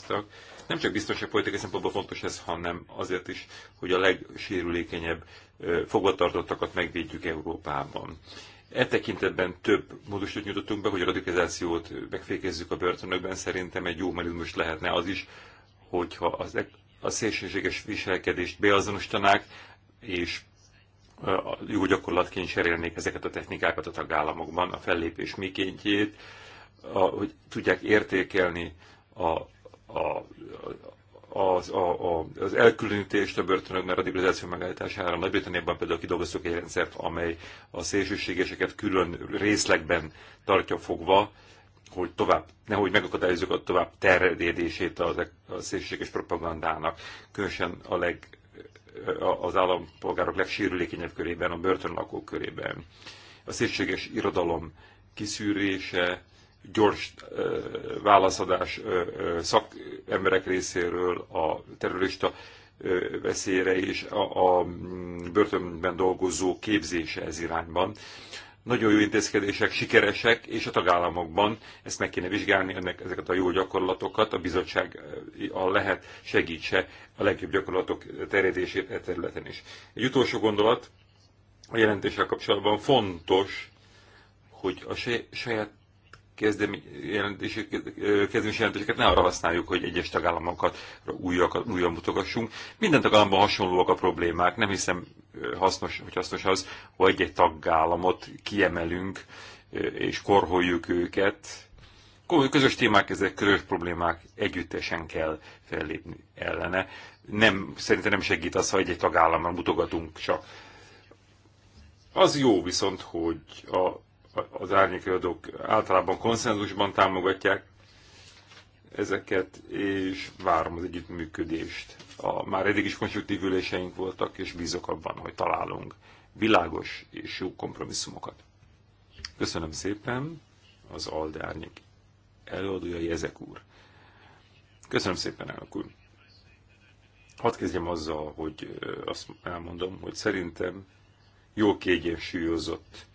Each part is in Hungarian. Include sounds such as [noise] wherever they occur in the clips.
találkoztak. Nem csak biztonság politikai szempontból fontos ez, hanem azért is, hogy a legsérülékenyebb fogvatartottakat megvédjük Európában. E tekintetben több módosítót nyújtottunk be, hogy a radikalizációt megfékezzük a börtönökben. Szerintem egy jó mechanizmus lehetne az is, hogyha az, a szélsőséges viselkedést beazonosítanák, és jó gyakorlatként cserélnék ezeket a technikákat a tagállamokban, a fellépés mikéntjét, hogy tudják értékelni a a, az, a, a, az elkülönítést, a a radikalizáció megállítására. Nagy-Britanniában például kidolgoztuk egy rendszert, amely a szélsőségeseket külön részlegben tartja fogva, hogy tovább, nehogy megakadályozzuk a tovább terjedését a, a szélsőséges propagandának, különösen a leg, az állampolgárok legsérülékenyebb körében, a börtönlakók körében. A szélséges irodalom kiszűrése, gyors válaszadás szakemberek részéről a terrorista veszélyre és a, mm, börtönben dolgozó képzése ez irányban. Nagyon jó intézkedések, sikeresek, és a tagállamokban ezt meg kéne vizsgálni, ennek, ezeket a jó gyakorlatokat a bizottság a lehet segítse a legjobb gyakorlatok terjedését e területen is. Egy utolsó gondolat a jelentéssel kapcsolatban fontos, hogy a saját kezdeményes jelentéseket ne arra használjuk, hogy egyes tagállamokat újakat, újra mutogassunk. Minden tagállamban hasonlóak a problémák. Nem hiszem, hasznos, hogy hasznos az, hogy egy-egy tagállamot kiemelünk és korholjuk őket. Közös témák, ezek közös problémák, együttesen kell fellépni ellene. Nem, szerintem nem segít az, ha egy-egy tagállamra mutogatunk csak. Az jó viszont, hogy a az árnyékadók általában konszenzusban támogatják ezeket, és várom az együttműködést. A, már eddig is konstruktív üléseink voltak, és bízok abban, hogy találunk világos és jó kompromisszumokat. Köszönöm szépen az Alde Árnyék előadójai ezek úr. Köszönöm szépen, elnök úr. Hadd kezdjem azzal, hogy azt elmondom, hogy szerintem jó kiegyensúlyozott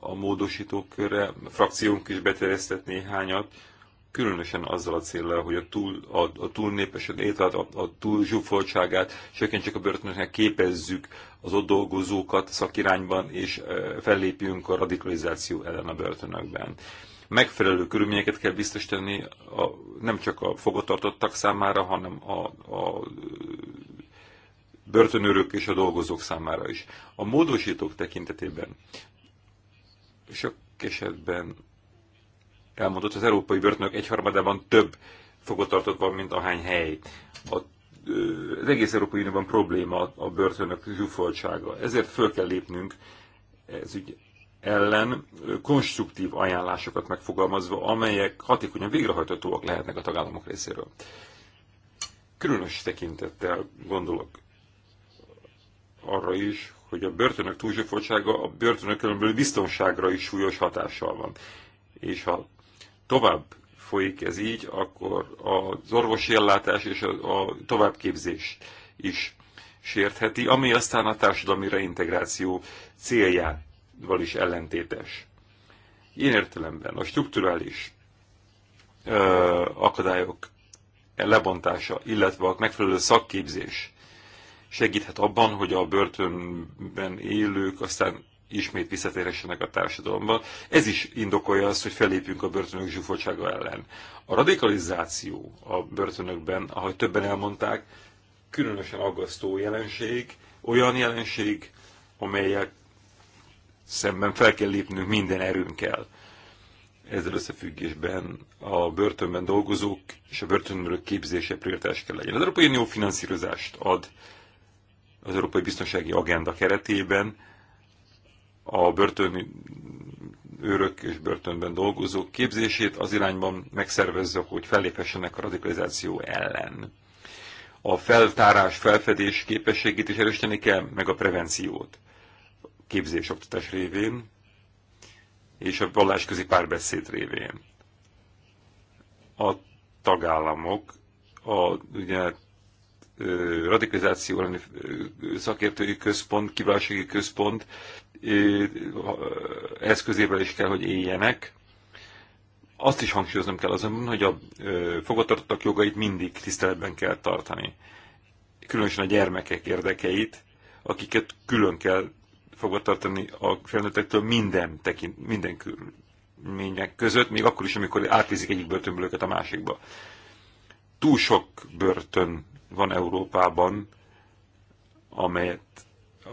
a módosítókörre, a frakciónk is beterjesztett néhányat, különösen azzal a célral, hogy a túl, a, a túl népesen ételt, a, a túl zsúfoltságát csökkentsék a börtönöknek, képezzük az ott dolgozókat szakirányban, és e, fellépjünk a radikalizáció ellen a börtönökben. Megfelelő körülményeket kell biztosítani a, nem csak a fogotartottak számára, hanem a, a börtönőrök és a dolgozók számára is. A módosítók tekintetében sok esetben elmondott, az európai börtönök egyharmadában több fogvatartott van, mint ahány hely. A, az egész Európai Unióban probléma a börtönök zsúfoltsága. Ezért föl kell lépnünk ez ügy ellen konstruktív ajánlásokat megfogalmazva, amelyek hatékonyan végrehajtatóak lehetnek a tagállamok részéről. Különös tekintettel gondolok arra is, hogy a börtönök túlzsúfoltsága a börtönökön különböző biztonságra is súlyos hatással van. És ha tovább folyik ez így, akkor az orvosi ellátás és a, a továbbképzés is sértheti, ami aztán a társadalmi reintegráció céljával is ellentétes. Ilyen értelemben a strukturális ö, akadályok lebontása, illetve a megfelelő szakképzés segíthet abban, hogy a börtönben élők aztán ismét visszatérhessenek a társadalomba. Ez is indokolja azt, hogy felépjünk a börtönök zsúfoltsága ellen. A radikalizáció a börtönökben, ahogy többen elmondták, különösen aggasztó jelenség, olyan jelenség, amelyek szemben fel kell lépnünk minden erőnkkel. Ezzel összefüggésben a börtönben dolgozók és a börtönőrök képzése prioritás kell legyen. Az Európai Unió finanszírozást ad az Európai Biztonsági Agenda keretében a börtön őrök és börtönben dolgozók képzését az irányban megszervezzük, hogy felléphessenek a radikalizáció ellen. A feltárás, felfedés képességét is erősíteni kell, meg a prevenciót képzés oktatás révén és a vallásközi párbeszéd révén. A tagállamok a ugye, radikalizáció elleni szakértői központ, kiválsági központ eszközével is kell, hogy éljenek. Azt is hangsúlyoznom kell azonban, hogy a fogvatartottak jogait mindig tiszteletben kell tartani. Különösen a gyermekek érdekeit, akiket külön kell fogvatartani a felnőttektől minden, tekint, minden körülmények között, még akkor is, amikor átvizik egyik börtönből őket a másikba. Túl sok börtön van Európában, amelyet,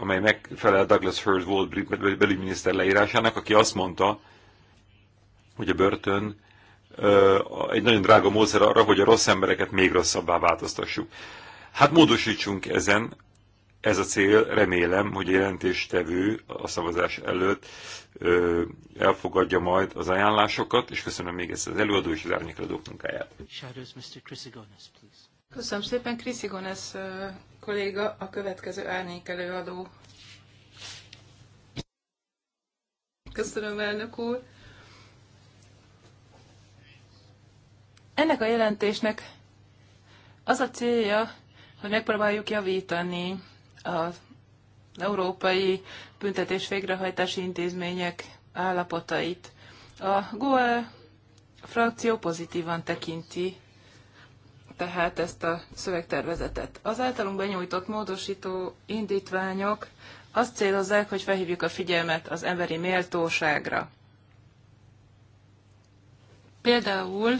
amely megfelel Douglas Hurd volt brit belügyminiszter leírásának, aki azt mondta, hogy a börtön egy nagyon drága módszer arra, hogy a rossz embereket még rosszabbá változtassuk. Hát módosítsunk ezen, ez a cél, remélem, hogy a jelentéstevő a szavazás előtt elfogadja majd az ajánlásokat, és köszönöm még ezt az előadó és az árnyékladók munkáját. Shadows, Mr. Chris Agonis, please. Köszönöm szépen, Kriszi Gonesz kolléga, a következő árnyék előadó. Köszönöm, elnök úr. Ennek a jelentésnek az a célja, hogy megpróbáljuk javítani az európai büntetés végrehajtási intézmények állapotait. A GOE frakció pozitívan tekinti tehát ezt a szövegtervezetet. Az általunk benyújtott módosító indítványok azt célozzák, hogy felhívjuk a figyelmet az emberi méltóságra. Például,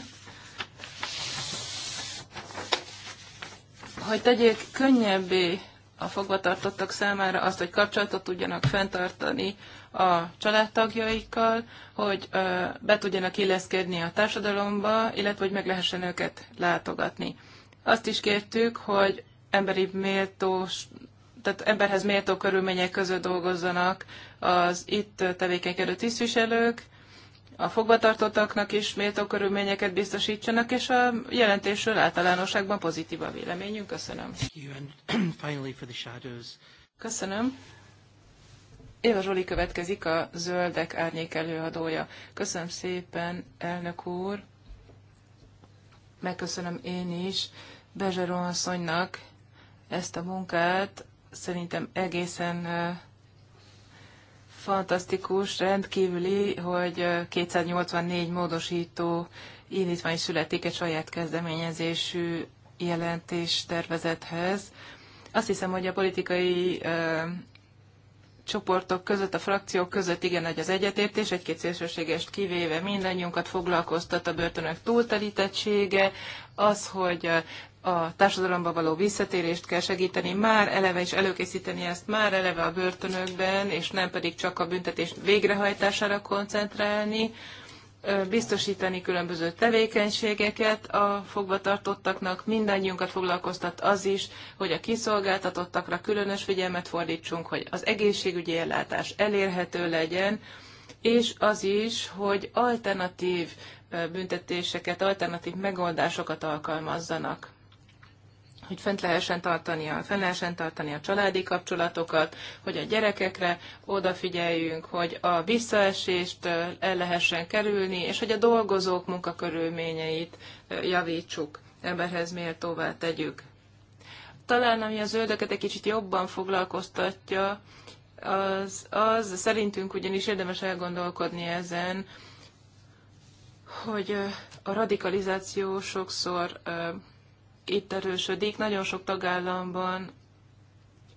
hogy tegyék könnyebbé a fogvatartottak számára azt, hogy kapcsolatot tudjanak fenntartani a családtagjaikkal, hogy be tudjanak illeszkedni a társadalomba, illetve hogy meg lehessen őket látogatni. Azt is kértük, hogy emberi méltós, tehát emberhez méltó körülmények között dolgozzanak az itt tevékenykedő tisztviselők, a fogvatartottaknak is méltó körülményeket biztosítsanak, és a jelentésről általánosságban pozitív a véleményünk. Köszönöm. [clears throat] Köszönöm. Éva Zsoli következik a Zöldek árnyék előadója. Köszönöm szépen, elnök úr. Megköszönöm én is Bezseron asszonynak ezt a munkát. Szerintem egészen fantasztikus, rendkívüli, hogy 284 módosító indítvány születik egy saját kezdeményezésű jelentés tervezethez. Azt hiszem, hogy a politikai csoportok között, a frakciók között igen nagy az egyetértés, egy-két szélsőségest kivéve mindannyiunkat foglalkoztat a börtönök túltelítettsége, az, hogy a társadalomba való visszatérést kell segíteni, már eleve is előkészíteni ezt, már eleve a börtönökben, és nem pedig csak a büntetés végrehajtására koncentrálni, biztosítani különböző tevékenységeket a fogvatartottaknak. Mindannyiunkat foglalkoztat az is, hogy a kiszolgáltatottakra különös figyelmet fordítsunk, hogy az egészségügyi ellátás elérhető legyen, és az is, hogy alternatív büntetéseket, alternatív megoldásokat alkalmazzanak hogy fent lehessen tartani a, fent lehessen tartani a családi kapcsolatokat, hogy a gyerekekre odafigyeljünk, hogy a visszaesést el lehessen kerülni, és hogy a dolgozók munkakörülményeit javítsuk, emberhez méltóvá tegyük. Talán ami a zöldöket egy kicsit jobban foglalkoztatja, az, az szerintünk ugyanis érdemes elgondolkodni ezen, hogy a radikalizáció sokszor itt erősödik. Nagyon sok tagállamban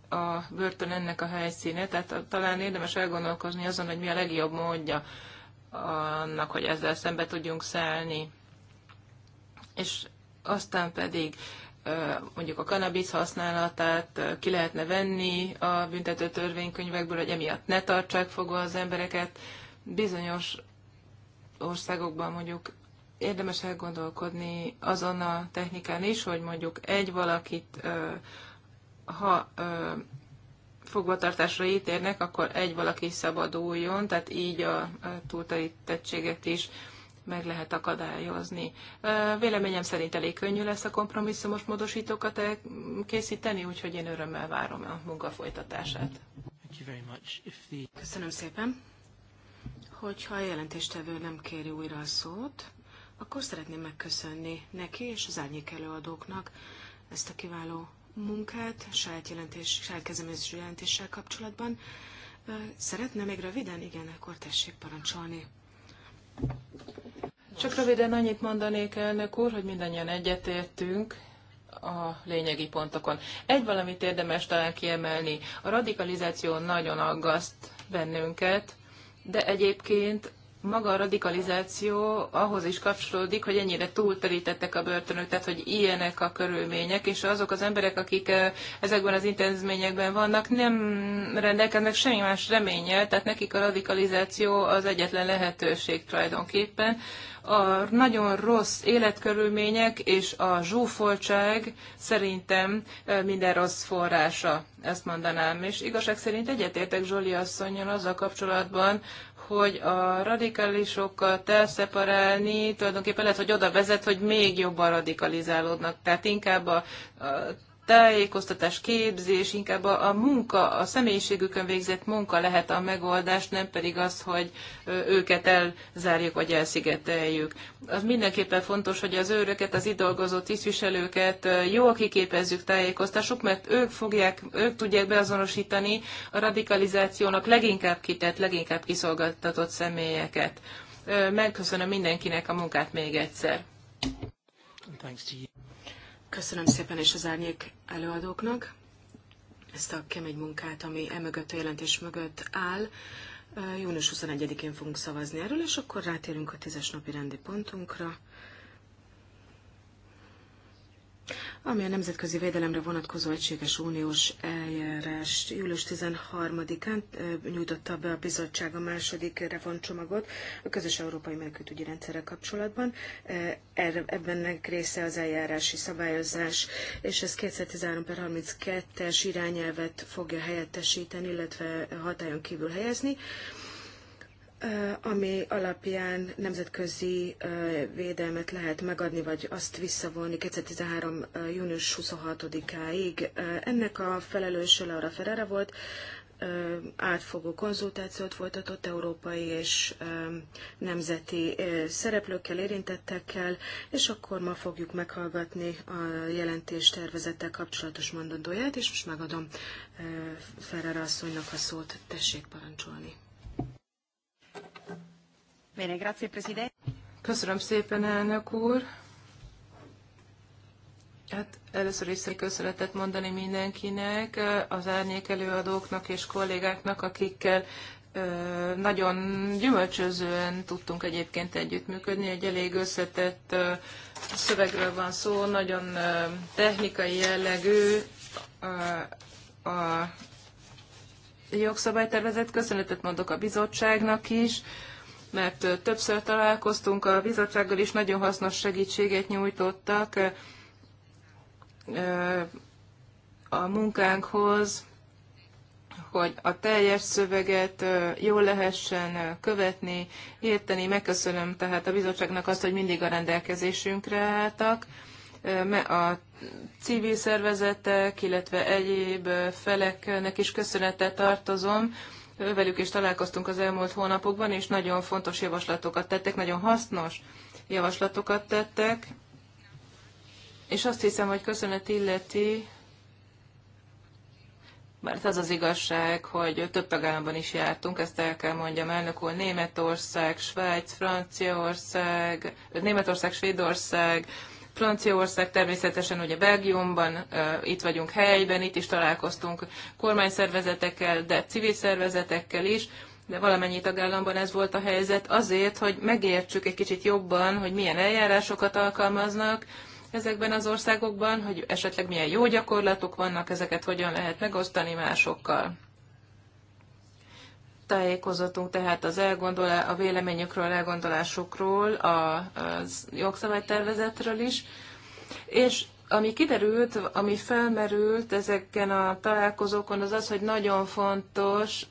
a börtön ennek a helyszíne, tehát talán érdemes elgondolkozni azon, hogy mi a legjobb módja annak, hogy ezzel szembe tudjunk szállni. És aztán pedig mondjuk a kanabisz használatát ki lehetne venni a büntető törvénykönyvekből, hogy emiatt ne tartsák fogva az embereket. Bizonyos országokban mondjuk érdemes elgondolkodni azon a technikán is, hogy mondjuk egy valakit, ha fogvatartásra ítérnek, akkor egy valaki szabaduljon, tehát így a túlterítettséget is meg lehet akadályozni. Véleményem szerint elég könnyű lesz a kompromisszumos módosítókat készíteni, úgyhogy én örömmel várom a munka folytatását. Köszönöm szépen. Hogyha a jelentéstevő nem kéri újra a szót, akkor szeretném megköszönni neki és az árnyék előadóknak ezt a kiváló munkát saját, jelentés, saját kezdeményezésű jelentéssel kapcsolatban. Szeretne még röviden? Igen, akkor tessék parancsolni. Csak röviden annyit mondanék, elnök úr, hogy mindannyian egyetértünk a lényegi pontokon. Egy valamit érdemes talán kiemelni. A radikalizáció nagyon aggaszt bennünket, de egyébként maga a radikalizáció ahhoz is kapcsolódik, hogy ennyire túlterítettek a börtönök, tehát hogy ilyenek a körülmények, és azok az emberek, akik eh, ezekben az intézményekben vannak, nem rendelkeznek semmi más reménye, tehát nekik a radikalizáció az egyetlen lehetőség tulajdonképpen. A nagyon rossz életkörülmények és a zsúfoltság szerintem eh, minden rossz forrása, ezt mondanám. És igazság szerint egyetértek Zsoli asszonyon azzal kapcsolatban, hogy a radikálisokat elszeparálni tulajdonképpen lehet, hogy oda vezet, hogy még jobban radikalizálódnak. Tehát inkább a, a tájékoztatás, képzés, inkább a, a munka, a személyiségükön végzett munka lehet a megoldás, nem pedig az, hogy őket elzárjuk vagy elszigeteljük. Az mindenképpen fontos, hogy az őröket, az itt dolgozó tisztviselőket jól kiképezzük, tájékoztassuk, mert ők fogják, ők tudják beazonosítani a radikalizációnak leginkább kitett, leginkább kiszolgáltatott személyeket. Megköszönöm mindenkinek a munkát még egyszer. Köszönöm szépen és az árnyék előadóknak ezt a kemény munkát, ami emögött a jelentés mögött áll. Június 21-én fogunk szavazni erről, és akkor rátérünk a tízes napi rendi pontunkra. Ami a nemzetközi védelemre vonatkozó egységes uniós eljárás július 13-án nyújtotta be a bizottság a második reformcsomagot a közös európai menekültügyi rendszerrel kapcsolatban. Ebben része az eljárási szabályozás, és ez 2013 per 32-es irányelvet fogja helyettesíteni, illetve hatályon kívül helyezni ami alapján nemzetközi védelmet lehet megadni, vagy azt visszavonni 2013. június 26-áig. Ennek a felelőse Laura Ferrara volt, átfogó konzultációt folytatott európai és nemzeti szereplőkkel, érintettekkel, és akkor ma fogjuk meghallgatni a jelentés tervezettel kapcsolatos mondandóját, és most megadom Ferrara asszonynak a szót, tessék parancsolni. Bene, grazie, Presidente. Köszönöm szépen, elnök úr. Hát először is köszönetet mondani mindenkinek, az árnyék előadóknak és kollégáknak, akikkel nagyon gyümölcsözően tudtunk egyébként együttműködni, egy elég összetett szövegről van szó, nagyon technikai jellegű a jogszabálytervezet. Köszönetet mondok a bizottságnak is, mert többször találkoztunk a bizottsággal is, nagyon hasznos segítséget nyújtottak a munkánkhoz, hogy a teljes szöveget jól lehessen követni, érteni. Megköszönöm tehát a bizottságnak azt, hogy mindig a rendelkezésünkre álltak. A civil szervezetek, illetve egyéb feleknek is köszönetet tartozom, velük is találkoztunk az elmúlt hónapokban, és nagyon fontos javaslatokat tettek, nagyon hasznos javaslatokat tettek, és azt hiszem, hogy köszönet illeti, mert az az igazság, hogy több tagállamban is jártunk, ezt el kell mondjam, elnök úr, Németország, Svájc, Franciaország, Németország, Svédország, Franciaország, természetesen ugye Belgiumban, itt vagyunk helyben, itt is találkoztunk kormányszervezetekkel, de civil szervezetekkel is, de valamennyi tagállamban ez volt a helyzet, azért, hogy megértsük egy kicsit jobban, hogy milyen eljárásokat alkalmaznak ezekben az országokban, hogy esetleg milyen jó gyakorlatok vannak, ezeket hogyan lehet megosztani másokkal tájékozottunk tehát az elgondolá, a véleményükről, elgondolásukról, a, az jogszabálytervezetről is, és ami kiderült, ami felmerült ezeken a találkozókon, az az, hogy nagyon fontos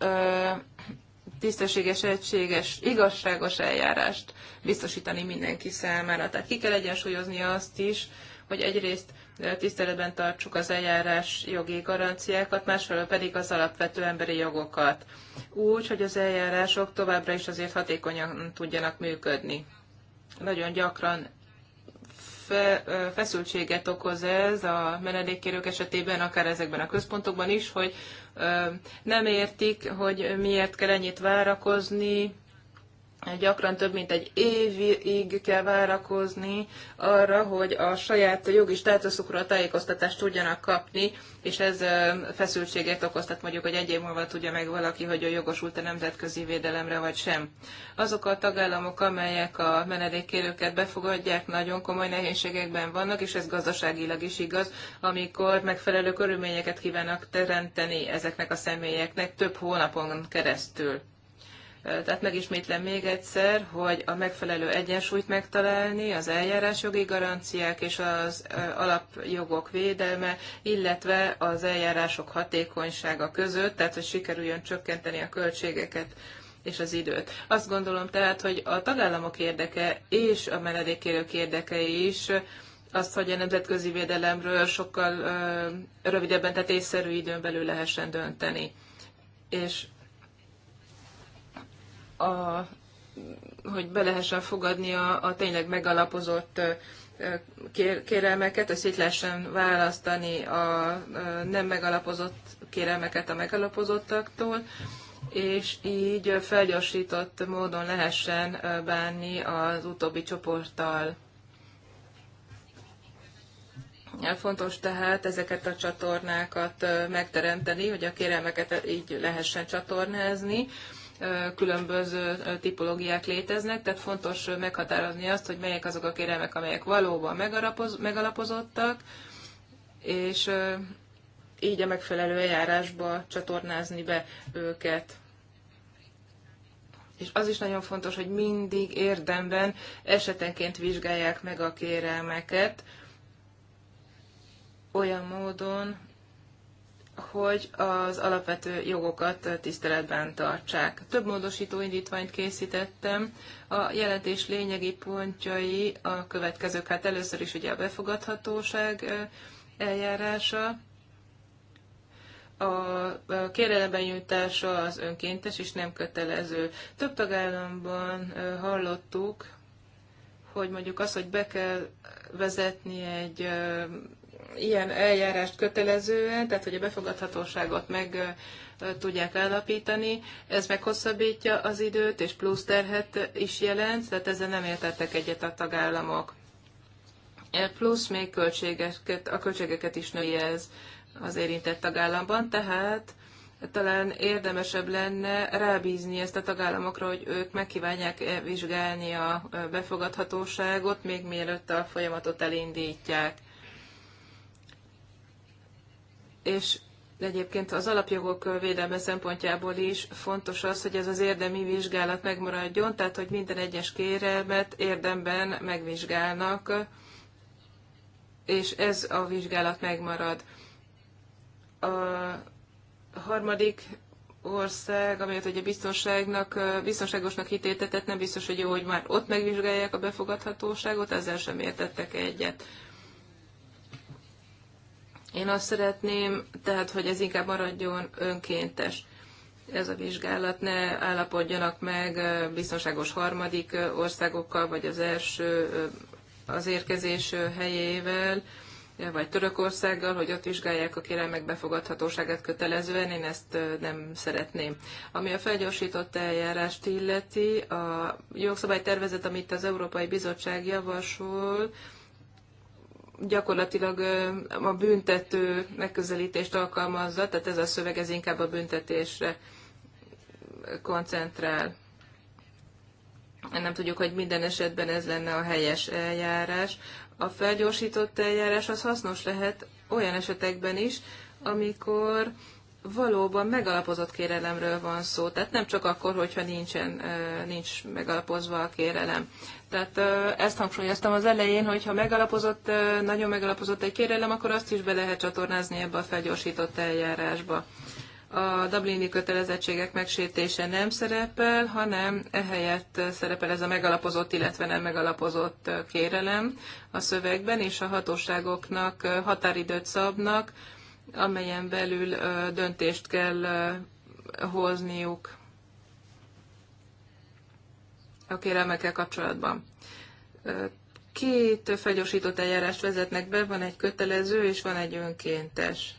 tisztességes, egységes, igazságos eljárást biztosítani mindenki számára. Tehát ki kell egyensúlyozni azt is, hogy egyrészt tiszteletben tartsuk az eljárás jogi garanciákat, másfelől pedig az alapvető emberi jogokat, úgy, hogy az eljárások továbbra is azért hatékonyan tudjanak működni. Nagyon gyakran fe, feszültséget okoz ez a menedékkérők esetében, akár ezekben a központokban is, hogy nem értik, hogy miért kell ennyit várakozni, gyakran több mint egy évig kell várakozni arra, hogy a saját jogi státuszukról a tájékoztatást tudjanak kapni, és ez feszültséget okoz, tehát mondjuk, hogy egy év múlva tudja meg valaki, hogy a jogosult a nemzetközi védelemre vagy sem. Azok a tagállamok, amelyek a menedékkérőket befogadják, nagyon komoly nehézségekben vannak, és ez gazdaságilag is igaz, amikor megfelelő körülményeket kívánnak teremteni ezeknek a személyeknek több hónapon keresztül tehát megismétlem még egyszer, hogy a megfelelő egyensúlyt megtalálni, az eljárásjogi garanciák és az alapjogok védelme, illetve az eljárások hatékonysága között, tehát hogy sikerüljön csökkenteni a költségeket és az időt. Azt gondolom tehát, hogy a tagállamok érdeke és a menedékkérők érdeke is azt, hogy a nemzetközi védelemről sokkal ö, rövidebben, tehát észszerű időn belül lehessen dönteni. És a, hogy be lehessen fogadni a, a tényleg megalapozott kérelmeket, hogy szét lehessen választani a nem megalapozott kérelmeket a megalapozottaktól, és így felgyorsított módon lehessen bánni az utóbbi csoporttal. Fontos tehát ezeket a csatornákat megteremteni, hogy a kérelmeket így lehessen csatornázni, különböző tipológiák léteznek, tehát fontos meghatározni azt, hogy melyek azok a kérelmek, amelyek valóban megalapozottak, és így a megfelelő eljárásba csatornázni be őket. És az is nagyon fontos, hogy mindig érdemben esetenként vizsgálják meg a kérelmeket, olyan módon, hogy az alapvető jogokat tiszteletben tartsák. Több módosító indítványt készítettem. A jelentés lényegi pontjai a következők. Hát először is ugye a befogadhatóság eljárása, a kérelemben nyújtása az önkéntes és nem kötelező. Több tagállamban hallottuk, hogy mondjuk az, hogy be kell vezetni egy ilyen eljárást kötelezően, tehát hogy a befogadhatóságot meg tudják állapítani, ez meg hosszabbítja az időt, és plusz terhet is jelent, tehát ezzel nem értettek egyet a tagállamok. E plusz még költségeket, a költségeket is növi ez az érintett tagállamban, tehát talán érdemesebb lenne rábízni ezt a tagállamokra, hogy ők megkívánják eh, vizsgálni a eh, befogadhatóságot, még mielőtt a folyamatot elindítják és egyébként az alapjogok védelme szempontjából is fontos az, hogy ez az érdemi vizsgálat megmaradjon, tehát hogy minden egyes kérelmet érdemben megvizsgálnak, és ez a vizsgálat megmarad. A harmadik ország, amelyet ugye biztonságnak, biztonságosnak hitéltetett, nem biztos, hogy jó, hogy már ott megvizsgálják a befogadhatóságot, ezzel sem értettek egyet. Én azt szeretném, tehát, hogy ez inkább maradjon önkéntes. Ez a vizsgálat ne állapodjanak meg biztonságos harmadik országokkal, vagy az első az érkezés helyével, vagy Törökországgal, hogy ott vizsgálják a kérelmek befogadhatóságát kötelezően, én ezt nem szeretném. Ami a felgyorsított eljárást illeti, a jogszabálytervezet, amit az Európai Bizottság javasol, gyakorlatilag a büntető megközelítést alkalmazza, tehát ez a szöveg ez inkább a büntetésre koncentrál. Nem tudjuk, hogy minden esetben ez lenne a helyes eljárás. A felgyorsított eljárás az hasznos lehet olyan esetekben is, amikor valóban megalapozott kérelemről van szó, tehát nem csak akkor, hogyha nincsen, nincs megalapozva a kérelem. Tehát ezt hangsúlyoztam az elején, hogy ha megalapozott, nagyon megalapozott egy kérelem, akkor azt is be lehet csatornázni ebbe a felgyorsított eljárásba. A dublini kötelezettségek megsértése nem szerepel, hanem ehelyett szerepel ez a megalapozott, illetve nem megalapozott kérelem a szövegben, és a hatóságoknak határidőt szabnak, amelyen belül döntést kell hozniuk a kérelmekkel kapcsolatban. Két felgyorsított eljárást vezetnek be, van egy kötelező és van egy önkéntes.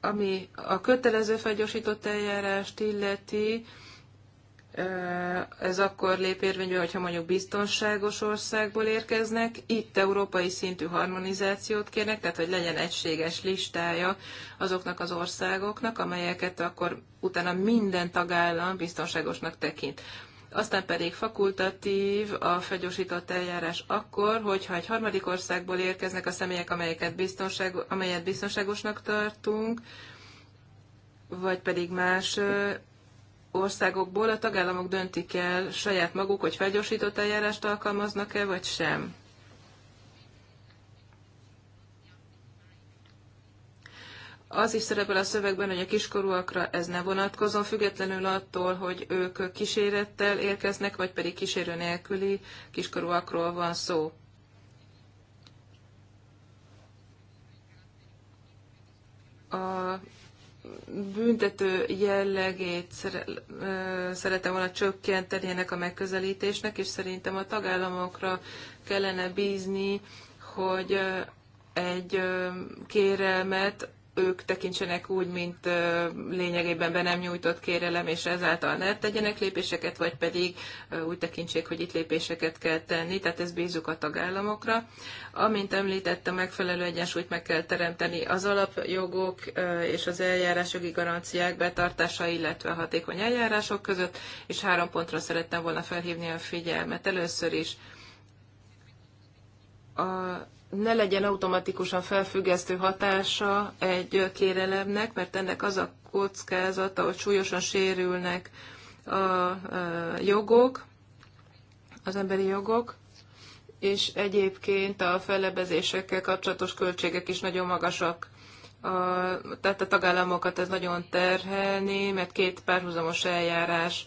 Ami a kötelező felgyorsított eljárást illeti, ez akkor lép érvénybe, hogyha mondjuk biztonságos országból érkeznek, itt európai szintű harmonizációt kérnek, tehát hogy legyen egységes listája azoknak az országoknak, amelyeket akkor utána minden tagállam biztonságosnak tekint. Aztán pedig fakultatív a fegyósított eljárás akkor, hogyha egy harmadik országból érkeznek a személyek, amelyeket biztonság, amelyet biztonságosnak tartunk, vagy pedig más országokból a tagállamok döntik el saját maguk, hogy felgyorsított eljárást alkalmaznak-e, vagy sem. Az is szerepel a szövegben, hogy a kiskorúakra ez ne vonatkozom, függetlenül attól, hogy ők kísérettel érkeznek, vagy pedig kísérő nélküli kiskorúakról van szó. A büntető jellegét szeretem volna csökkenteni ennek a megközelítésnek, és szerintem a tagállamokra kellene bízni, hogy egy kérelmet ők tekintsenek úgy, mint lényegében be nem nyújtott kérelem, és ezáltal ne tegyenek lépéseket, vagy pedig úgy tekintsék, hogy itt lépéseket kell tenni, tehát ez bízunk a tagállamokra. Amint említettem, megfelelő egyensúlyt meg kell teremteni az alapjogok és az eljárásjogi garanciák betartása, illetve a hatékony eljárások között, és három pontra szerettem volna felhívni a figyelmet. Először is a ne legyen automatikusan felfüggesztő hatása egy kérelemnek, mert ennek az a kockázata, hogy súlyosan sérülnek a e, jogok, az emberi jogok, és egyébként a fellebezésekkel kapcsolatos költségek is nagyon magasak. A, tehát a tagállamokat ez nagyon terhelni, mert két párhuzamos eljárás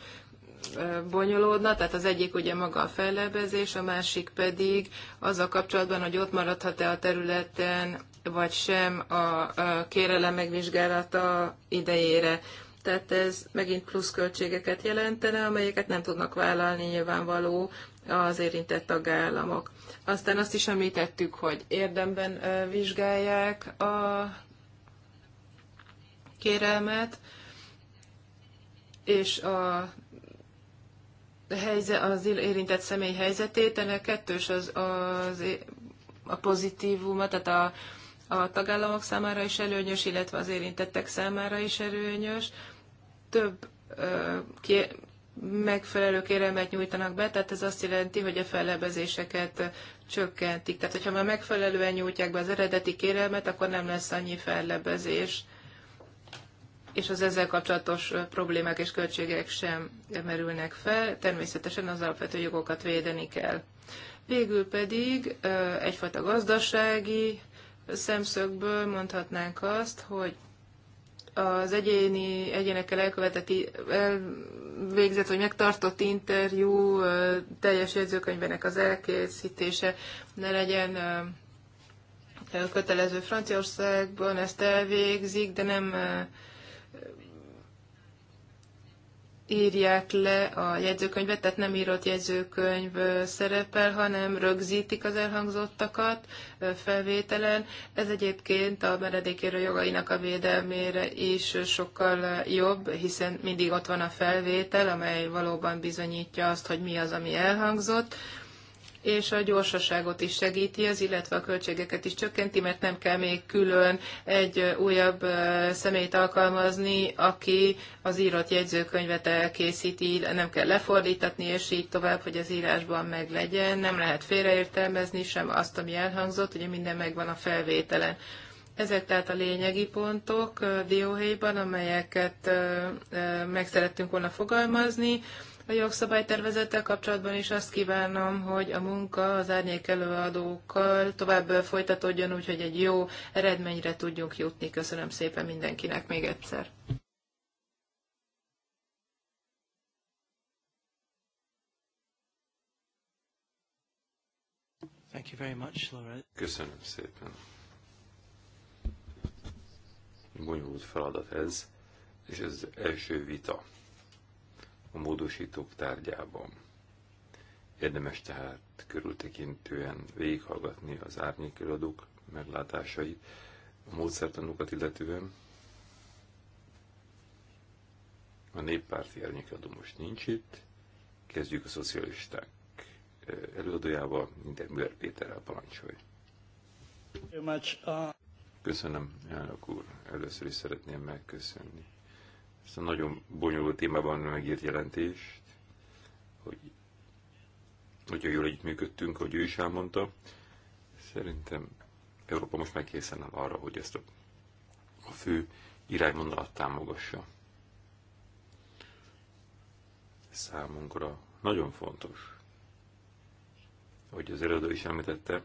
bonyolódna, tehát az egyik ugye maga a fellebezés, a másik pedig az a kapcsolatban, hogy ott maradhat-e a területen, vagy sem a kérelem megvizsgálata idejére. Tehát ez megint plusz költségeket jelentene, amelyeket nem tudnak vállalni nyilvánvaló az érintett tagállamok. Aztán azt is említettük, hogy érdemben vizsgálják a kérelmet, és a helyzet, az érintett személy helyzetét, ennek kettős az, az a pozitívuma, tehát a, a tagállamok számára is előnyös, illetve az érintettek számára is előnyös. Több ö, megfelelő kérelmet nyújtanak be, tehát ez azt jelenti, hogy a fellebezéseket csökkentik. Tehát, hogyha már megfelelően nyújtják be az eredeti kérelmet, akkor nem lesz annyi fellebezés és az ezzel kapcsolatos problémák és költségek sem merülnek fel. Természetesen az alapvető jogokat védeni kell. Végül pedig egyfajta gazdasági szemszögből mondhatnánk azt, hogy az egyéni, egyénekkel elkövetett, elvégzett vagy megtartott interjú teljes jegyzőkönyvenek az elkészítése ne legyen kötelező Franciaországban, ezt elvégzik, de nem írják le a jegyzőkönyvet, tehát nem írott jegyzőkönyv szerepel, hanem rögzítik az elhangzottakat felvételen. Ez egyébként a meredékérő jogainak a védelmére is sokkal jobb, hiszen mindig ott van a felvétel, amely valóban bizonyítja azt, hogy mi az, ami elhangzott és a gyorsaságot is segíti az, illetve a költségeket is csökkenti, mert nem kell még külön egy újabb személyt alkalmazni, aki az írott jegyzőkönyvet elkészíti, nem kell lefordítatni, és így tovább, hogy az írásban meglegyen. Nem lehet félreértelmezni sem azt, ami elhangzott, ugye minden megvan a felvételen. Ezek tehát a lényegi pontok dióhéjban, amelyeket meg szerettünk volna fogalmazni. A jogszabálytervezettel kapcsolatban is azt kívánom, hogy a munka az árnyék előadókkal tovább folytatódjon, úgyhogy egy jó eredményre tudjunk jutni. Köszönöm szépen mindenkinek még egyszer. Thank you very much, Köszönöm szépen. Bonyolult feladat ez, és ez az első vita a módosítók tárgyában. Érdemes tehát körültekintően végighallgatni az árnyékiradók meglátásait, a módszertanokat illetően. A néppárti árnyékiradó most nincs itt, kezdjük a szocialisták eh, előadójával, minden Müller Péterrel parancsolj. Uh, Köszönöm, elnök úr. Először is szeretném megköszönni ezt a nagyon bonyolult témában megírt jelentést, hogy nagyon jól együttműködtünk, hogy ő is elmondta. Szerintem Európa most már készen arra, hogy ezt a, a fő irányvonalat támogassa. Számunkra nagyon fontos, hogy az előadó is említette,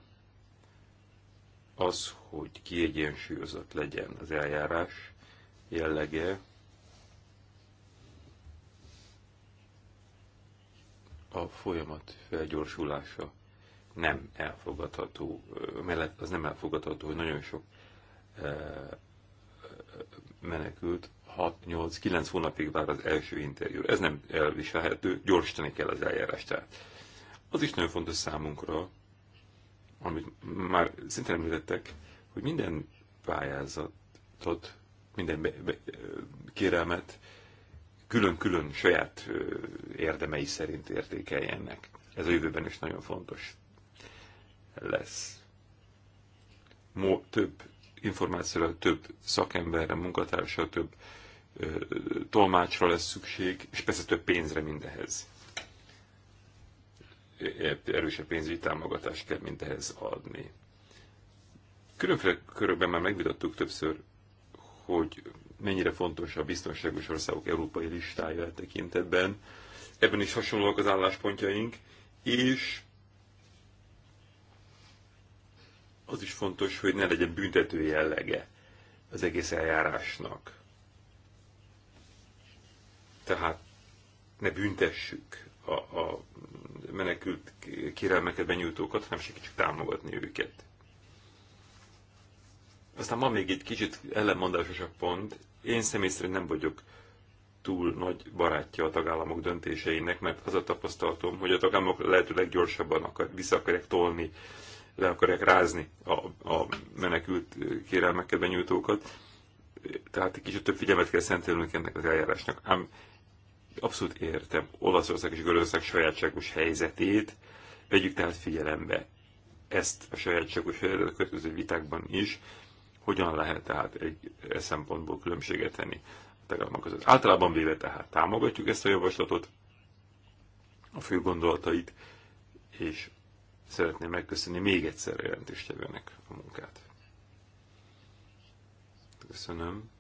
az, hogy kiegyensúlyozott legyen az eljárás jellege, a folyamat felgyorsulása nem elfogadható, mellett az nem elfogadható, hogy nagyon sok e, e, menekült 6-8-9 hónapig vár az első interjú, Ez nem elviselhető, gyorsítani kell az eljárást. Tehát az is nagyon fontos számunkra, amit már szinte említettek, hogy minden pályázatot, minden be, be, kérelmet külön-külön saját érdemei szerint értékeljenek. Ez a jövőben is nagyon fontos lesz. Mo több információra, több szakemberre, munkatársra, több ö, tolmácsra lesz szükség, és persze több pénzre mindehhez. Erősebb pénzügyi támogatást kell mindehhez adni. Különféle körökben már megvitattuk többször, hogy mennyire fontos a biztonságos országok európai listája e tekintetben. Ebben is hasonlóak az álláspontjaink, és az is fontos, hogy ne legyen büntető jellege az egész eljárásnak. Tehát ne büntessük a, a menekült kérelmeket benyújtókat, hanem segítsük támogatni őket. Aztán van még egy kicsit ellenmondásos a pont. Én személy szerint nem vagyok túl nagy barátja a tagállamok döntéseinek, mert az a tapasztalatom, hogy a tagállamok lehető leggyorsabban akar, vissza akarják tolni, le akarják rázni a, a menekült kérelmeket, benyújtókat. Tehát egy kicsit több figyelmet kell szentelnünk ennek az eljárásnak. Ám abszolút értem Olaszország és Görögország sajátságos helyzetét, vegyük tehát figyelembe ezt a sajátságos helyzetet a következő vitákban is, hogyan lehet tehát egy e szempontból különbséget tenni a tagállamok között? Általában véve tehát támogatjuk ezt a javaslatot, a fő gondolatait, és szeretném megköszönni még egyszer a jelentéstevőnek a munkát. Köszönöm.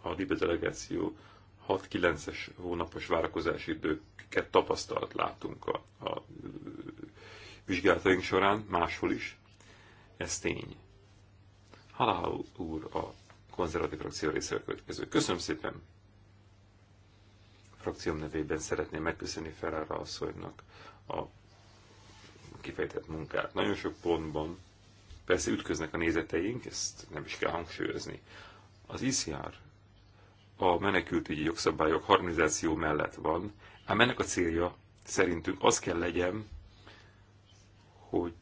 A Libe delegáció 6-9-es hónapos várakozási időket tapasztalt látunk a, a vizsgálataink során, máshol is. Ez tény. Halál úr a konzervatív frakció részéről következő. Köszönöm szépen! A frakcióm nevében szeretném megköszönni Ferrara asszonynak a kifejtett munkát. Nagyon sok pontban persze ütköznek a nézeteink, ezt nem is kell hangsúlyozni. Az ICR a menekültügyi jogszabályok harmonizáció mellett van, ám ennek a célja szerintünk az kell legyen, hogy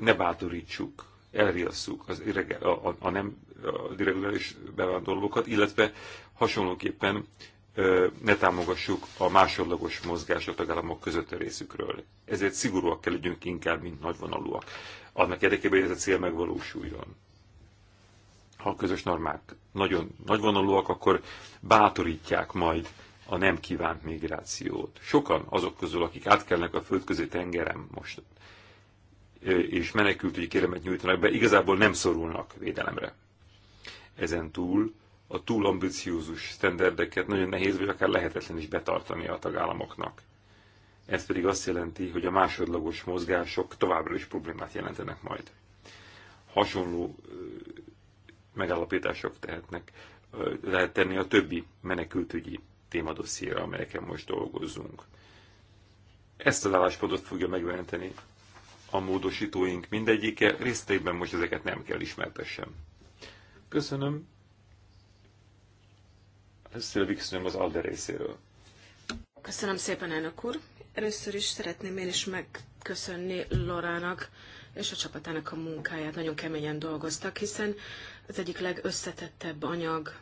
ne bátorítsuk elriasszuk az irege, a, a, a nem irreguláris bevándorlókat, illetve hasonlóképpen ö, ne támogassuk a másodlagos mozgást a tagállamok között a részükről. Ezért szigorúak kell legyünk inkább, mint nagyvonalúak. Annak érdekében, hogy ez a cél megvalósuljon. Ha a közös normák nagyon nagyvonalúak, akkor bátorítják majd a nem kívánt migrációt. Sokan azok közül, akik átkelnek a földközi tengeren most és menekültügyi kéremet nyújtanak be, igazából nem szorulnak védelemre. Ezen túl a túl ambiciózus sztenderdeket nagyon nehéz, vagy akár lehetetlen is betartani a tagállamoknak. Ez pedig azt jelenti, hogy a másodlagos mozgások továbbra is problémát jelentenek majd. Hasonló megállapítások tehetnek, lehet tenni a többi menekültügyi témadosszéra, amelyeken most dolgozunk. Ezt az álláspontot fogja megmenteni a módosítóink mindegyike, részteiben most ezeket nem kell ismertessem. Köszönöm. Először Vixnöm az Alde részéről. Köszönöm szépen, elnök úr. Először is szeretném én is megköszönni Lorának és a csapatának a munkáját. Nagyon keményen dolgoztak, hiszen az egyik legösszetettebb anyag,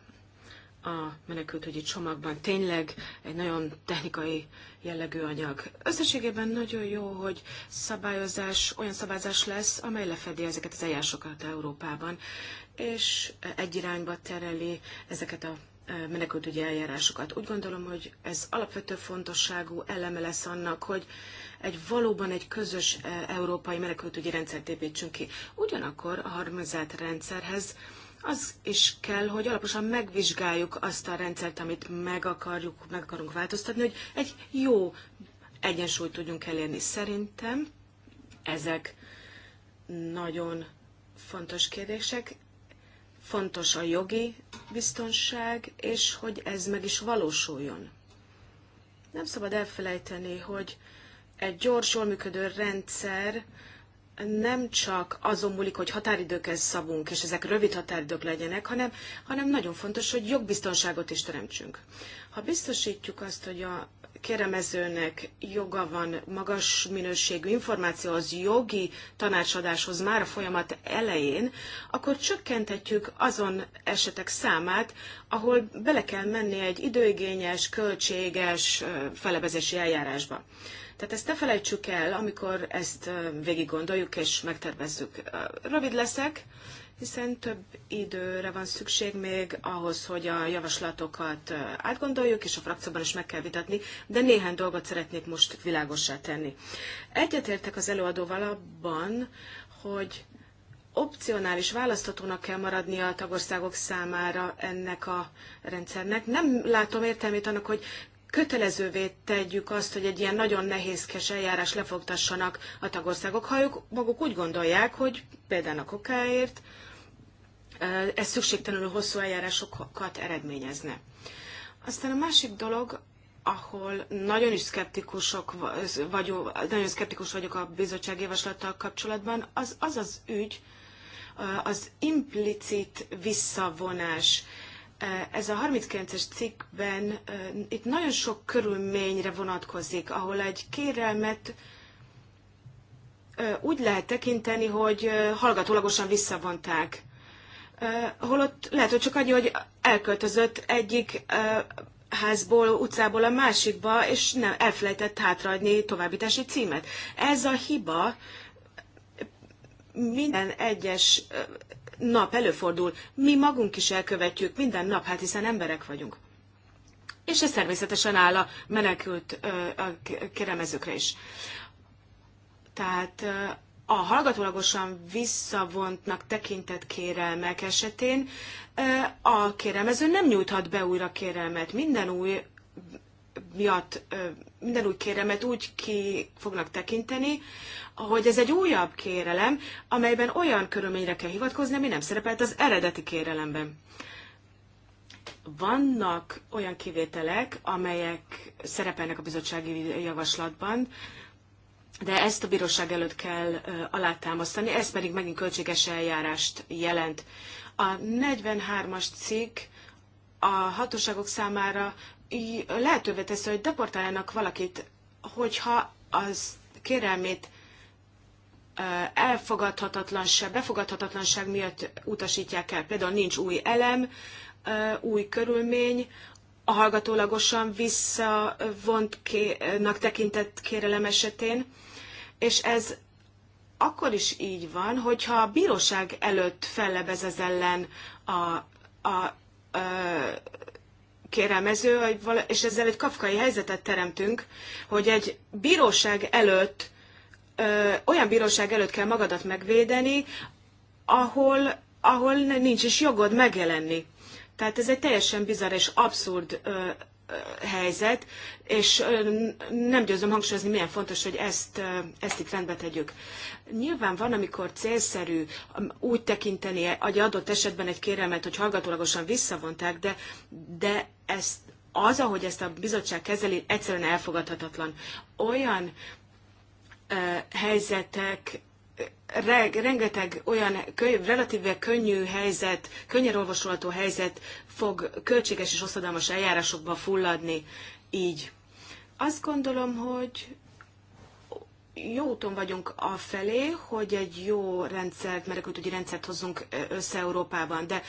a menekültügyi csomagban. Tényleg egy nagyon technikai jellegű anyag. Összességében nagyon jó, hogy szabályozás, olyan szabályozás lesz, amely lefedi ezeket az eljárásokat Európában, és egy irányba tereli ezeket a e, menekültügyi eljárásokat. Úgy gondolom, hogy ez alapvető fontosságú eleme lesz annak, hogy egy valóban egy közös e, európai menekültügyi rendszert építsünk ki. Ugyanakkor a harmonizált rendszerhez az is kell, hogy alaposan megvizsgáljuk azt a rendszert, amit meg akarjuk, meg akarunk változtatni, hogy egy jó egyensúlyt tudjunk elérni. Szerintem ezek nagyon fontos kérdések. Fontos a jogi biztonság, és hogy ez meg is valósuljon. Nem szabad elfelejteni, hogy egy gyors, jól működő rendszer, nem csak azon múlik, hogy határidőkhez szabunk, és ezek rövid határidők legyenek, hanem, hanem nagyon fontos, hogy jogbiztonságot is teremtsünk. Ha biztosítjuk azt, hogy a kérdezőnek joga van magas minőségű információhoz, jogi tanácsadáshoz már a folyamat elején, akkor csökkenthetjük azon esetek számát, ahol bele kell menni egy időigényes, költséges felebezési eljárásba. Tehát ezt ne felejtsük el, amikor ezt végig gondoljuk és megtervezzük. Rövid leszek, hiszen több időre van szükség még ahhoz, hogy a javaslatokat átgondoljuk, és a frakcióban is meg kell vitatni, de néhány dolgot szeretnék most világossá tenni. Egyetértek az előadóval abban, hogy opcionális választatónak kell maradnia a tagországok számára ennek a rendszernek. Nem látom értelmét annak, hogy kötelezővé tegyük azt, hogy egy ilyen nagyon nehézkes eljárás lefogtassanak a tagországok, ha ők maguk úgy gondolják, hogy például a kokáért ez szükségtelenül hosszú eljárásokat eredményezne. Aztán a másik dolog, ahol nagyon is szkeptikusok vagyok, nagyon szkeptikus vagyok a bizottság javaslattal kapcsolatban, az az, az ügy, az implicit visszavonás Eh, ez a 39-es cikkben eh, itt nagyon sok körülményre vonatkozik, ahol egy kérelmet eh, úgy lehet tekinteni, hogy hallgatólagosan visszavonták. Holott lehet, hogy csak annyi, hogy elköltözött egyik házból, utcából a másikba, és nem elfelejtett hátraadni továbbítási címet. Ez a hiba minden egyes nap előfordul. Mi magunk is elkövetjük minden nap, hát hiszen emberek vagyunk. És ez természetesen áll a menekült a keremezőkre is. Tehát a hallgatólagosan visszavontnak tekintett kérelmek esetén a kéremező nem nyújthat be újra kérelmet. Minden új miatt minden új kéremet úgy ki fognak tekinteni, hogy ez egy újabb kérelem, amelyben olyan körülményre kell hivatkozni, ami nem szerepelt az eredeti kérelemben. Vannak olyan kivételek, amelyek szerepelnek a bizottsági javaslatban, de ezt a bíróság előtt kell alátámasztani, ez pedig megint költséges eljárást jelent. A 43-as cikk a hatóságok számára lehetővé teszi, hogy deportáljanak valakit, hogyha az kérelmét elfogadhatatlanság, befogadhatatlanság miatt utasítják el. Például nincs új elem, új körülmény, a hallgatólagosan visszavontnak tekintett kérelem esetén, és ez akkor is így van, hogyha a bíróság előtt fellebez ez ellen a, a, a kérelmező, és ezzel egy kafkai helyzetet teremtünk, hogy egy bíróság előtt, olyan bíróság előtt kell magadat megvédeni, ahol, ahol nincs is jogod megjelenni. Tehát ez egy teljesen bizarr és abszurd helyzet, és nem győzöm hangsúlyozni, milyen fontos, hogy ezt, ezt itt rendbe tegyük. Nyilván van, amikor célszerű um, úgy tekinteni egy adott esetben egy kérelmet, hogy hallgatólagosan visszavonták, de, de ezt, az, ahogy ezt a bizottság kezeli, egyszerűen elfogadhatatlan. Olyan helyzetek reg, rengeteg olyan könyv, relatíve könnyű helyzet, könnyen olvasolható helyzet fog költséges és hosszadalmas eljárásokba fulladni így. Azt gondolom, hogy jó úton vagyunk afelé, hogy egy jó rendszert, menekültügyi rendszert hozzunk össze Európában, de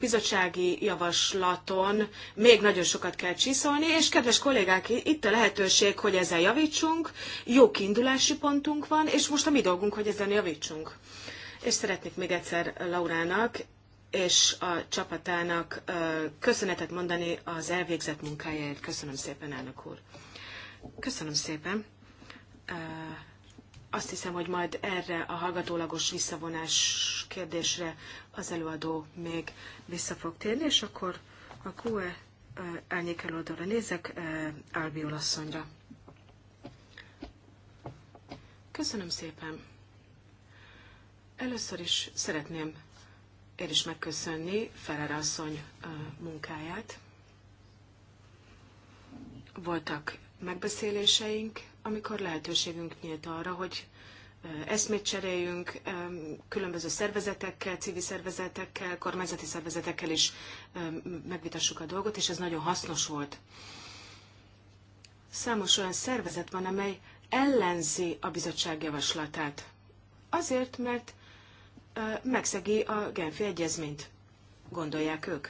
bizottsági javaslaton még nagyon sokat kell csiszolni, és kedves kollégák, itt a lehetőség, hogy ezzel javítsunk, jó kiindulási pontunk van, és most a mi dolgunk, hogy ezzel javítsunk. És szeretnék még egyszer Laurának és a csapatának köszönetet mondani az elvégzett munkájáért. Köszönöm szépen, elnök úr. Köszönöm szépen azt hiszem, hogy majd erre a hallgatólagos visszavonás kérdésre az előadó még vissza fog térni, és akkor a QE elnyékel oldalra nézek, Albiol asszonyra. Köszönöm szépen! Először is szeretném én is megköszönni Ferrer asszony munkáját. Voltak megbeszéléseink, amikor lehetőségünk nyílt arra, hogy eszmét cseréljünk, különböző szervezetekkel, civil szervezetekkel, kormányzati szervezetekkel is megvitassuk a dolgot, és ez nagyon hasznos volt. Számos olyan szervezet van, amely ellenzi a bizottság javaslatát. Azért, mert megszegi a Genfi egyezményt. Gondolják ők.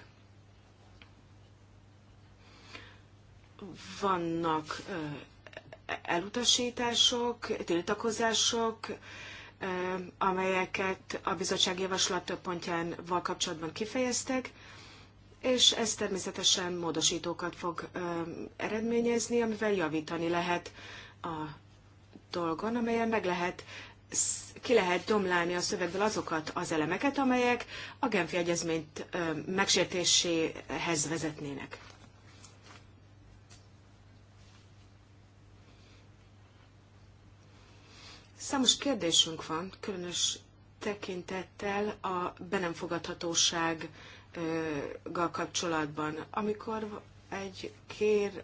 Vannak elutasítások, tiltakozások, eh, amelyeket a bizottság javaslat több pontján val kapcsolatban kifejeztek, és ez természetesen módosítókat fog eh, eredményezni, amivel javítani lehet a dolgon, amelyen meg lehet ki lehet domlálni a szövegből azokat az elemeket, amelyek a Genfi Egyezményt eh, megsértéséhez vezetnének. Számos kérdésünk van, különös tekintettel a be nem fogadhatósággal kapcsolatban. Amikor egy kér,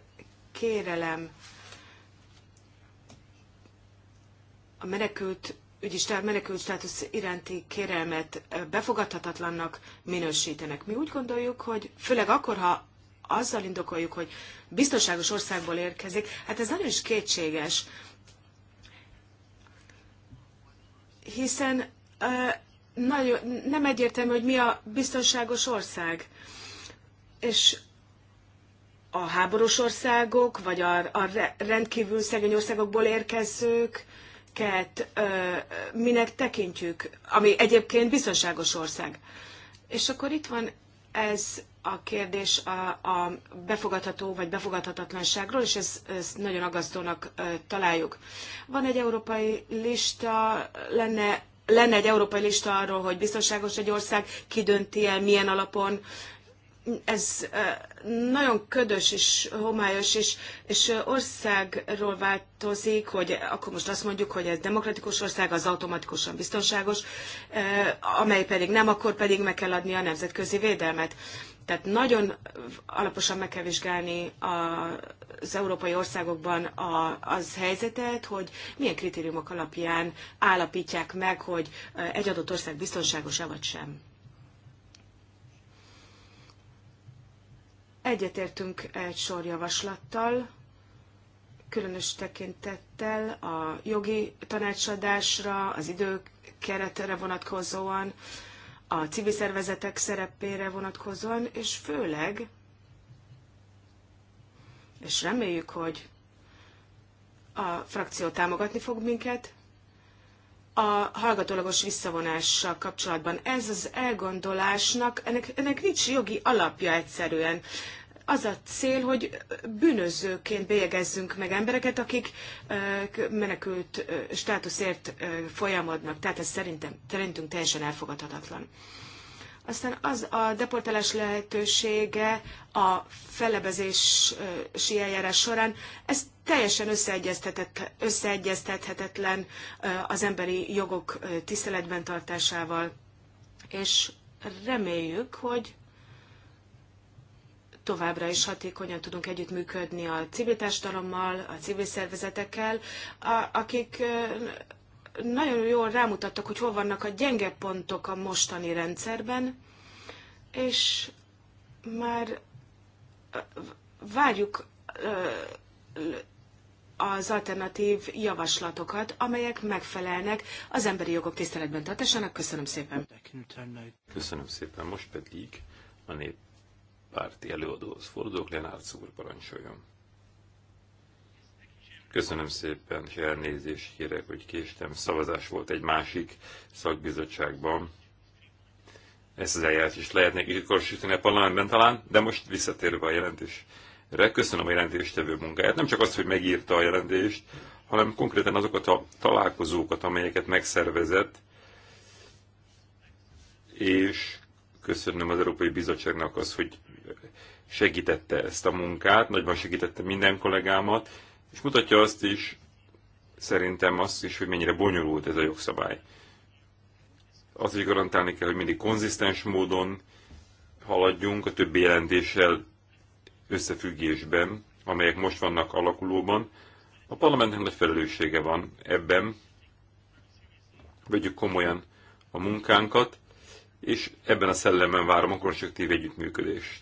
kérelem a menekült ügyis menekült státusz iránti kérelmet befogadhatatlannak minősítenek. Mi úgy gondoljuk, hogy főleg akkor, ha azzal indokoljuk, hogy biztonságos országból érkezik, hát ez nagyon is kétséges hiszen nagyon, nem egyértelmű, hogy mi a biztonságos ország. És a háborús országok, vagy a, a rendkívül szegény országokból érkezőket ö, minek tekintjük, ami egyébként biztonságos ország. És akkor itt van ez a kérdés a, a befogadható vagy befogadhatatlanságról, és ez, ezt nagyon aggasztónak találjuk. Van egy európai lista, lenne lenne egy európai lista arról, hogy biztonságos egy ország, ki dönti el, milyen alapon, ez nagyon ködös és homályos, és, és országról változik, hogy akkor most azt mondjuk, hogy ez demokratikus ország, az automatikusan biztonságos, amely pedig nem, akkor pedig meg kell adni a nemzetközi védelmet. Tehát nagyon alaposan meg kell vizsgálni az európai országokban a, az helyzetet, hogy milyen kritériumok alapján állapítják meg, hogy egy adott ország biztonságos-e vagy sem. Egyetértünk egy sor javaslattal, különös tekintettel a jogi tanácsadásra, az időkeretre vonatkozóan, a civil szervezetek szerepére vonatkozóan, és főleg, és reméljük, hogy a frakció támogatni fog minket, a hallgatólagos visszavonással kapcsolatban. Ez az elgondolásnak, ennek, ennek nincs jogi alapja egyszerűen. Az a cél, hogy bűnözőként bélyegezzünk meg embereket, akik menekült státuszért folyamodnak. Tehát ez szerintem, szerintünk teljesen elfogadhatatlan. Aztán az a deportálás lehetősége a fellebezési eljárás során, ez teljesen összeegyeztethetetlen az emberi jogok tiszteletben tartásával, és reméljük, hogy továbbra is hatékonyan tudunk együttműködni a civil társadalommal, a civil szervezetekkel, akik nagyon jól rámutattak, hogy hol vannak a gyenge pontok a mostani rendszerben, és már várjuk az alternatív javaslatokat, amelyek megfelelnek az emberi jogok tiszteletben tartásának. Köszönöm szépen. Köszönöm szépen. Most pedig a néppárti előadóhoz fordulok, Lenárc úr parancsoljon. Köszönöm szépen, és elnézést kérek, hogy késtem. Szavazás volt egy másik szakbizottságban. Ezt az eljárás is lehetne kicsit a parlamentben talán, de most visszatérve a jelentésre, köszönöm a jelentéstevő munkáját. Nem csak az, hogy megírta a jelentést, hanem konkrétan azokat a találkozókat, amelyeket megszervezett, és köszönöm az Európai Bizottságnak az, hogy segítette ezt a munkát, nagyban segítette minden kollégámat, és mutatja azt is, szerintem azt is, hogy mennyire bonyolult ez a jogszabály. Az is garantálni kell, hogy mindig konzisztens módon haladjunk a többi jelentéssel összefüggésben, amelyek most vannak alakulóban. A parlamentnek nagy felelőssége van ebben. Vegyük komolyan a munkánkat, és ebben a szellemben várom a konstruktív együttműködést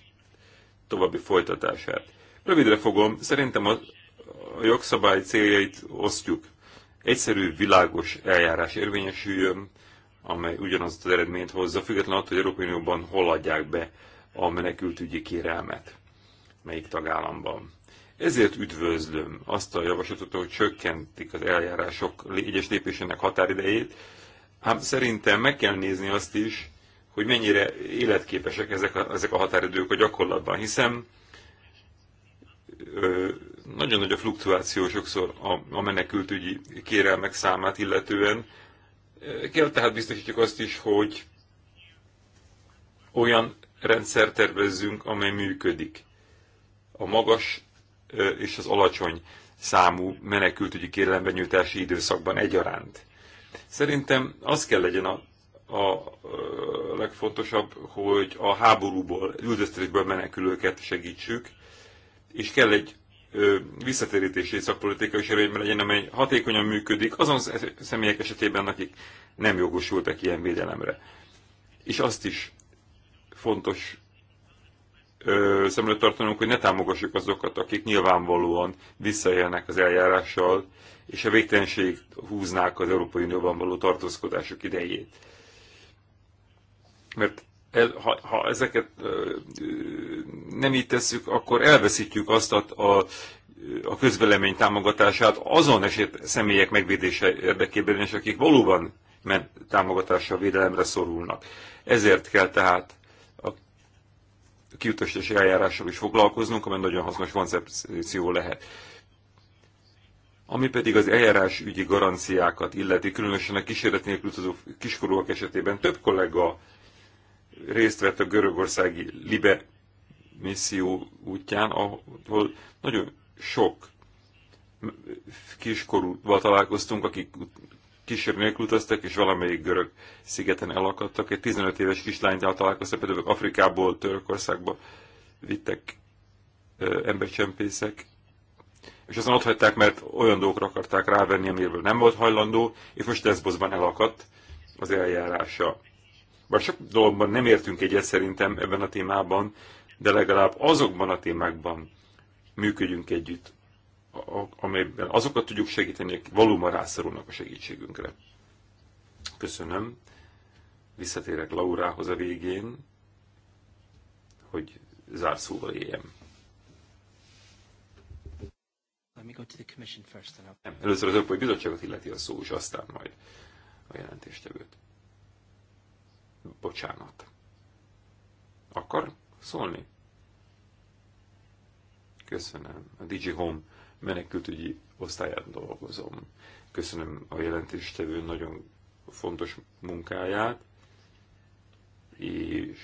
további folytatását. Rövidre fogom, szerintem a a jogszabály céljait osztjuk. Egyszerű, világos eljárás érvényesüljön, amely ugyanazt az eredményt hozza, függetlenül attól, hogy Európai Unióban hol adják be a menekültügyi kérelmet, melyik tagállamban. Ezért üdvözlöm azt a javaslatot, hogy csökkentik az eljárások egyes lépésének határidejét, Hát szerintem meg kell nézni azt is, hogy mennyire életképesek ezek a, ezek a határidők a gyakorlatban, hiszen ö, nagyon nagy a fluktuáció sokszor a, a menekültügyi kérelmek számát illetően. Kell tehát biztosítjuk azt is, hogy olyan rendszer tervezzünk, amely működik. A magas és az alacsony számú menekültügyi kérelembenyújtási időszakban egyaránt. Szerintem az kell legyen a, a legfontosabb, hogy a háborúból, üldöztetésből menekülőket segítsük, és kell egy visszatérítési szakpolitika sérvényben legyen, amely hatékonyan működik azon személyek esetében, akik nem jogosultak ilyen védelemre. És azt is fontos szemlőt tartanunk, hogy ne támogassuk azokat, akik nyilvánvalóan visszaélnek az eljárással, és a végtelenség húznák az Európai Unióban való tartózkodások idejét. Mert el, ha, ha ezeket nem így tesszük, akkor elveszítjük azt a, a, a közvelemény támogatását azon eset személyek megvédése érdekében, és akik valóban ment, támogatásra, védelemre szorulnak. Ezért kell tehát a kiutasítási eljárással is foglalkoznunk, amely nagyon hasznos koncepció lehet. Ami pedig az eljárás ügyi garanciákat illeti, különösen a kísérlet nélkül kiskorúak esetében több kollega részt vett a görögországi Libe misszió útján, ahol nagyon sok kiskorúval találkoztunk, akik kisebb nélkül utaztak, és valamelyik görög szigeten elakadtak. Egy 15 éves kislányjal találkoztak, például Afrikából, Törökországba vittek ö, embercsempészek, és azon ott hagyták, mert olyan dolgokra akarták rávenni, amiről nem volt hajlandó, és most Lesbosban elakadt az eljárása bár sok dologban nem értünk egyet szerintem ebben a témában, de legalább azokban a témákban működjünk együtt, amelyben azokat tudjuk segíteni, akik valóban rászorulnak a segítségünkre. Köszönöm. Visszatérek Laurához a végén, hogy zárszóval éljem. Először az Európai Bizottságot illeti a szó, és aztán majd a jelentéstevőt bocsánat. Akar szólni? Köszönöm. A Digi Home menekültügyi osztályán dolgozom. Köszönöm a jelentéstevő nagyon fontos munkáját, és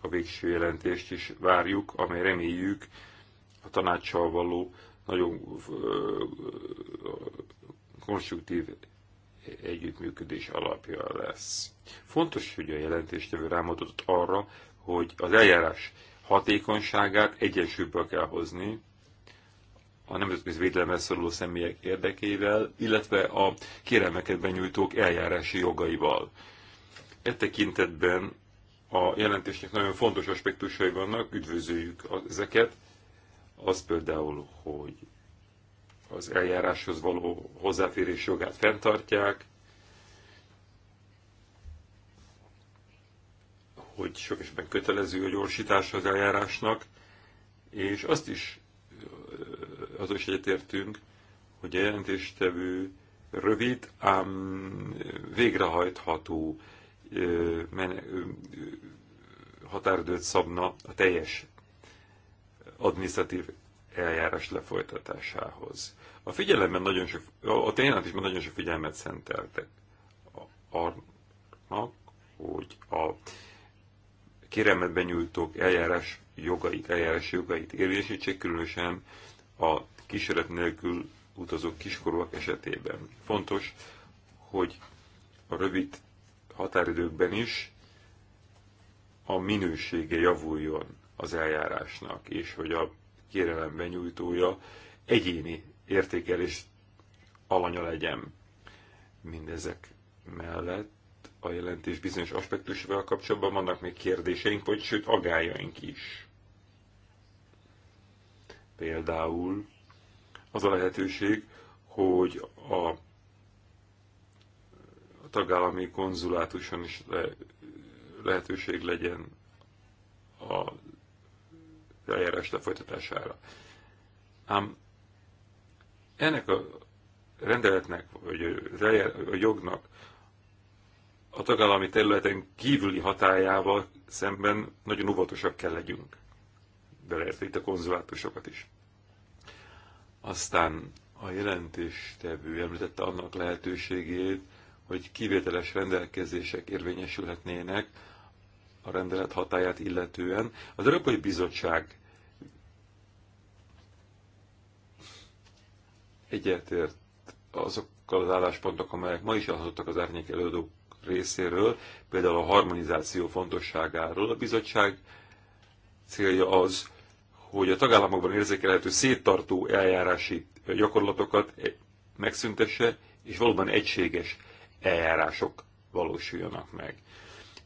a végső jelentést is várjuk, amely reméljük a tanácssal való nagyon konstruktív együttműködés alapja lesz. Fontos, hogy a jelentéstevő rámutatott arra, hogy az eljárás hatékonyságát egyensúlyba kell hozni a nemzetközi védelemre szoruló személyek érdekével, illetve a kérelmeket benyújtók eljárási jogaival. E tekintetben a jelentésnek nagyon fontos aspektusai vannak, üdvözöljük ezeket. Az például, hogy az eljáráshoz való hozzáférés jogát fenntartják, hogy sok esetben kötelező a gyorsítás az eljárásnak, és azt is az is egyetértünk, hogy a jelentéstevő rövid, ám végrehajtható határidőt szabna a teljes administratív eljárás lefolytatásához. A figyelemben nagyon sok, a tényleg is nagyon sok figyelmet szenteltek annak, hogy a kéremet benyújtók eljárás jogait, eljárás jogait érvényesítsék, különösen a kísérlet nélkül utazók kiskorúak esetében. Fontos, hogy a rövid határidőkben is a minősége javuljon az eljárásnak, és hogy a kérelemben nyújtója egyéni értékelés alanya legyen. Mindezek mellett a jelentés bizonyos aspektusával kapcsolatban vannak még kérdéseink, vagy sőt agályaink is. Például az a lehetőség, hogy a tagállami konzulátuson is le, lehetőség legyen a eljárás lefolytatására. Ám ennek a rendeletnek, vagy a jognak a tagállami területen kívüli hatájával szemben nagyon óvatosak kell legyünk. Beleértve itt a konzulátusokat is. Aztán a jelentéstevő említette annak lehetőségét, hogy kivételes rendelkezések érvényesülhetnének a rendelet hatáját illetően. Az Európai Bizottság egyetért azokkal az álláspontok, amelyek ma is elhatottak az árnyék előadók részéről, például a harmonizáció fontosságáról. A bizottság célja az, hogy a tagállamokban érzékelhető széttartó eljárási gyakorlatokat megszüntesse, és valóban egységes eljárások valósuljanak meg.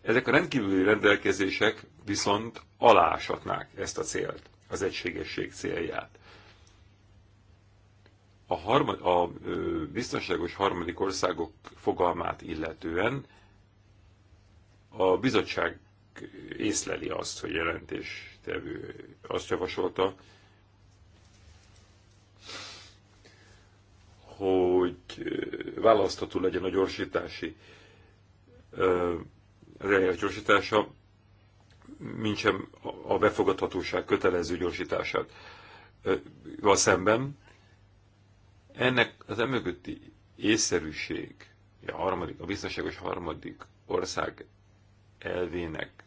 Ezek a rendkívüli rendelkezések viszont alásatnák ezt a célt, az egységesség célját a, harma, a biztonságos harmadik országok fogalmát illetően a bizottság észleli azt, hogy jelentéstevő azt javasolta, hogy választható legyen a gyorsítási az eljárás gyorsítása, mintsem a befogadhatóság kötelező gyorsítását. Val szemben ennek az emögötti észszerűség, a, harmadik, a biztonságos harmadik ország elvének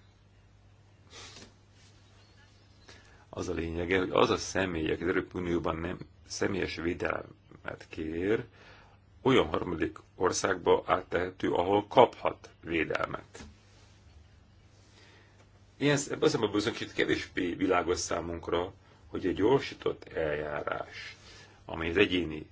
az a lényege, hogy az a személy, aki az Európai Unióban nem személyes védelmet kér, olyan harmadik országba áttehető, ahol kaphat védelmet. Ilyen, ebben az szemben bizony kicsit kevésbé világos számunkra, hogy egy gyorsított eljárás, amely az egyéni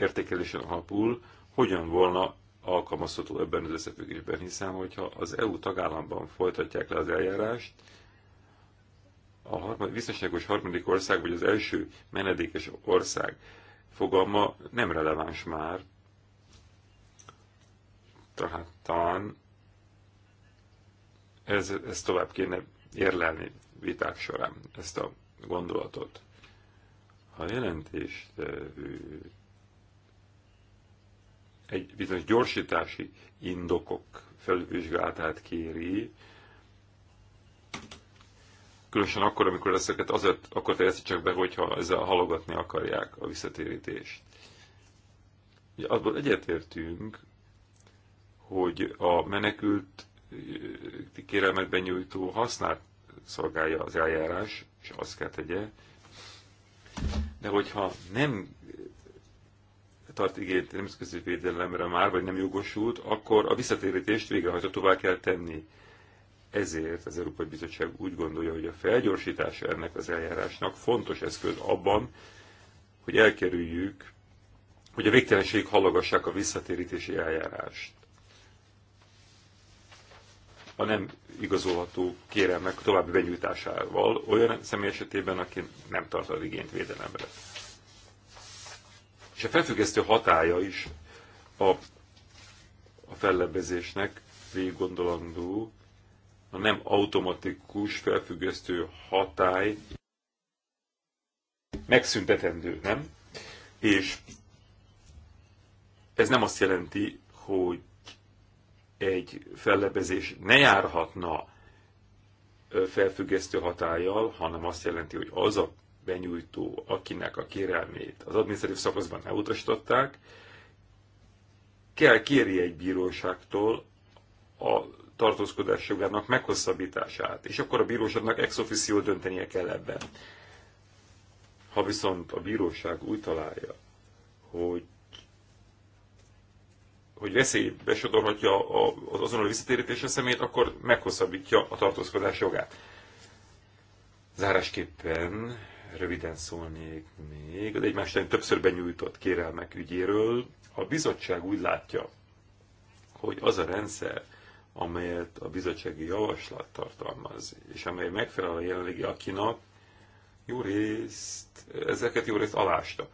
értékelésen alapul, hogyan volna alkalmazható ebben az összefüggésben, hiszen hogyha az EU tagállamban folytatják le az eljárást, a harmad, biztonságos harmadik ország, vagy az első menedékes ország fogalma nem releváns már. Tehát talán ez, ez tovább kéne érlelni viták során, ezt a gondolatot. Ha jelentést egy bizonyos gyorsítási indokok felvizsgálatát kéri, különösen akkor, amikor ezeket azért, akkor csak be, hogyha ezzel halogatni akarják a visszatérítést. Ugye abból egyetértünk, hogy a menekült kérelmet benyújtó használt szolgálja az eljárás, és azt kell tegye, de hogyha nem tart igényt nemzetközi védelemre már, vagy nem jogosult, akkor a visszatérítést végrehajtatóvá kell tenni. Ezért az Európai Bizottság úgy gondolja, hogy a felgyorsítása ennek az eljárásnak fontos eszköz abban, hogy elkerüljük, hogy a végtelenség hallogassák a visszatérítési eljárást. A nem igazolható kérelmek további benyújtásával olyan személy esetében, aki nem tart az igényt védelemre és a felfüggesztő hatája is a, a fellebezésnek végiggondolandó, a nem automatikus felfüggesztő hatály megszüntetendő, nem? És ez nem azt jelenti, hogy egy fellebezés ne járhatna felfüggesztő hatállyal, hanem azt jelenti, hogy az a benyújtó, akinek a kérelmét az adminisztratív szakaszban elutasították, kell kérje egy bíróságtól a tartózkodás jogának meghosszabbítását, és akkor a bíróságnak ex officio döntenie kell ebben. Ha viszont a bíróság úgy találja, hogy hogy veszélybe sodorhatja az azonnal visszatérítése szemét, akkor meghosszabbítja a tartózkodás jogát. Zárásképpen röviden szólnék még az egymás után többször benyújtott kérelmek ügyéről. A bizottság úgy látja, hogy az a rendszer, amelyet a bizottsági javaslat tartalmaz, és amely megfelel a jelenlegi akinak, jó részt, ezeket jó részt alásta.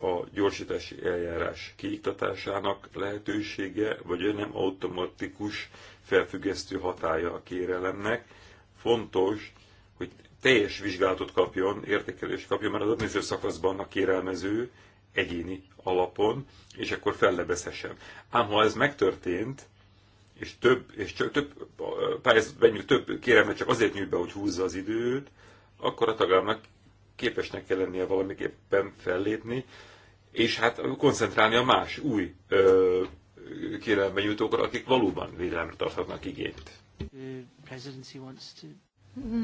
A gyorsítási eljárás kiiktatásának lehetősége, vagy nem automatikus felfüggesztő hatája a kérelemnek, fontos, hogy teljes vizsgálatot kapjon, értékelést kapjon, mert az adnéző szakaszban a kérelmező egyéni alapon, és akkor fellebezhessen. Ám ha ez megtörtént, és több, és csak, több pályázat, több kérelmet csak azért nyújt be, hogy húzza az időt, akkor a tagállamnak képesnek kell lennie valamiképpen fellépni, és hát koncentrálni a más új kérelmenyújtókra, nyújtókra, akik valóban védelemre tarthatnak igényt.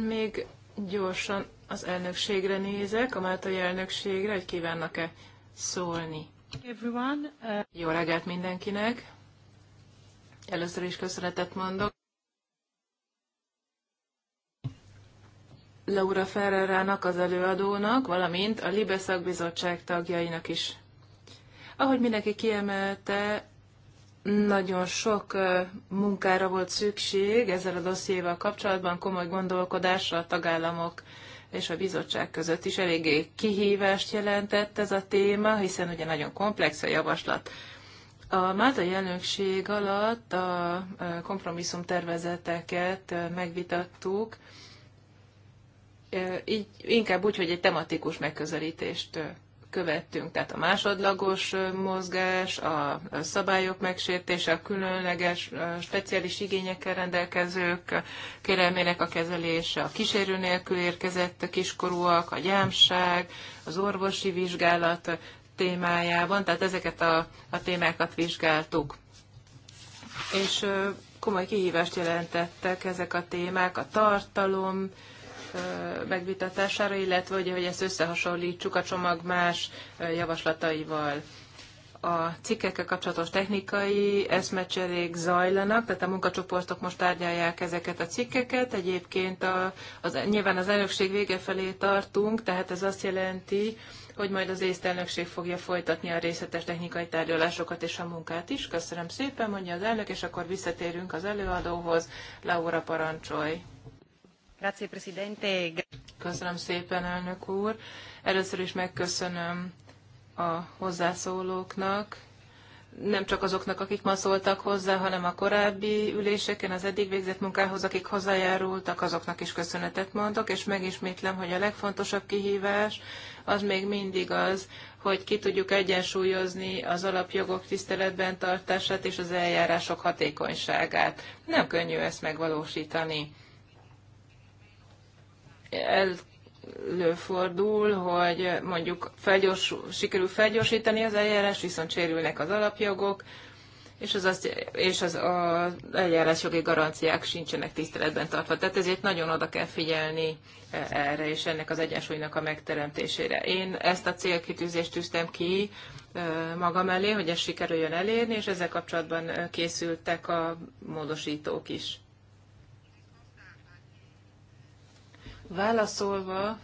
Még gyorsan az elnökségre nézek, a Máltai elnökségre, hogy kívánnak-e szólni. Everyone, uh... Jó reggelt mindenkinek! Először is köszönetet mondok. Laura Ferrerának, az előadónak, valamint a Libeszak bizottság tagjainak is. Ahogy mindenki kiemelte, nagyon sok munkára volt szükség ezzel a dossziéval kapcsolatban, komoly gondolkodásra a tagállamok és a bizottság között is eléggé kihívást jelentett ez a téma, hiszen ugye nagyon komplex a javaslat. A Máltai elnökség alatt a kompromisszumtervezeteket megvitattuk, így, inkább úgy, hogy egy tematikus megközelítést követtünk, tehát a másodlagos mozgás, a szabályok megsértése, a különleges, speciális igényekkel rendelkezők kérelmének a kezelése, a kísérő nélkül érkezett a kiskorúak, a gyámság, az orvosi vizsgálat témájában, tehát ezeket a, a témákat vizsgáltuk. És komoly kihívást jelentettek ezek a témák, a tartalom, megvitatására, illetve ugye, hogy ezt összehasonlítsuk a csomag más javaslataival. A cikkekkel kapcsolatos technikai eszmecserék zajlanak, tehát a munkacsoportok most tárgyalják ezeket a cikkeket. Egyébként a, az, nyilván az elnökség vége felé tartunk, tehát ez azt jelenti, hogy majd az észtelnökség fogja folytatni a részletes technikai tárgyalásokat és a munkát is. Köszönöm szépen, mondja az elnök, és akkor visszatérünk az előadóhoz. Laura, parancsolj! Köszönöm szépen, elnök úr. Először is megköszönöm a hozzászólóknak, nem csak azoknak, akik ma szóltak hozzá, hanem a korábbi üléseken, az eddig végzett munkához, akik hozzájárultak, azoknak is köszönetet mondok, és megismétlem, hogy a legfontosabb kihívás az még mindig az, hogy ki tudjuk egyensúlyozni az alapjogok tiszteletben tartását és az eljárások hatékonyságát. Nem könnyű ezt megvalósítani előfordul, hogy mondjuk felgyors, sikerül felgyorsítani az eljárás, viszont sérülnek az alapjogok, és az, az, és az a jogi garanciák sincsenek tiszteletben tartva. Tehát ezért nagyon oda kell figyelni e, erre és ennek az egyensúlynak a megteremtésére. Én ezt a célkitűzést tűztem ki e, magam elé, hogy ezt sikerüljön elérni, és ezzel kapcsolatban e, készültek a módosítók is. Válaszolva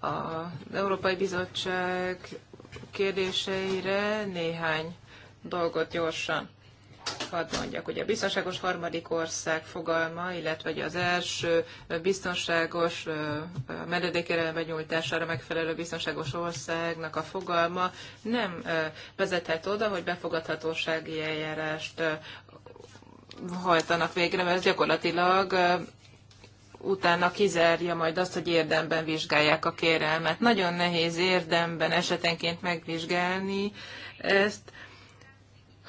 az Európai Bizottság kérdéseire néhány dolgot gyorsan hadd mondjak. Ugye a biztonságos harmadik ország fogalma, illetve az első biztonságos menedékérelem benyújtására megfelelő biztonságos országnak a fogalma nem vezethet oda, hogy befogadhatósági eljárást hajtanak végre, mert ez gyakorlatilag utána kizárja majd azt, hogy érdemben vizsgálják a kérelmet. Nagyon nehéz érdemben esetenként megvizsgálni ezt,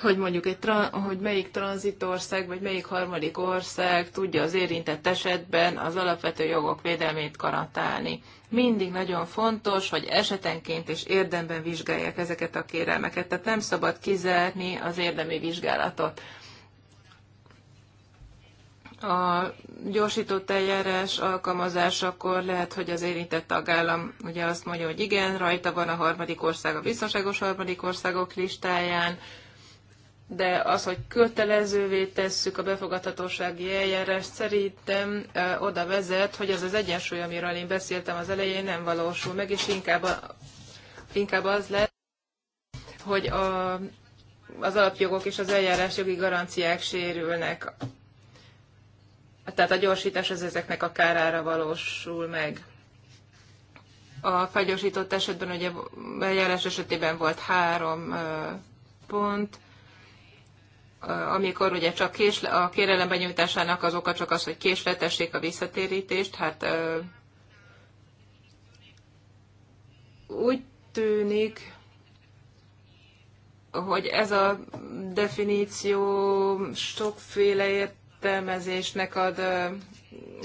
hogy mondjuk egy, hogy melyik tranzitország, vagy melyik harmadik ország tudja az érintett esetben az alapvető jogok védelmét garantálni. Mindig nagyon fontos, hogy esetenként és érdemben vizsgálják ezeket a kérelmeket, tehát nem szabad kizárni az érdemi vizsgálatot a gyorsított eljárás alkalmazásakor lehet, hogy az érintett tagállam ugye azt mondja, hogy igen, rajta van a harmadik ország a biztonságos harmadik országok listáján, de az, hogy kötelezővé tesszük a befogadhatósági eljárást, szerintem ö, oda vezet, hogy az az egyensúly, amiről én beszéltem az elején, nem valósul meg, és inkább, a, inkább az lesz, hogy a, az alapjogok és az jogi garanciák sérülnek tehát a gyorsítás az ezeknek a kárára valósul meg. A felgyorsított esetben, ugye eljárás esetében volt három pont, amikor ugye csak késle, a kérelem benyújtásának az oka csak az, hogy késletessék a visszatérítést, hát úgy tűnik, hogy ez a definíció sokféle ért értelmezésnek ad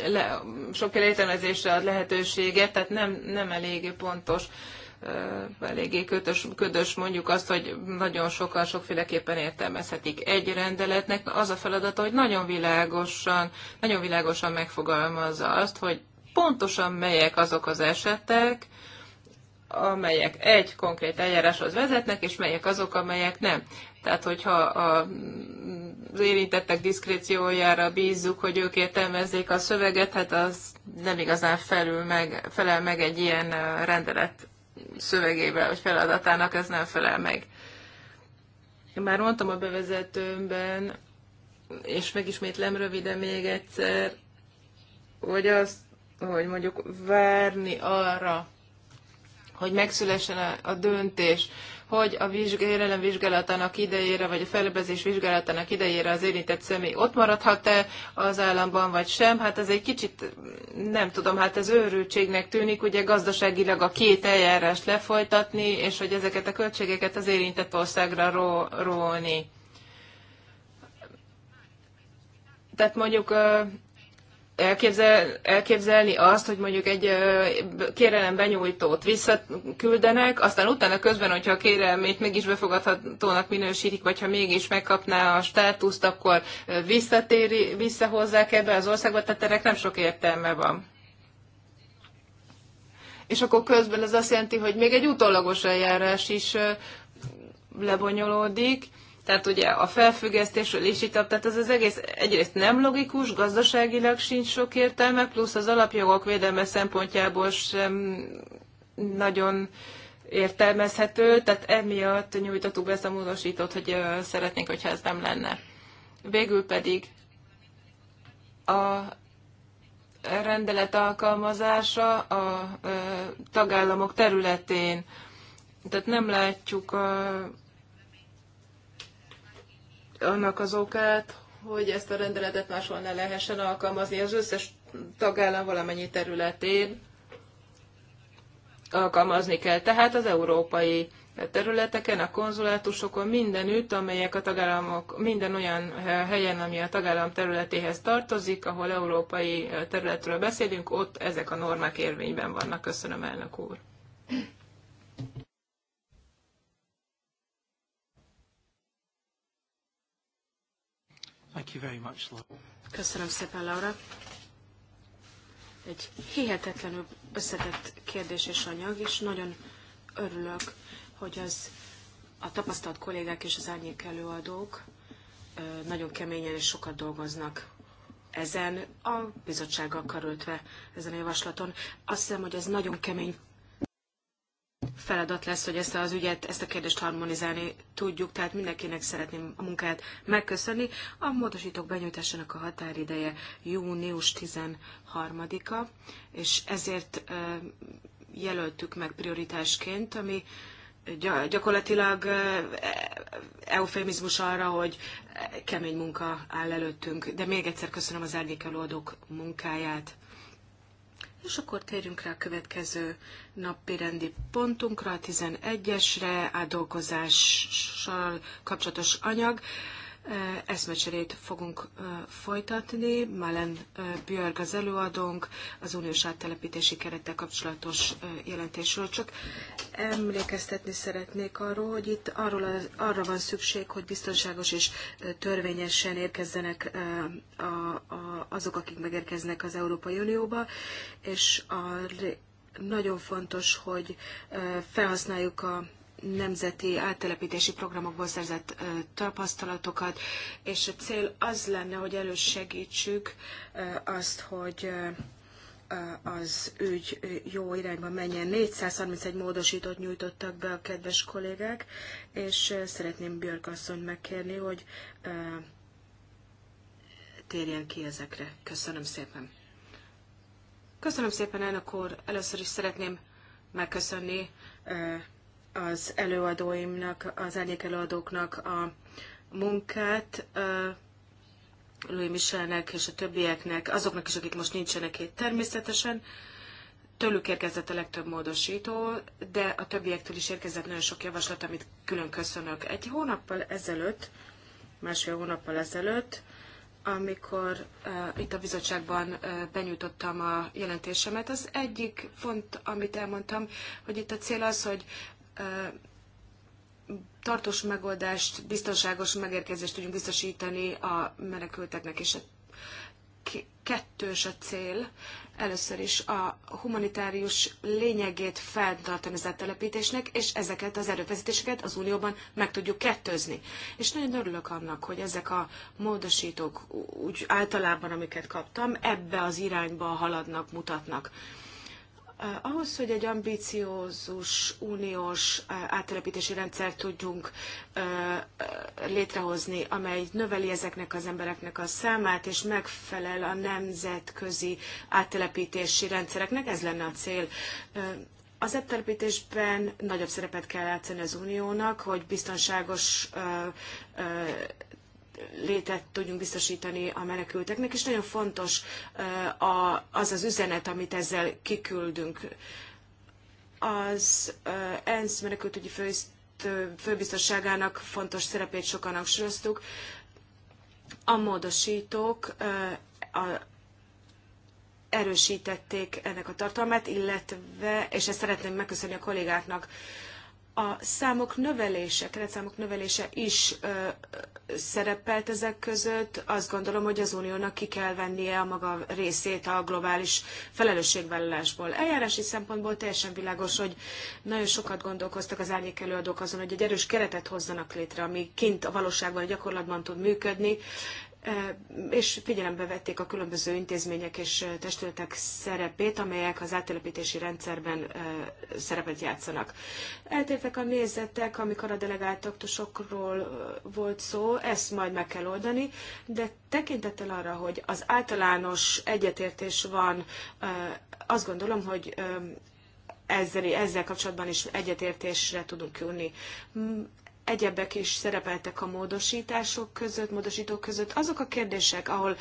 le, sok értelmezésre ad lehetőséget, tehát nem, nem elég pontos, eléggé kötös, ködös mondjuk azt, hogy nagyon sokan sokféleképpen értelmezhetik. Egy rendeletnek az a feladata, hogy nagyon világosan, nagyon világosan megfogalmazza azt, hogy pontosan melyek azok az esetek, amelyek egy konkrét eljáráshoz vezetnek, és melyek azok, amelyek nem. Tehát, hogyha a, az érintettek diszkréciójára bízzuk, hogy ők értelmezzék a szöveget, hát az nem igazán felül meg, felel meg egy ilyen rendelet szövegével, vagy feladatának, ez nem felel meg. Én már mondtam a bevezetőmben, és megismétlem röviden még egyszer, hogy az hogy mondjuk várni arra, hogy megszülessen a, a döntés, hogy a vizsgélelem vizsgálatának idejére, vagy a felebezés vizsgálatának idejére az érintett személy ott maradhat-e az államban, vagy sem. Hát ez egy kicsit, nem tudom, hát ez őrültségnek tűnik, ugye gazdaságilag a két eljárást lefolytatni, és hogy ezeket a költségeket az érintett országra ró- rólni. Tehát mondjuk elképzel, elképzelni azt, hogy mondjuk egy kérelem benyújtót visszaküldenek, aztán utána közben, hogyha a kérelmét mégis befogadhatónak minősítik, vagy ha mégis megkapná a státuszt, akkor visszatéri, visszahozzák ebbe az országba, tehát ennek nem sok értelme van. És akkor közben ez azt jelenti, hogy még egy utólagos eljárás is lebonyolódik, tehát ugye a felfüggesztésről is itt, tehát ez az egész egyrészt nem logikus, gazdaságilag sincs sok értelme, plusz az alapjogok védelme szempontjából sem nagyon értelmezhető, tehát emiatt nyújtottuk be ezt a módosítót, hogy szeretnénk, hogyha ez nem lenne. Végül pedig a rendelet alkalmazása a tagállamok területén. Tehát nem látjuk a annak az okát, hogy ezt a rendeletet máshol ne lehessen alkalmazni az összes tagállam valamennyi területén alkalmazni kell. Tehát az európai területeken, a konzulátusokon, mindenütt, amelyek a tagállamok, minden olyan eh, helyen, ami a tagállam területéhez tartozik, ahol európai eh, területről beszélünk, ott ezek a normák érvényben vannak. Köszönöm, elnök úr. Thank you very much, Laura. Köszönöm szépen, Laura. Egy hihetetlenül összetett kérdés és anyag, és nagyon örülök, hogy az a tapasztalt kollégák és az árnyék előadók nagyon keményen és sokat dolgoznak ezen a bizottsággal karöltve ezen a javaslaton. Azt hiszem, hogy ez nagyon kemény feladat lesz, hogy ezt az ügyet, ezt a kérdést harmonizálni tudjuk, tehát mindenkinek szeretném a munkáját megköszönni. A módosítók benyújtásának a határideje június 13-a, és ezért jelöltük meg prioritásként, ami gyakorlatilag e-, eufemizmus arra, hogy kemény munka áll előttünk. De még egyszer köszönöm az árnyékelőadók munkáját. És akkor térjünk rá a következő napi rendi pontunkra, a 11-esre, átdolgozással kapcsolatos anyag eszmecserét fogunk folytatni. Malen Björg az előadónk az uniós áttelepítési kerettel kapcsolatos jelentésről. Csak emlékeztetni szeretnék arról, hogy itt arról, arra van szükség, hogy biztonságos és törvényesen érkezzenek azok, akik megérkeznek az Európai Unióba, és a nagyon fontos, hogy felhasználjuk a nemzeti áttelepítési programokból szerzett tapasztalatokat, és a cél az lenne, hogy elősegítsük azt, hogy az ügy jó irányba menjen. 431 módosítót nyújtottak be a kedves kollégák, és szeretném Björk asszonyt megkérni, hogy térjen ki ezekre. Köszönöm szépen. Köszönöm szépen, elnök úr. Először is szeretném megköszönni az előadóimnak, az elég előadóknak a munkát, Louis Michelnek és a többieknek, azoknak is, akik most nincsenek itt természetesen. Tőlük érkezett a legtöbb módosító, de a többiektől is érkezett nagyon sok javaslat, amit külön köszönök. Egy hónappal ezelőtt, másfél hónappal ezelőtt, amikor uh, itt a bizottságban uh, benyújtottam a jelentésemet, az egyik font, amit elmondtam, hogy itt a cél az, hogy tartós megoldást, biztonságos megérkezést tudjunk biztosítani a menekülteknek, és a kettős a cél. Először is a humanitárius lényegét feltartani az áttelepítésnek, és ezeket az erőfeszítéseket az Unióban meg tudjuk kettőzni. És nagyon örülök annak, hogy ezek a módosítók úgy általában, amiket kaptam, ebbe az irányba haladnak, mutatnak Eh, ahhoz, hogy egy ambiciózus uniós eh, áttelepítési rendszert tudjunk eh, létrehozni, amely növeli ezeknek az embereknek a számát, és megfelel a nemzetközi áttelepítési rendszereknek, ez lenne a cél. Az áttelepítésben nagyobb szerepet kell játszani az uniónak, hogy biztonságos létet tudjunk biztosítani a menekülteknek, és nagyon fontos az az üzenet, amit ezzel kiküldünk. Az ENSZ menekültügyi főbiztosságának fontos szerepét sokan hangsúlyoztuk. A módosítók a, erősítették ennek a tartalmát, illetve, és ezt szeretném megköszönni a kollégáknak, a számok növelése, keretszámok növelése is ö, szerepelt ezek között. Azt gondolom, hogy az uniónak ki kell vennie a maga részét a globális felelősségvállalásból. Eljárási szempontból teljesen világos, hogy nagyon sokat gondolkoztak az árnyék előadók azon, hogy egy erős keretet hozzanak létre, ami kint a valóságban, a gyakorlatban tud működni, és figyelembe vették a különböző intézmények és testületek szerepét, amelyek az áttelepítési rendszerben szerepet játszanak. Eltértek a nézetek, amikor a delegált aktusokról volt szó, ezt majd meg kell oldani, de tekintettel arra, hogy az általános egyetértés van, azt gondolom, hogy ezzel, ezzel kapcsolatban is egyetértésre tudunk jönni egyebek is szerepeltek a módosítások között, módosítók között. Azok a kérdések, ahol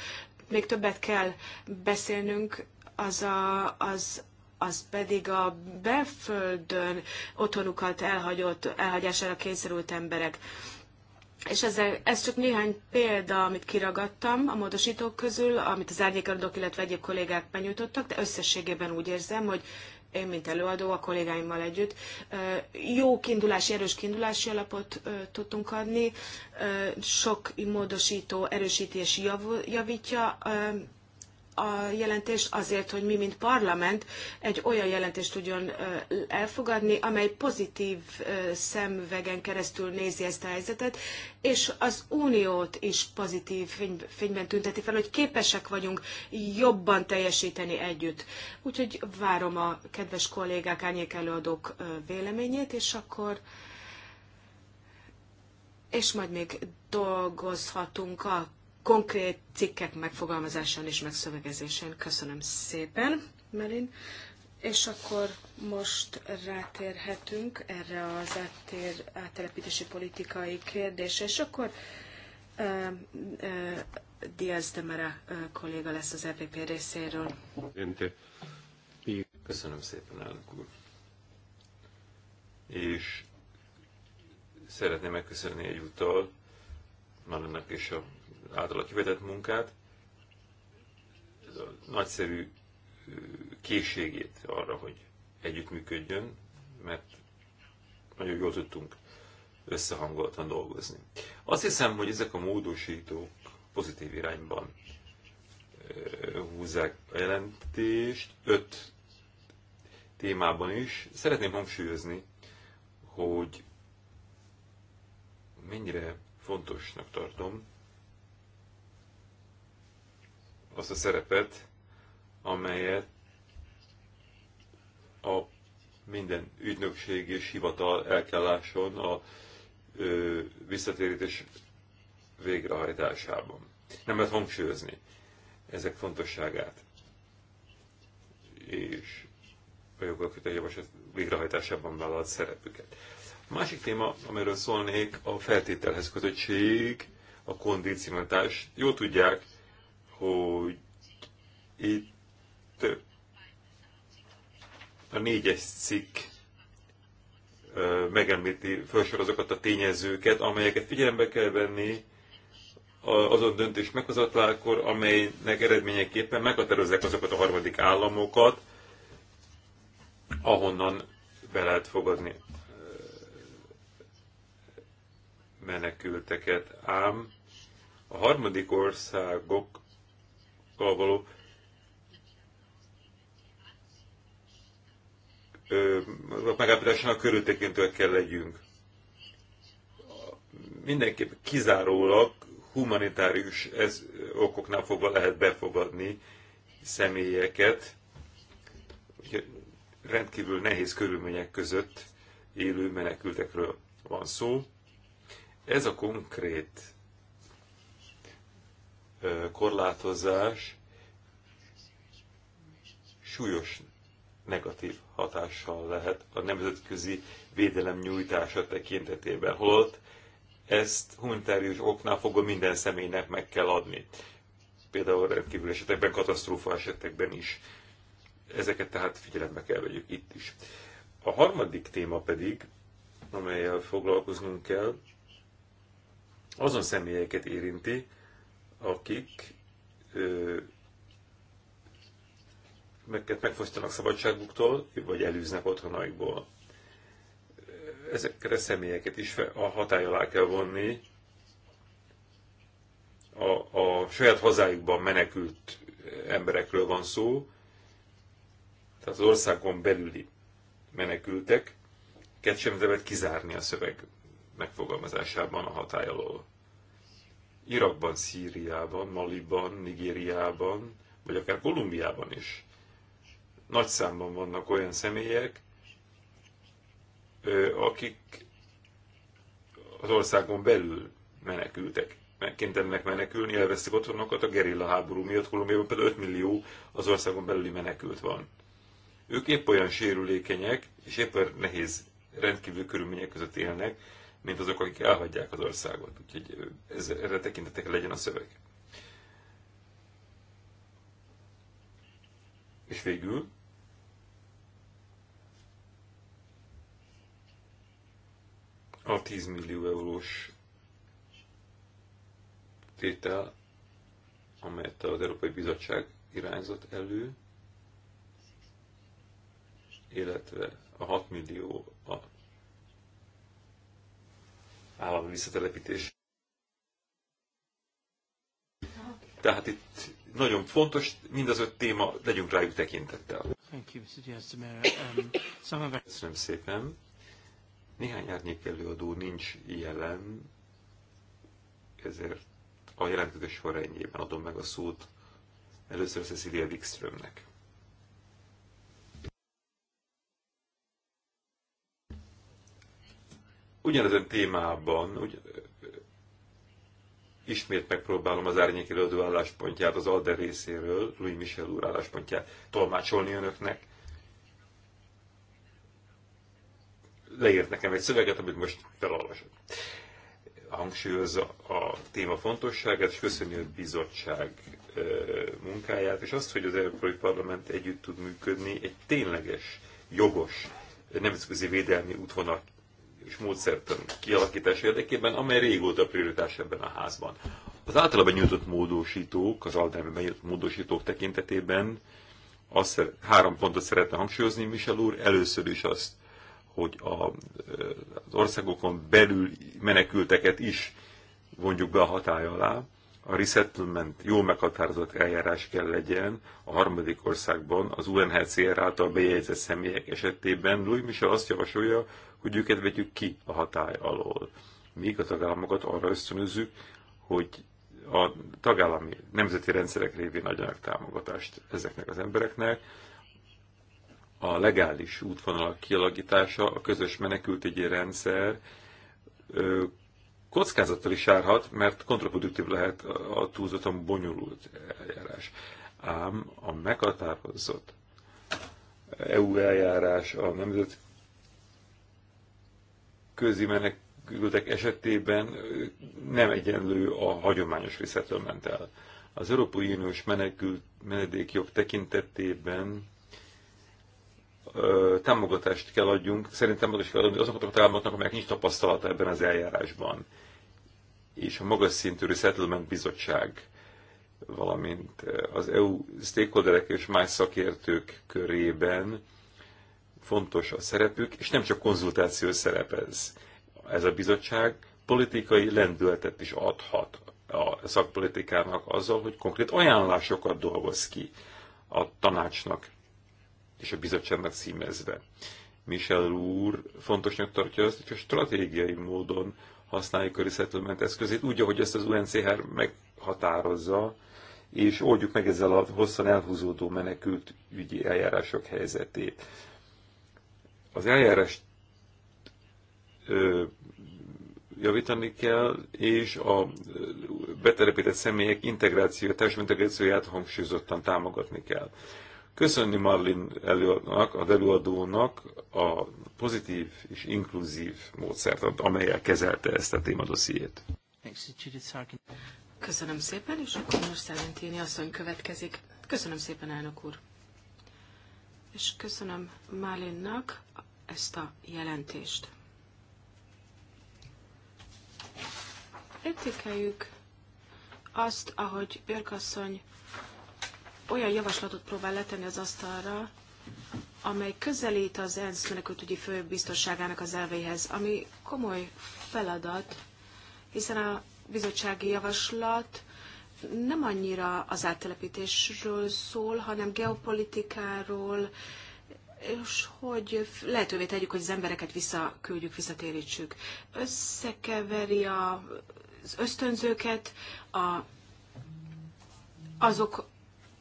még többet kell beszélnünk, az, a, az, az pedig a belföldön otthonukat elhagyott, elhagyására kényszerült emberek. És ez, ez csak néhány példa, amit kiragadtam a módosítók közül, amit az árnyékadók, illetve egyéb kollégák benyújtottak, de összességében úgy érzem, hogy én, mint előadó, a kollégáimmal együtt jó kiindulási, erős kiindulási alapot tudtunk adni, sok módosító erősítés javítja a jelentést azért, hogy mi, mint parlament egy olyan jelentést tudjon elfogadni, amely pozitív szemvegen keresztül nézi ezt a helyzetet, és az uniót is pozitív fényben tünteti fel, hogy képesek vagyunk jobban teljesíteni együtt. Úgyhogy várom a kedves kollégák, árnyék előadók véleményét, és akkor és majd még dolgozhatunk a konkrét cikkek megfogalmazásán és megszövegezésén. Köszönöm szépen, Melin. És akkor most rátérhetünk erre az áttér, áttelepítési politikai kérdésre, és akkor Diaz de Mera kolléga lesz az EPP részéről. Köszönöm szépen, elnök úr. És szeretném megköszönni egyúttal Marannak és a általa kivetett munkát, nagyszerű készségét arra, hogy együttműködjön, mert nagyon jól tudtunk összehangoltan dolgozni. Azt hiszem, hogy ezek a módosítók pozitív irányban húzzák a jelentést, öt témában is. Szeretném hangsúlyozni, hogy mennyire fontosnak tartom, azt a szerepet, amelyet a minden ügynökség és hivatal el kell lásson a ö, visszatérítés végrehajtásában. Nem lehet hangsúlyozni ezek fontosságát. És a jogalkotó javaslat végrehajtásában vállalt szerepüket. A másik téma, amiről szólnék, a feltételhez kötöttség, a kondicionalitás. jó tudják, hogy itt a négyes cikk megemlíti, felsor azokat a tényezőket, amelyeket figyelembe kell venni azon döntés meghozatlákor, amelynek eredményeképpen meghatározzák azokat a harmadik államokat, ahonnan be lehet fogadni menekülteket. Ám a harmadik országok való megállapításának körültekintőek kell legyünk. Mindenképp kizárólag humanitárius ez, okoknál fogva lehet befogadni személyeket, rendkívül nehéz körülmények között élő menekültekről van szó. Ez a konkrét korlátozás súlyos negatív hatással lehet a nemzetközi védelem nyújtása tekintetében, holott ezt humanitárius oknál fogva minden személynek meg kell adni. Például rendkívül esetekben, katasztrófa esetekben is. Ezeket tehát figyelembe kell vegyük itt is. A harmadik téma pedig, amelyel foglalkoznunk kell, azon személyeket érinti, akik ö, megfosztanak szabadságuktól, vagy elűznek otthonaikból. ezekre a személyeket is a hatály alá kell vonni a, a saját hazájukban menekült emberekről van szó, tehát az országon belüli menekültek, sem lehet kizárni a szöveg megfogalmazásában a hatály alól. Irakban, Szíriában, Maliban, Nigériában, vagy akár Kolumbiában is. Nagy számban vannak olyan személyek, akik az országon belül menekültek, kénytelenek menekülni, elvesztik otthonokat a gerilla háború miatt, Kolumbiában például 5 millió az országon belüli menekült van. Ők épp olyan sérülékenyek, és épp olyan nehéz rendkívül körülmények között élnek, mint azok, akik elhagyják az országot. Úgyhogy ez, erre tekintetek legyen a szöveg. És végül a 10 millió eurós tétel, amelyet az Európai Bizottság irányzott elő, illetve a 6 millió a állami visszatelepítés. Tehát itt nagyon fontos, mind az öt téma, legyünk rájuk tekintettel. Um, Köszönöm szépen. Néhány árnyék előadó nincs jelen, ezért a jelentkezés sorrendjében adom meg a szót először Cecilia Wikströmnek. Ugyanezen témában ugy, ismét megpróbálom az árnyék előadó álláspontját, az ALDE részéről, Louis Michel úr álláspontját tolmácsolni önöknek. Leírt nekem egy szöveget, amit most felolvasok. Hangsúlyozza a téma fontosságát, és köszöni a bizottság munkáját, és azt, hogy az Európai Parlament együtt tud működni egy tényleges, jogos, nemzetközi védelmi útvonal és módszertan kialakítás érdekében, amely régóta prioritás ebben a házban. Az általában nyújtott módosítók, az általában nyújtott módosítók tekintetében azt, három pontot szeretne hangsúlyozni Michel úr. Először is azt, hogy a, az országokon belül menekülteket is vonjuk be a hatály alá. A resettlement jó meghatározott eljárás kell legyen a harmadik országban az UNHCR által bejegyzett személyek esetében. Louis Michel azt javasolja, hogy őket vegyük ki a hatály alól. Míg a tagállamokat arra ösztönözzük, hogy a tagállami nemzeti rendszerek révén adjanak támogatást ezeknek az embereknek. A legális útvonalak kialakítása, a közös menekültügyi rendszer kockázattal is járhat, mert kontraproduktív lehet a túlzottan bonyolult eljárás. Ám a meghatározott EU eljárás, a nemzeti közi menekültek esetében nem egyenlő a hagyományos visszatölmentel. Az Európai Uniós menekült menedékjog tekintetében ö, támogatást kell adjunk, szerintem is kell adni azokat a tagállamoknak, amelyek nincs tapasztalata ebben az eljárásban. És a magas szintű Resettlement Bizottság, valamint az EU stakeholderek és más szakértők körében fontos a szerepük, és nem csak konzultáció szerepez. Ez a bizottság politikai lendületet is adhat a szakpolitikának azzal, hogy konkrét ajánlásokat dolgoz ki a tanácsnak és a bizottságnak címezve. Michel úr fontosnak tartja azt, hogy a stratégiai módon használjuk a resettlement eszközét, úgy, ahogy ezt az UNCR meghatározza, és oldjuk meg ezzel a hosszan elhúzódó menekült ügyi eljárások helyzetét. Az eljárás javítani kell, és a betelepített személyek integráció, társadalmi integrációját hangsúlyozottan támogatni kell. Köszönni Marlin előadónak, az előadónak a pozitív és inkluzív módszert, amelyel kezelte ezt a témadossziét. Köszönöm szépen, és akkor most Szerentini asszony következik. Köszönöm szépen, elnök úr. És köszönöm Málinnak ezt a jelentést. Értékeljük azt, ahogy Björkasszony olyan javaslatot próbál letenni az asztalra, amely közelít az ENSZ menekültügyi főbiztosságának az elveihez, ami komoly feladat, hiszen a bizottsági javaslat nem annyira az áttelepítésről szól, hanem geopolitikáról, és hogy lehetővé tegyük, hogy az embereket visszaküldjük, visszatérítsük. Összekeveri a, az ösztönzőket a, azok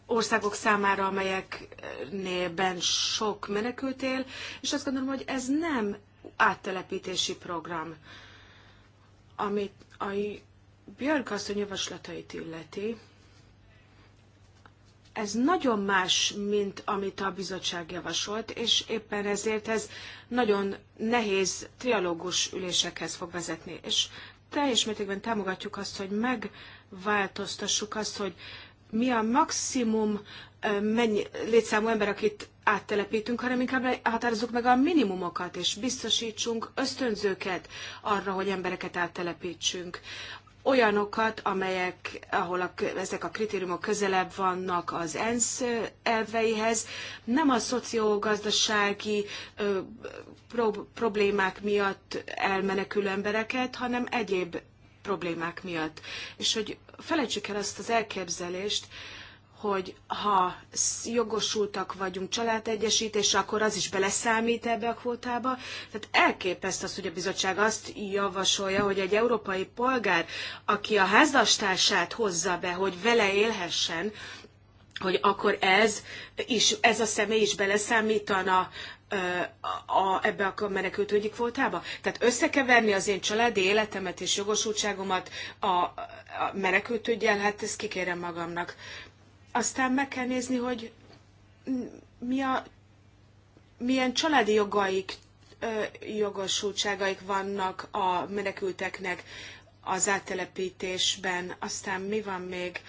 országok számára, amelyeknélben sok menekült él, és azt gondolom, hogy ez nem áttelepítési program, amit a Björk asszony javaslatait illeti, ez nagyon más, mint amit a bizottság javasolt, és éppen ezért ez nagyon nehéz trialógus ülésekhez fog vezetni. És teljes mértékben támogatjuk azt, hogy megváltoztassuk azt, hogy mi a maximum mennyi, létszámú ember, akit áttelepítünk, hanem inkább határozzuk meg a minimumokat, és biztosítsunk ösztönzőket arra, hogy embereket áttelepítsünk olyanokat, amelyek, ahol a, ezek a kritériumok közelebb vannak az ENSZ elveihez, nem a szociogazdasági ö, pro, problémák miatt elmenekülő embereket, hanem egyéb problémák miatt. És hogy felejtsük el azt az elképzelést, hogy ha jogosultak vagyunk családegyesítésre, akkor az is beleszámít ebbe a kvótába. Tehát elképesztő az, hogy a bizottság azt javasolja, hogy egy európai polgár, aki a házastársát hozza be, hogy vele élhessen, hogy akkor ez, is, ez a személy is beleszámítana a, a, ebbe a menekültügyi kvótába? Tehát összekeverni az én családi életemet és jogosultságomat a, a menekültügyel, hát ezt kikérem magamnak. Aztán meg kell nézni, hogy mi a, milyen családi jogaik, jogosultságaik vannak a menekülteknek az áttelepítésben. Aztán mi van még?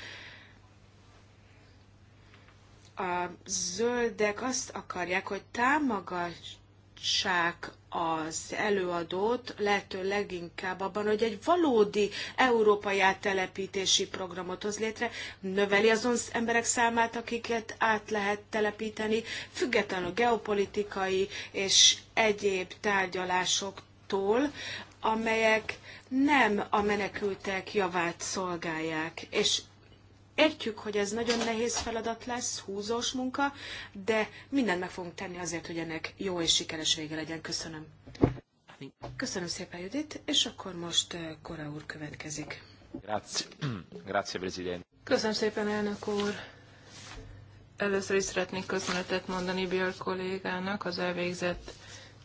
A zöldek azt akarják, hogy támogassák az előadót lehető leginkább abban, hogy egy valódi európai áttelepítési programot hoz létre, növeli azon emberek számát, akiket át lehet telepíteni, függetlenül geopolitikai és egyéb tárgyalásoktól, amelyek nem a menekültek javát szolgálják, és Értjük, hogy ez nagyon nehéz feladat lesz, húzós munka, de mindent meg fogunk tenni azért, hogy ennek jó és sikeres vége legyen. Köszönöm. Köszönöm szépen, Judit, és akkor most eh, Kora úr következik. Grazie. [clears throat] Grazie, Presidente. Köszönöm szépen, elnök úr. Először is szeretnék köszönetet mondani Björn kollégának az elvégzett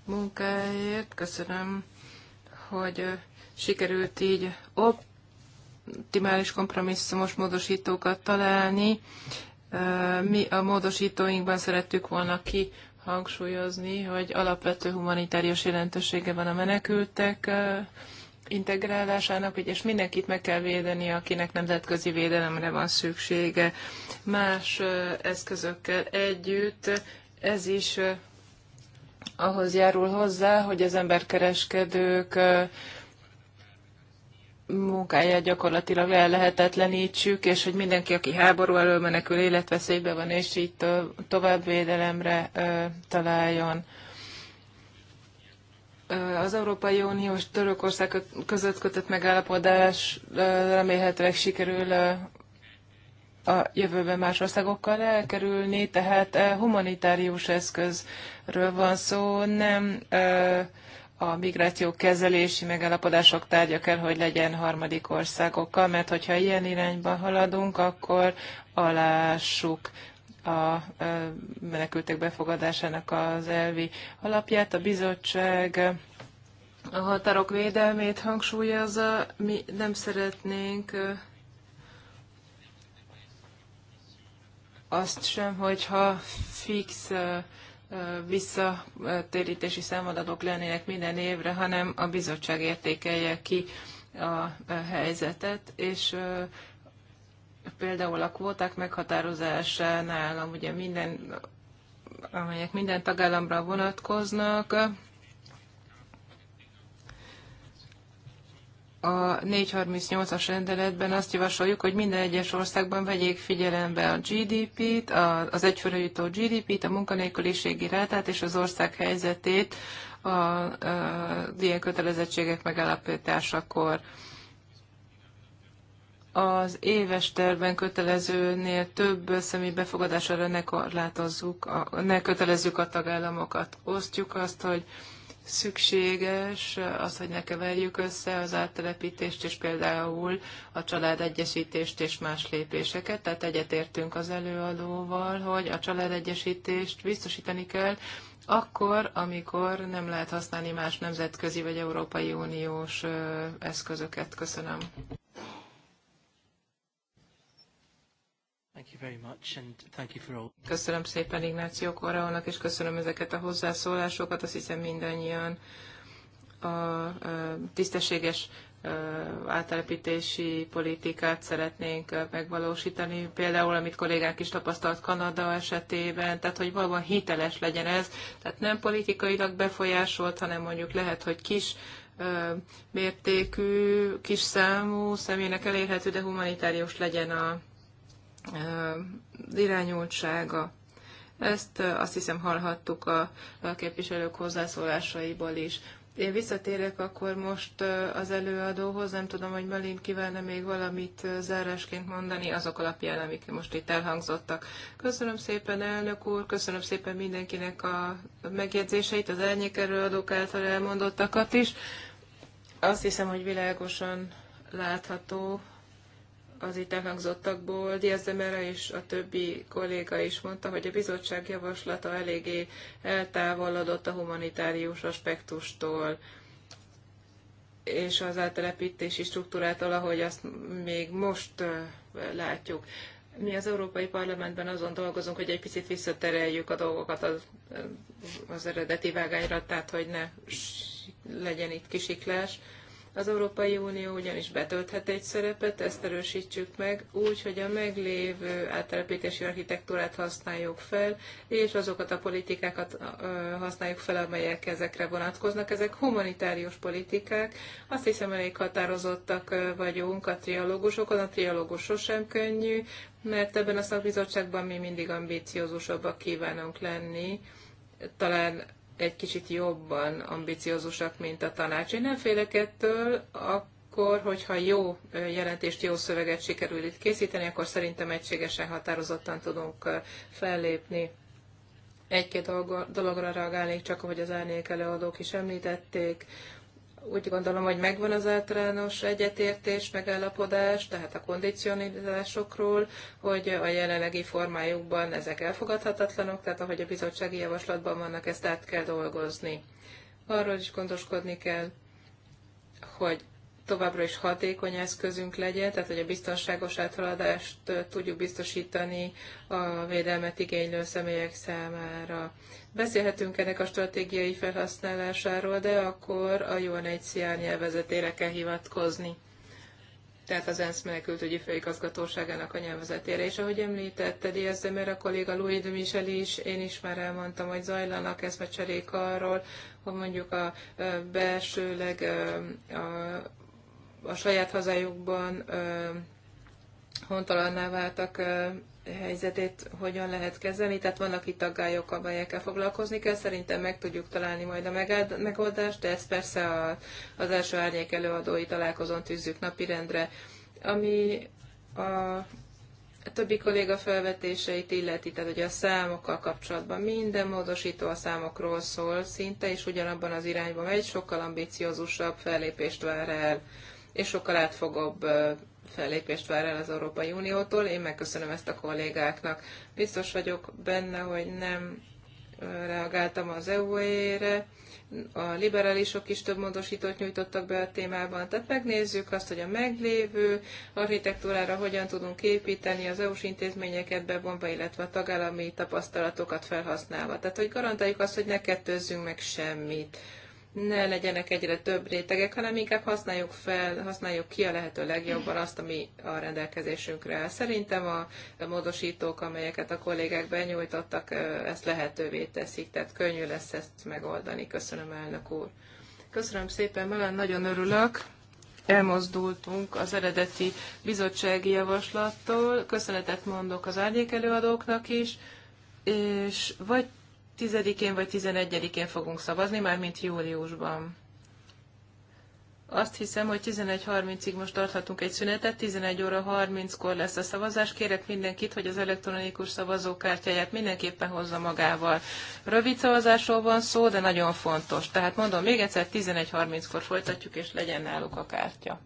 munkáért. Köszönöm, hogy eh, sikerült így op optimális kompromisszumos módosítókat találni. Mi a módosítóinkban szerettük volna ki hangsúlyozni, hogy alapvető humanitárius jelentősége van a menekültek integrálásának, és mindenkit meg kell védeni, akinek nemzetközi védelemre van szüksége. Más eszközökkel együtt ez is ahhoz járul hozzá, hogy az emberkereskedők munkáját gyakorlatilag lehetetlenítsük, és hogy mindenki, aki háború elől menekül, életveszélybe van, és így továbbvédelemre találjon. Az Európai Unió és Törökország között kötött megállapodás remélhetőleg sikerül a jövőben más országokkal elkerülni, tehát humanitárius eszközről van szó, nem a migráció kezelési megállapodások tárgya kell, hogy legyen harmadik országokkal, mert hogyha ilyen irányba haladunk, akkor alássuk a menekültek befogadásának az elvi alapját. A bizottság a határok védelmét hangsúlyozza, mi nem szeretnénk azt sem, hogyha fix visszatérítési számadatok lennének minden évre, hanem a bizottság értékelje ki a helyzetet, és például a kvóták meghatározásánál ugye minden, amelyek minden tagállamra vonatkoznak, a 438-as rendeletben azt javasoljuk, hogy minden egyes országban vegyék figyelembe a GDP-t, az egyfőre jutó GDP-t, a munkanélküliségi rátát és az ország helyzetét a, a, a ilyen kötelezettségek megállapításakor. Az éves terben kötelezőnél több személy befogadására ne korlátozzuk, a, ne kötelezzük a tagállamokat. Osztjuk azt, hogy szükséges az, hogy ne keverjük össze az áttelepítést, és például a családegyesítést és más lépéseket. Tehát egyetértünk az előadóval, hogy a családegyesítést biztosítani kell, akkor, amikor nem lehet használni más nemzetközi vagy Európai Uniós eszközöket. Köszönöm. Köszönöm szépen Ignáció Koraónak, és köszönöm ezeket a hozzászólásokat. Azt hiszem mindannyian a, a tisztességes átelepítési politikát szeretnénk megvalósítani, például amit kollégák is tapasztalt Kanada esetében, tehát hogy valóban hiteles legyen ez, tehát nem politikailag befolyásolt, hanem mondjuk lehet, hogy kis mértékű, kis számú személynek elérhető, de humanitárius legyen a irányultsága. Ezt azt hiszem hallhattuk a képviselők hozzászólásaiból is. Én visszatérek akkor most az előadóhoz, nem tudom, hogy Melin kívánna még valamit zárásként mondani azok alapján, amik most itt elhangzottak. Köszönöm szépen, elnök úr, köszönöm szépen mindenkinek a megjegyzéseit, az elnyék előadók által elmondottakat is. Azt hiszem, hogy világosan látható, az itt elhangzottakból Diaz Demera és a többi kolléga is mondta, hogy a bizottság javaslata eléggé eltávolodott a humanitárius aspektustól és az áttelepítési struktúrától, ahogy azt még most látjuk. Mi az Európai Parlamentben azon dolgozunk, hogy egy picit visszatereljük a dolgokat az, az eredeti vágányra, tehát hogy ne legyen itt kisiklás az Európai Unió ugyanis betölthet egy szerepet, ezt erősítsük meg úgy, hogy a meglévő áttelepítési architektúrát használjuk fel, és azokat a politikákat használjuk fel, amelyek ezekre vonatkoznak. Ezek humanitárius politikák. Azt hiszem, elég határozottak vagyunk a trialógusokon. A trialógus sosem könnyű, mert ebben a szakbizottságban mi mindig ambíciózusabbak kívánunk lenni. Talán egy kicsit jobban ambiciózusak, mint a tanács. Én nem félek ettől, akkor, hogyha jó jelentést, jó szöveget sikerül itt készíteni, akkor szerintem egységesen, határozottan tudunk fellépni. Egy-két dologra reagálnék, csak ahogy az árnyék előadók is említették, úgy gondolom, hogy megvan az általános egyetértés, megállapodás, tehát a kondicionizásokról, hogy a jelenlegi formájukban ezek elfogadhatatlanok, tehát ahogy a bizottsági javaslatban vannak, ezt át kell dolgozni. Arról is gondoskodni kell, hogy továbbra is hatékony eszközünk legyen, tehát hogy a biztonságos áthaladást tudjuk biztosítani a védelmet igénylő személyek számára. Beszélhetünk ennek a stratégiai felhasználásáról, de akkor a UNHCR nyelvezetére kell hivatkozni tehát az ENSZ menekültügyi főigazgatóságának a nyelvezetére. És ahogy említetted, ezt, mert a kolléga Louis de Michel is, én is már elmondtam, hogy zajlanak eszmecserék arról, hogy mondjuk a belsőleg a a saját hazájukban hontalanná váltak helyzetét hogyan lehet kezelni. Tehát vannak itt aggályok, amelyekkel foglalkozni kell. Szerintem meg tudjuk találni majd a megoldást, de ezt persze a, az első árnyék előadói találkozón tűzzük napirendre. Ami a többi kolléga felvetéseit illeti, tehát ugye a számokkal kapcsolatban minden módosító a számokról szól szinte, és ugyanabban az irányban, megy, sokkal ambiciózusabb fellépést vár el és sokkal átfogóbb fellépést vár el az Európai Uniótól. Én megköszönöm ezt a kollégáknak. Biztos vagyok benne, hogy nem reagáltam az EU-ére, a liberálisok is több módosítót nyújtottak be a témában, tehát megnézzük azt, hogy a meglévő architektúrára hogyan tudunk építeni az EU-s intézményeket bevonva, illetve a tagállami tapasztalatokat felhasználva. Tehát, hogy garantáljuk azt, hogy ne kettőzzünk meg semmit ne legyenek egyre több rétegek, hanem inkább használjuk fel, használjuk ki a lehető legjobban azt, ami a rendelkezésünkre áll. Szerintem a módosítók, amelyeket a kollégák benyújtottak, ezt lehetővé teszik, tehát könnyű lesz ezt megoldani. Köszönöm, elnök úr. Köszönöm szépen, Melán, nagyon örülök elmozdultunk az eredeti bizottsági javaslattól. Köszönetet mondok az árnyék előadóknak is, és vagy 10-én vagy 11-én fogunk szavazni, mármint júliusban. Azt hiszem, hogy 11.30-ig most tarthatunk egy szünetet, 11 óra 30-kor lesz a szavazás. Kérek mindenkit, hogy az elektronikus szavazókártyáját mindenképpen hozza magával. Rövid szavazásról van szó, de nagyon fontos. Tehát mondom még egyszer, 11.30-kor folytatjuk, és legyen náluk a kártya.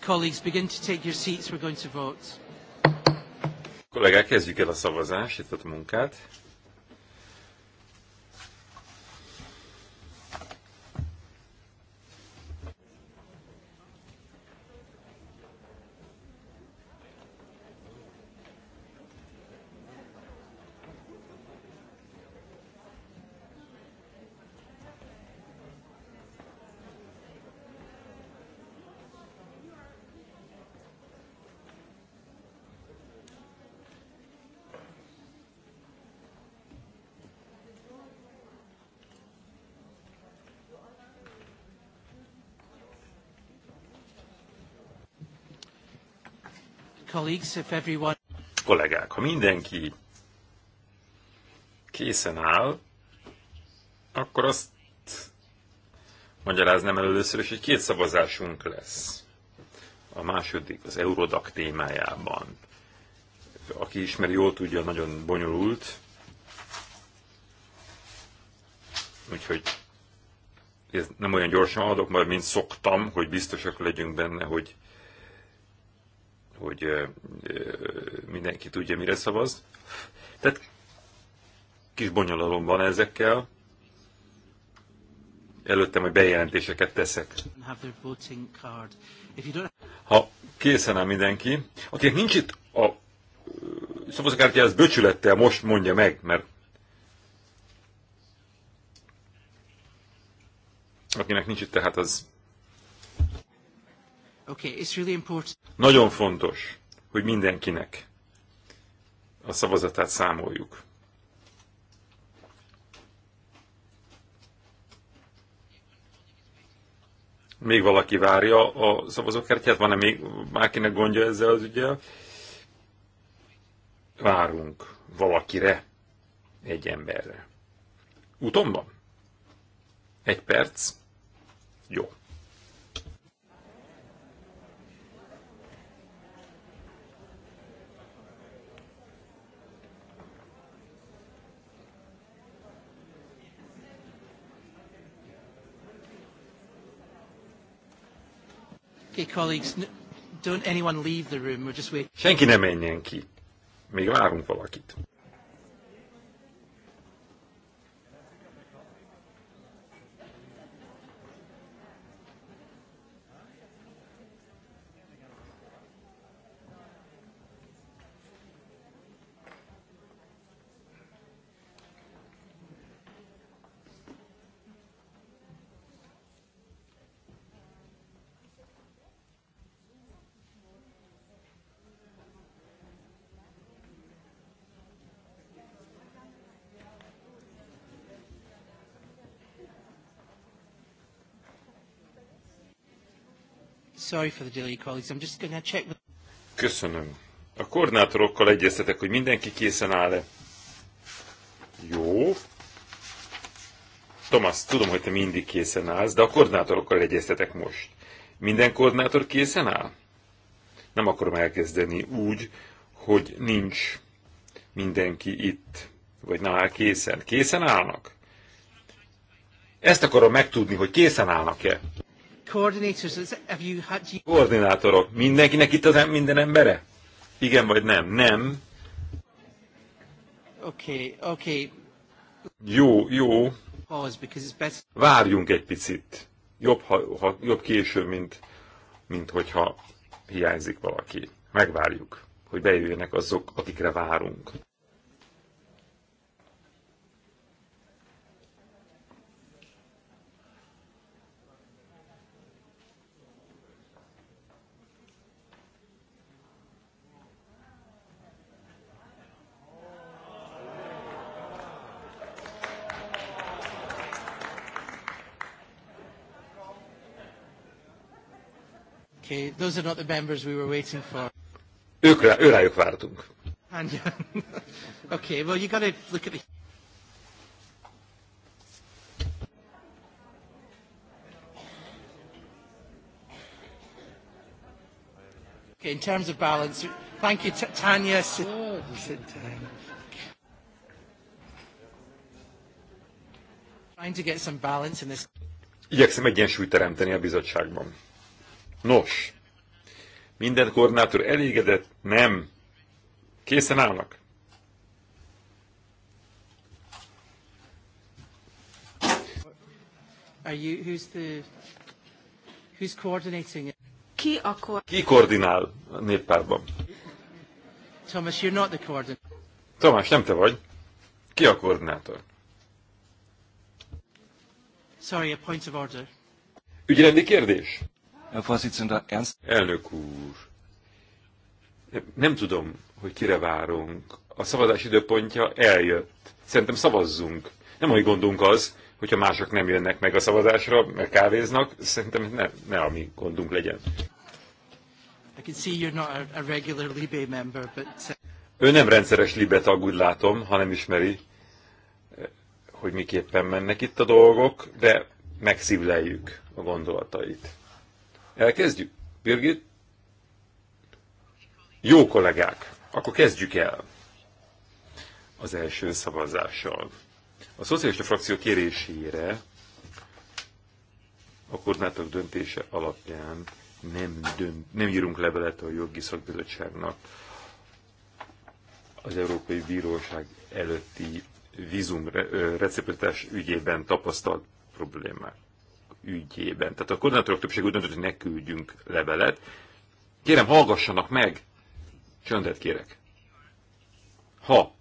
Colleagues, begin to take your seats. We're going to vote. Kollégák, kezdjük el a szavazást, itt a munkát. Kollégák, ha mindenki készen áll, akkor azt magyaráznám először is, hogy két szavazásunk lesz. A második az Eurodak témájában. Aki ismeri, jól tudja, nagyon bonyolult. Úgyhogy ez nem olyan gyorsan adok, majd mint szoktam, hogy biztosak legyünk benne, hogy hogy mindenki tudja, mire szavaz. Tehát kis bonyolalom van ezekkel. Előttem, hogy bejelentéseket teszek. Ha készen áll mindenki, akinek nincs itt a szavazókártya, ez böcsülettel most mondja meg, mert akinek nincs itt, tehát az Okay, it's really important. Nagyon fontos, hogy mindenkinek a szavazatát számoljuk. Még valaki várja a szavazókártyát? Van-e még bárkinek gondja ezzel az ügyel? Várunk valakire, egy emberre. Utomban? Egy perc? Jó. Okay, colleagues, don't anyone leave the room, we're just waiting. Senki ne menjen ki. Még várunk valakit. Köszönöm. A koordinátorokkal egyeztetek, hogy mindenki készen áll-e. Jó. Tomasz, tudom, hogy te mindig készen állsz, de a koordinátorokkal egyeztetek most. Minden koordinátor készen áll? Nem akarom elkezdeni úgy, hogy nincs mindenki itt. Vagy na, készen. Készen állnak? Ezt akarom megtudni, hogy készen állnak-e. Koordinátorok. Mindenkinek itt az minden embere? Igen vagy nem? Nem. Okay, okay. Jó, jó. Várjunk egy picit. Jobb, ha, ha, jobb később, mint, mint hogyha hiányzik valaki. Megvárjuk, hogy bejöjjenek azok, akikre várunk. Okay, those are not the members we were waiting for. Őkre, őrájuk vártunk. And, [laughs] okay, well you gotta look at the... Okay, in terms of balance, thank you, Tanya. Oh, Trying to get some balance in this. Igyekszem egyensúlyt teremteni a bizottságban. Nos, minden koordinátor elégedett? Nem. Készen állnak? Are you, who's the, who's coordinating it? Ki, a ko- Ki koordinál a néppárban? Thomas, you're not the coordinator. Tomás, nem te vagy. Ki a koordinátor? Sorry, a point of order. Ügyrendi kérdés? Herr Vorsitzender, ernst? Elnök úr, nem tudom, hogy kire várunk. A szavazás időpontja eljött. Szerintem szavazzunk. Nem olyan gondunk az, hogyha mások nem jönnek meg a szavazásra, mert kávéznak, szerintem ne, ne a mi gondunk legyen. I can see you're not a, regular Libe member, but... Uh, Ő nem rendszeres Libe tag, úgy látom, ha nem ismeri, eh, hogy miképpen mennek itt a dolgok, de megszívleljük a gondolatait. Elkezdjük? Birgit? Jó kollégák, akkor kezdjük el az első szavazással. A szocialista frakció kérésére a koordinátor döntése alapján nem, dönt, nem írunk levelet a jogi szakbizottságnak az Európai Bíróság előtti vízum ügyében tapasztalt problémák ügyében. Tehát a koordinátorok többség úgy döntött, hogy ne küldjünk levelet. Kérem, hallgassanak meg! Csöndet kérek. Ha,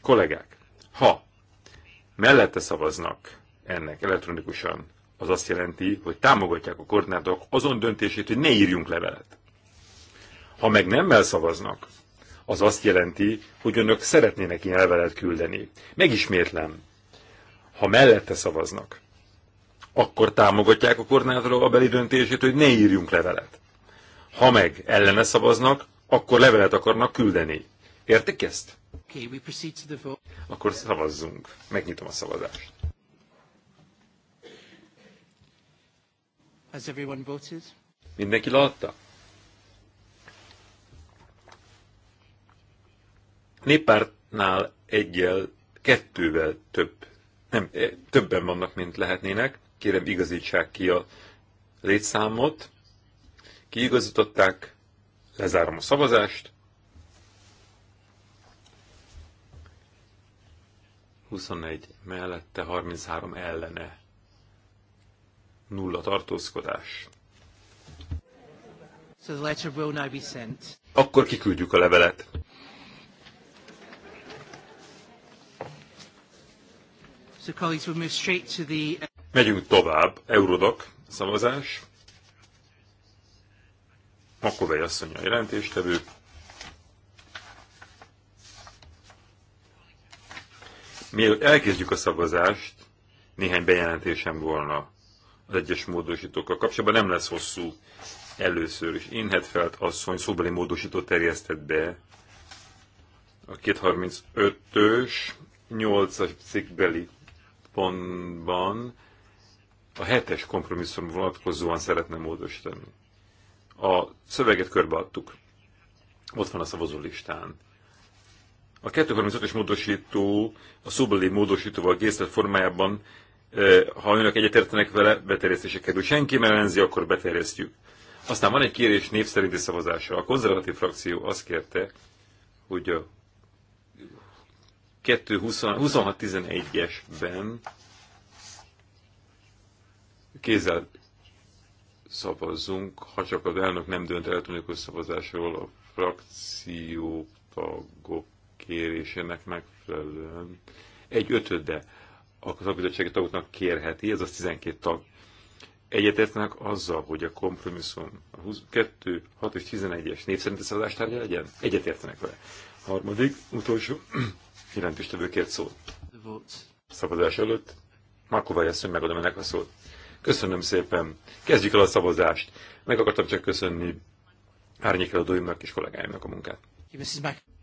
kollégák, ha mellette szavaznak ennek elektronikusan, az azt jelenti, hogy támogatják a koordinátorok azon döntését, hogy ne írjunk levelet. Ha meg nem szavaznak, az azt jelenti, hogy önök szeretnének ilyen levelet küldeni. Megismétlem, ha mellette szavaznak, akkor támogatják a koordinátorok a beli döntését, hogy ne írjunk levelet. Ha meg ellene szavaznak, akkor levelet akarnak küldeni. Értik ezt? Okay, we proceed to the vote. Akkor szavazzunk. Megnyitom a szavazást. Has everyone voted? Mindenki látta? Néppártnál egyel, kettővel több, nem, eh, többen vannak, mint lehetnének kérem igazítsák ki a létszámot. Kiigazították, lezárom a szavazást. 21 mellette, 33 ellene. Nulla tartózkodás. So the letter will now be sent. Akkor kiküldjük a levelet. So colleagues, we'll move straight to the... Megyünk tovább, Eurodoc szavazás. Makovej asszony a jelentéstevő. Mielőtt elkezdjük a szavazást, néhány bejelentésem volna az egyes módosítókkal kapcsolatban. Nem lesz hosszú először is. Én Hetfeld asszony szóbeli módosító terjesztett be a 235-ös 8-as cikkbeli pontban a hetes kompromisszum vonatkozóan szeretne módosítani. A szöveget körbeadtuk. Ott van a listán. A 235-ös módosító a szóbeli módosítóval készlet formájában, eh, ha önök egyetértenek vele, beterjesztése kerül. Senki ellenzi, akkor beterjesztjük. Aztán van egy kérés név szerinti szavazásra. A konzervatív frakció azt kérte, hogy a 26-11-esben kézzel szavazzunk, ha csak az elnök nem dönt elektronikus szavazásról a frakció tagok kérésének megfelelően. Egy ötöde a szakbizottsági tagoknak kérheti, ez az 12 tag. Egyetértenek azzal, hogy a kompromisszum a 22, 6 és 11-es népszerinti szerinti szavazástárgya legyen? Egyetértenek vele. Harmadik, utolsó, [clears throat] jelentéstevő két szót. Szavazás előtt. Markó Vájászony, megadom ennek a szót. Köszönöm szépen. Kezdjük el a szavazást. Meg akartam csak köszönni árnyékeladóimnak és kollégáimnak a munkát.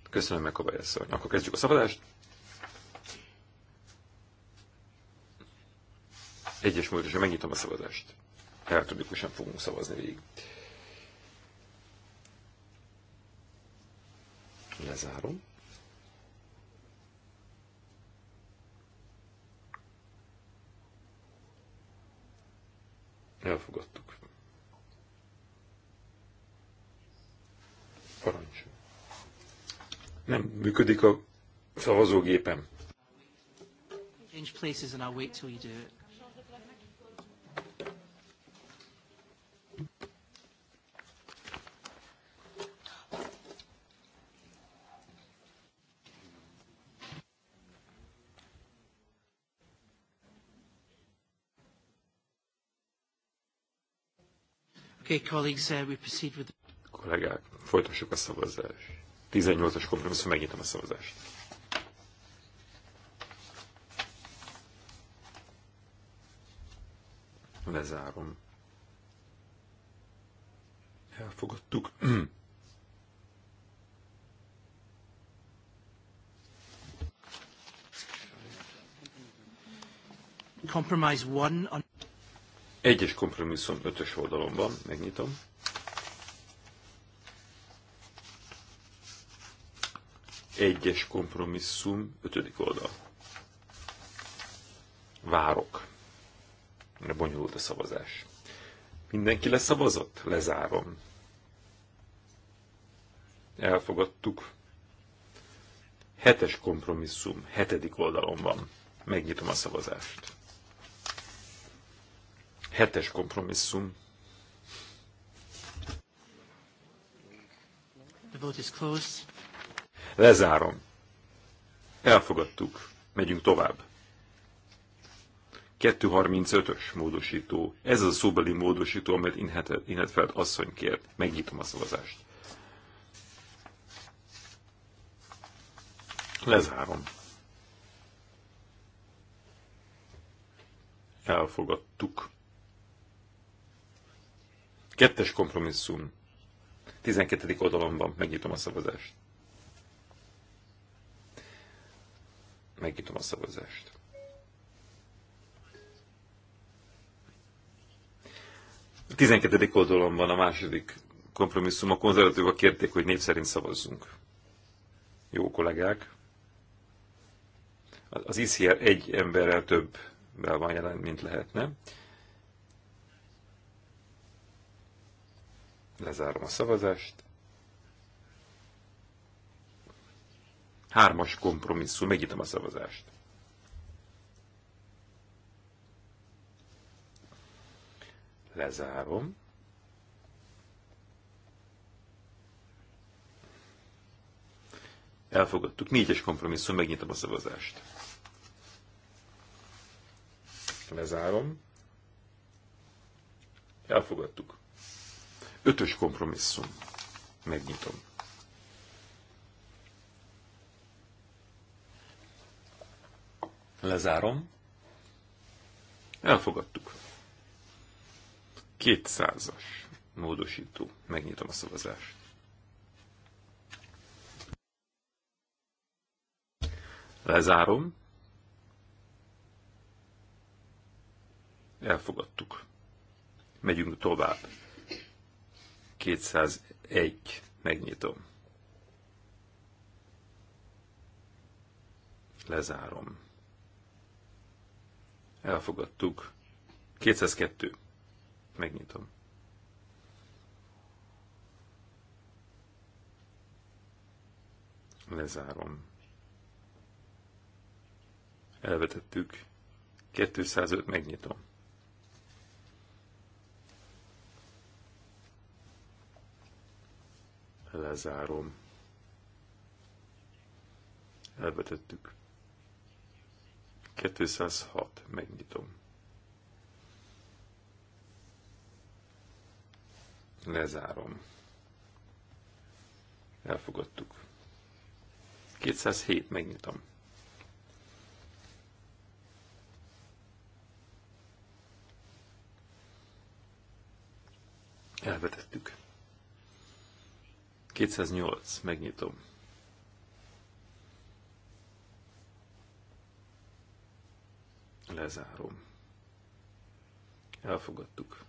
Köszönöm meg, Kobai Akkor kezdjük a szavazást. Egyes és megnyitom a szavazást. Elektronikusan fogunk szavazni végig. Lezárom. Elfogadtuk. Parancs. Nem működik a szavazógépem. Change places and I'll wait till you do it. Okay, colleagues, uh, we proceed with... Kollégák, folytassuk a szavazást. 18-as kompromisszum, megnyitom a szavazást. Lezárom. Elfogadtuk. Compromise one on egyes kompromisszum ötös oldalon van, megnyitom. Egyes kompromisszum ötödik oldal. Várok. Mert bonyolult a szavazás. Mindenki leszavazott? Lezárom. Elfogadtuk. Hetes kompromisszum, hetedik oldalon van. Megnyitom a szavazást. Hetes kompromisszum. The vote is Lezárom. Elfogadtuk. Megyünk tovább. 235-ös módosító. Ez az a szóbeli módosító, amelyet Inhetfeld asszony kért. Megnyitom a szavazást. Lezárom. Elfogadtuk. Kettes kompromisszum. 12. oldalomban megnyitom a szavazást. Megnyitom a szavazást. A 12. oldalomban a második kompromisszum. A konzervatívak kérték, hogy név szerint szavazzunk. Jó kollégák. Az ICR egy emberrel többvel van jelen, mint lehetne. Lezárom a szavazást. Hármas kompromisszum, megnyitom a szavazást. Lezárom. Elfogadtuk. Négyes kompromisszum, megnyitom a szavazást. Lezárom. Elfogadtuk. Ötös kompromisszum. Megnyitom. Lezárom. Elfogadtuk. 200-as módosító. Megnyitom a szavazást. Lezárom. Elfogadtuk. Megyünk tovább. 201. Megnyitom. Lezárom. Elfogadtuk. 202. Megnyitom. Lezárom. Elvetettük. 205. Megnyitom. lezárom. Elvetettük. 206, megnyitom. Lezárom. Elfogadtuk. 207, megnyitom. Elvetettük. 208, megnyitom. Lezárom. Elfogadtuk.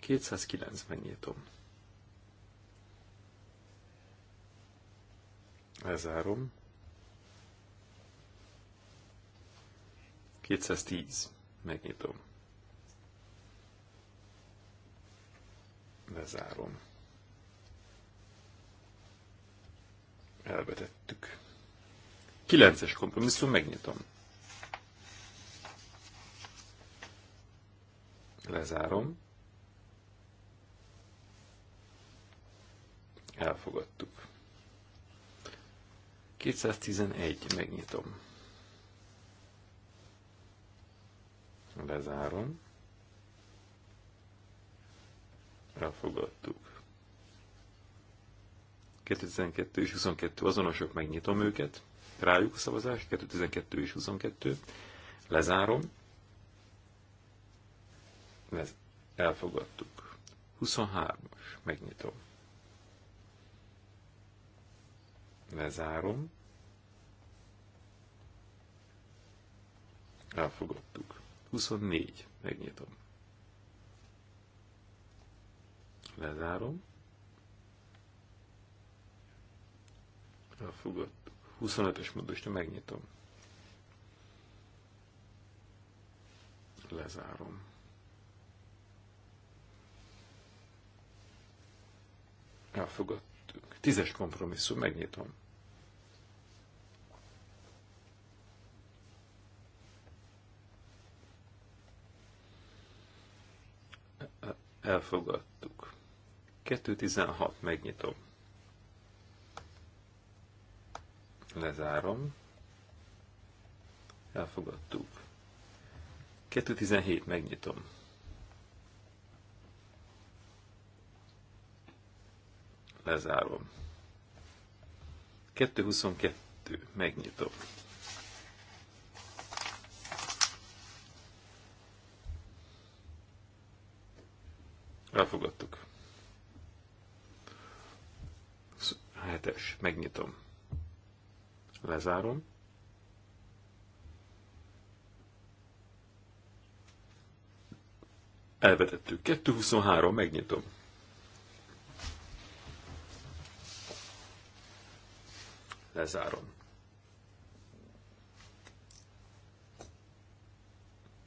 209, megnyitom. Lezárom. 210, megnyitom. Lezárom. elvetettük. Kilences kompromisszum, megnyitom. Lezárom. Elfogadtuk. 211, megnyitom. Lezárom. Elfogadtuk. 2012 és 22 azonosok, megnyitom őket, rájuk a szavazást, 2012 és 22, lezárom, ez elfogadtuk. 23-as, megnyitom. Lezárom. Elfogadtuk. 24, megnyitom. Lezárom. elfogadtuk. 25-ös módosítja, megnyitom. Lezárom. Elfogadtuk. Tízes kompromisszum, megnyitom. Elfogadtuk. 2.16, megnyitom. Lezárom. Elfogadtuk. 2.17 megnyitom. Lezárom. 2.22 megnyitom. Elfogadtuk. 7-es, megnyitom. Lezárom. Elvetettük. 2.23, megnyitom. Lezárom.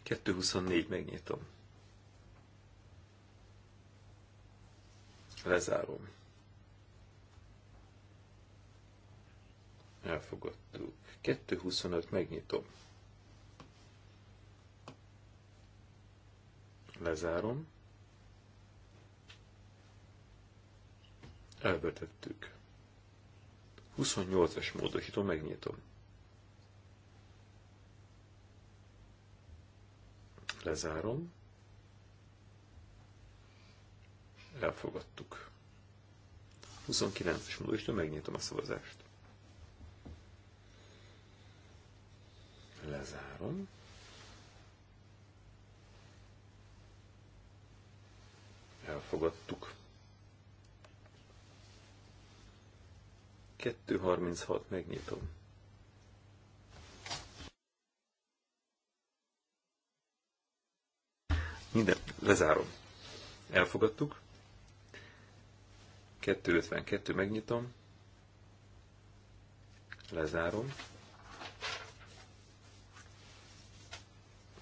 2.24, megnyitom. Lezárom. elfogadtuk. 2.25 megnyitom. Lezárom. Elvetettük. 28-as módosító, megnyitom. Lezárom. Elfogadtuk. 29-es módosító, megnyitom a szavazást. lezárom. Elfogadtuk. 2.36 megnyitom. Minden, lezárom. Elfogadtuk. 2.52 megnyitom. Lezárom.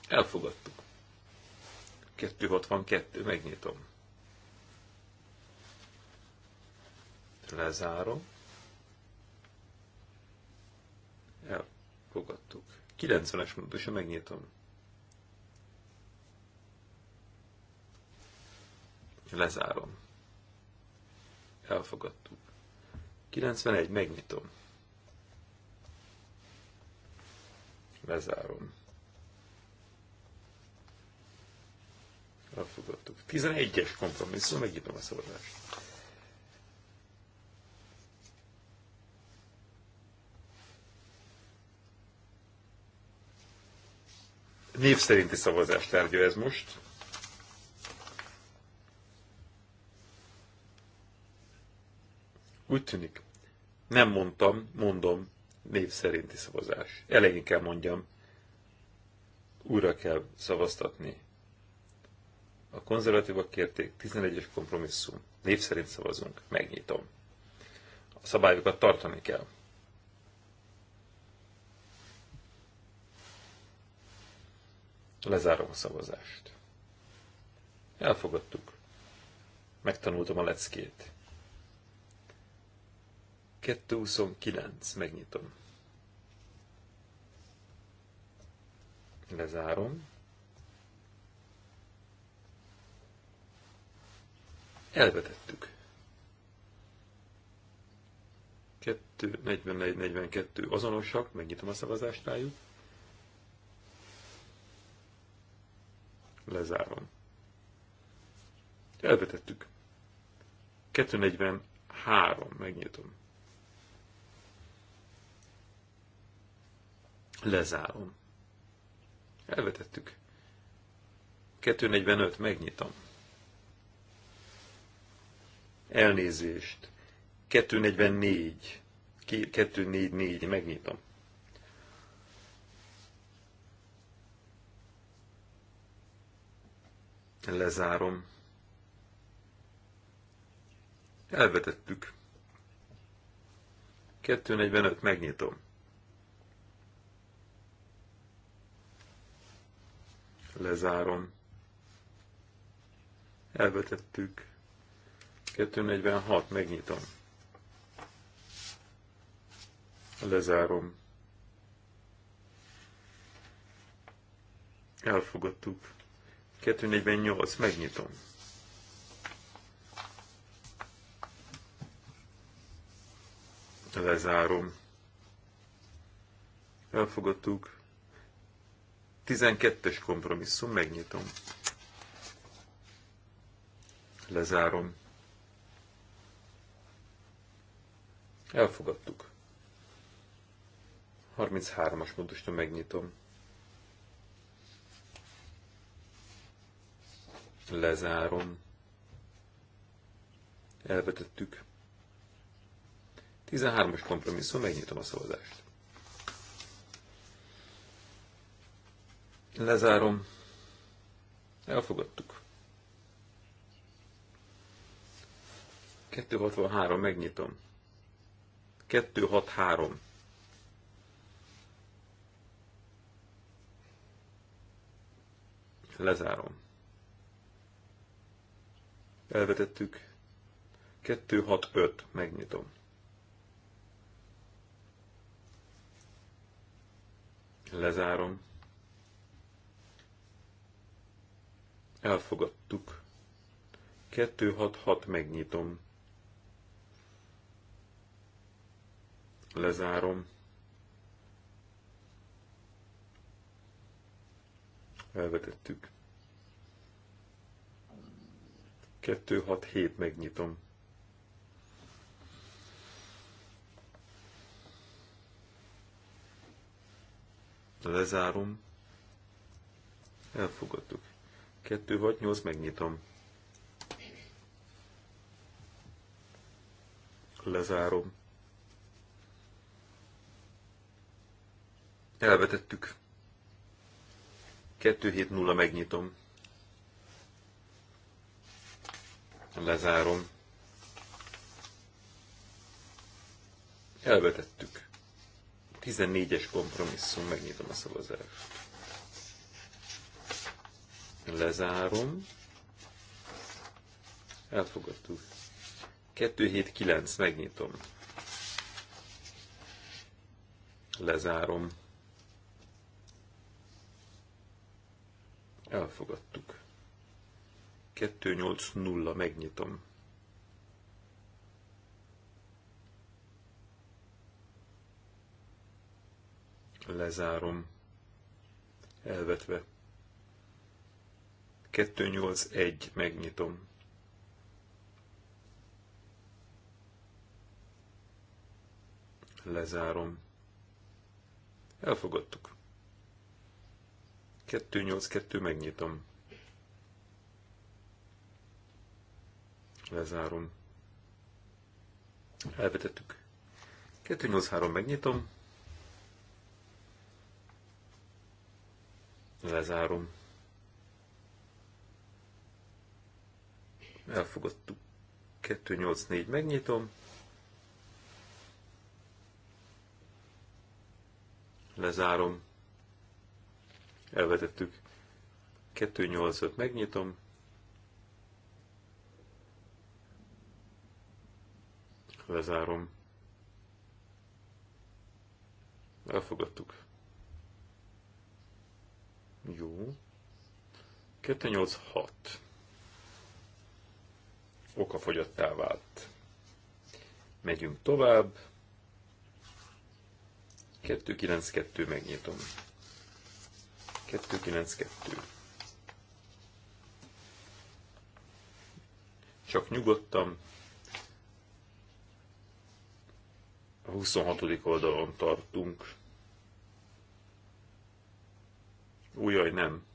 Elfogadtuk. 262, megnyitom. Lezárom. Elfogadtuk. 90-es módosra megnyitom. Lezárom. Elfogadtuk. 91, megnyitom. Lezárom. elfogadtuk. 11-es kompromisszum, megnyitom a szavazást. Név szerinti szavazást tárgya ez most. Úgy tűnik. Nem mondtam, mondom, név szerinti szavazás. Elején kell mondjam, újra kell szavaztatni a konzervatívak kérték 11-es kompromisszum. Név szerint szavazunk. Megnyitom. A szabályokat tartani kell. Lezárom a szavazást. Elfogadtuk. Megtanultam a leckét. 229. Megnyitom. Lezárom. Elvetettük. 44, 42 azonosak, megnyitom a szavazást rájuk. Lezárom. Elvetettük. 243, megnyitom. Lezárom. Elvetettük. 245, megnyitom. Elnézést. 244. 244, megnyitom. Lezárom. Elvetettük. 245, megnyitom. Lezárom. Elvetettük. 246, megnyitom. Lezárom. Elfogadtuk. 248, megnyitom. Lezárom. Elfogadtuk. 12-es kompromisszum, megnyitom. Lezárom Elfogadtuk. 33-as módosra megnyitom. Lezárom. Elvetettük. 13-as kompromisszum, megnyitom a szavazást. Lezárom. Elfogadtuk. 263, megnyitom. 263. Lezárom. Elvetettük. 265. Megnyitom. Lezárom. Elfogadtuk. 266 megnyitom. Lezárom. Elvetettük. 7 megnyitom. Lezárom. Elfogadtuk. 8 megnyitom. Lezárom. Elvetettük. 270 megnyitom. Lezárom. Elvetettük. 14-es kompromisszum, megnyitom a szavazást. Lezárom. Elfogadtuk. 279, megnyitom. Lezárom. Elfogadtuk. 280, megnyitom. Lezárom. Elvetve. 281, megnyitom. Lezárom. Elfogadtuk. 282 megnyitom. Lezárom. Elvetettük. 283 megnyitom. Lezárom. Elfogadtuk. 284 megnyitom. Lezárom elvetettük. 285 megnyitom. Lezárom. Elfogadtuk. Jó. 286. Okafogyottá vált. Megyünk tovább. 292 megnyitom. 292. Csak nyugodtan. A 26. oldalon tartunk. Újaj, nem.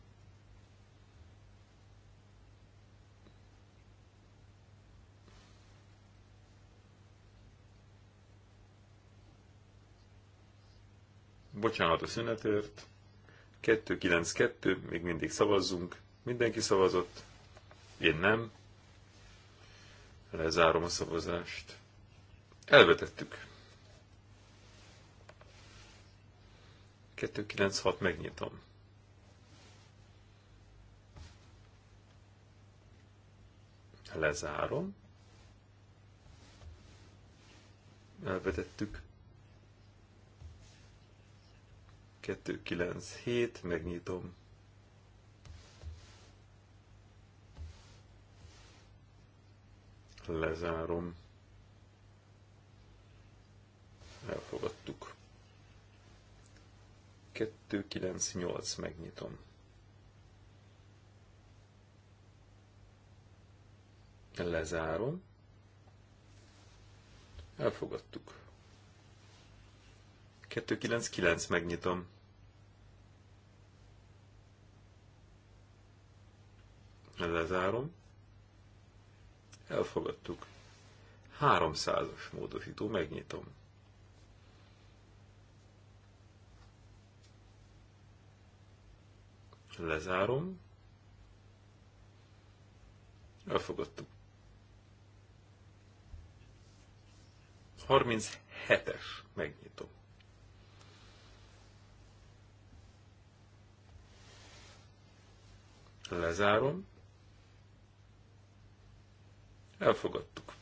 Bocsánat a szünetért. 292, még mindig szavazzunk. Mindenki szavazott? Én nem. Lezárom a szavazást. Elvetettük. 296 megnyitom. Lezárom. Elvetettük. 297, megnyitom. Lezárom. Elfogadtuk. 298, megnyitom. Lezárom. Elfogadtuk. 299 megnyitom. lezárom. Elfogadtuk. 300-as módosító, megnyitom. Lezárom. Elfogadtuk. 37-es, megnyitom. lezárom. Elfogadtuk.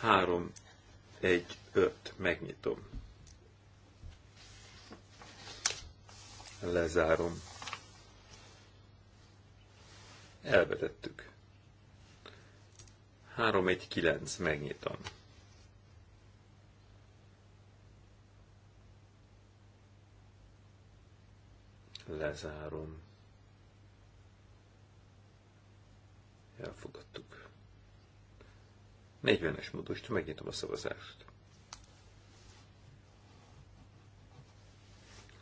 Három, egy, öt, megnyitom. Lezárom. Elvetettük. 319, megnyitom. Lezárom. Elfogadtuk. 40-es módust, megnyitom a szavazást.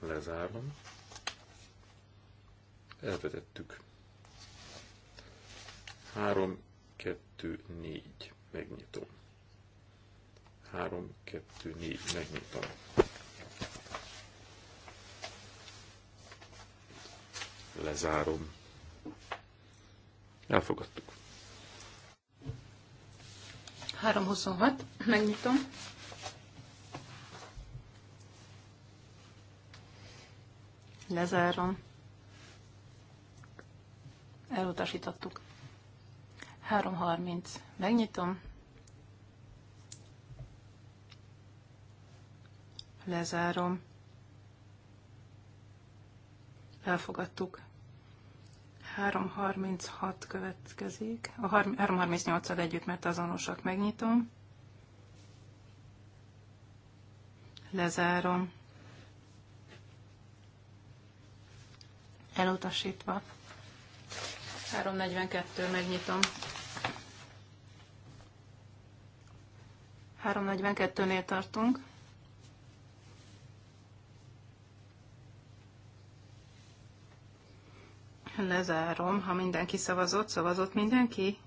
Lezárom. Elvetettük. 3, 2, 4. Megnyitom. 3, 2, 4. Megnyitom. Lezárom. Elfogadtuk. 3, 26, Megnyitom. Lezárom. Elutasítottuk. 3.30. Megnyitom. Lezárom. Elfogadtuk. 3.36 következik. A 3.38-al együtt, mert azonosak. Megnyitom. Lezárom. Elutasítva. 3.42 megnyitom. 342-nél tartunk. Lezárom, ha mindenki szavazott. Szavazott mindenki?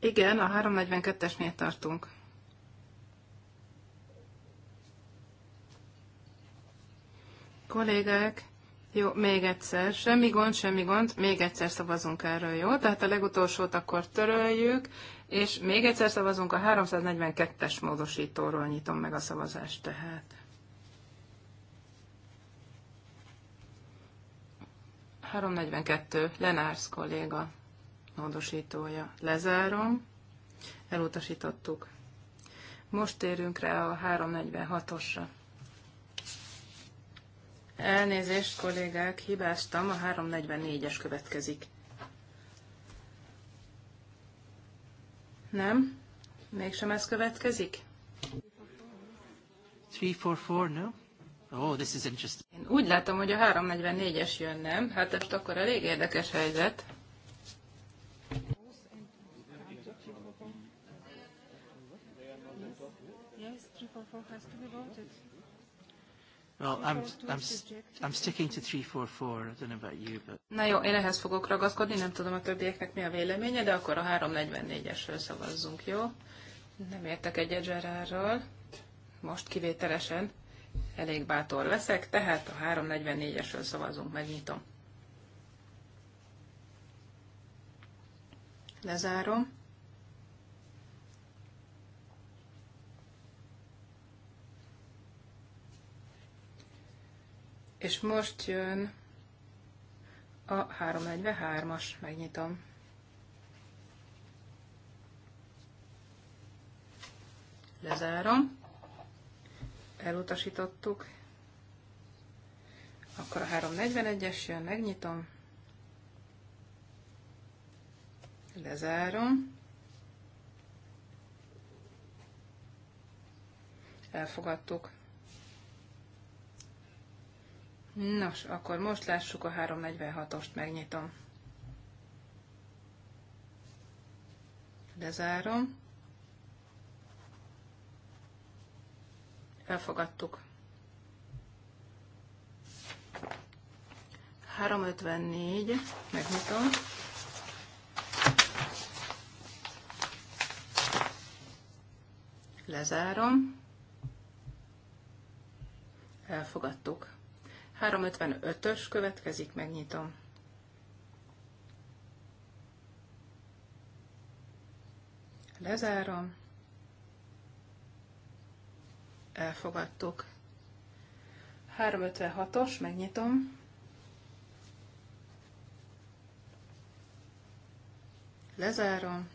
Igen, a 342-esnél tartunk. Kollégák, jó, még egyszer. Semmi gond, semmi gond. Még egyszer szavazunk erről, jó? Tehát a legutolsót akkor töröljük, és még egyszer szavazunk a 342-es módosítóról, nyitom meg a szavazást tehát. ...342 Lenársz kolléga módosítója. Lezárom, elutasítottuk. Most térünk rá a 346-osra. Elnézést, kollégák, hibáztam, a 344-es következik. Nem? Mégsem ez következik? 344, no? Oh, this is interesting. Én úgy látom, hogy a 344-es jön, nem? Hát ezt akkor elég érdekes helyzet. Yes, 344 has to be voted. Well, I'm, I'm, I'm sticking to 344. I don't know about you, but... Na jó, én ehhez fogok ragaszkodni, nem tudom a többieknek mi a véleménye, de akkor a 344-esről szavazzunk, jó? Nem értek egyet Zserárral. Most kivételesen elég bátor leszek, tehát a 344-esről szavazunk, megnyitom. Lezárom. És most jön a 343-as, megnyitom. Lezárom. Elutasítottuk. Akkor a 341-es jön, megnyitom. Lezárom. Elfogadtuk. Nos, akkor most lássuk a 346-ost, megnyitom. Lezárom. Elfogadtuk. 354, megnyitom. Lezárom. Elfogadtuk. 355-ös következik, megnyitom. Lezárom. Elfogadtuk. 356-os, megnyitom. Lezárom.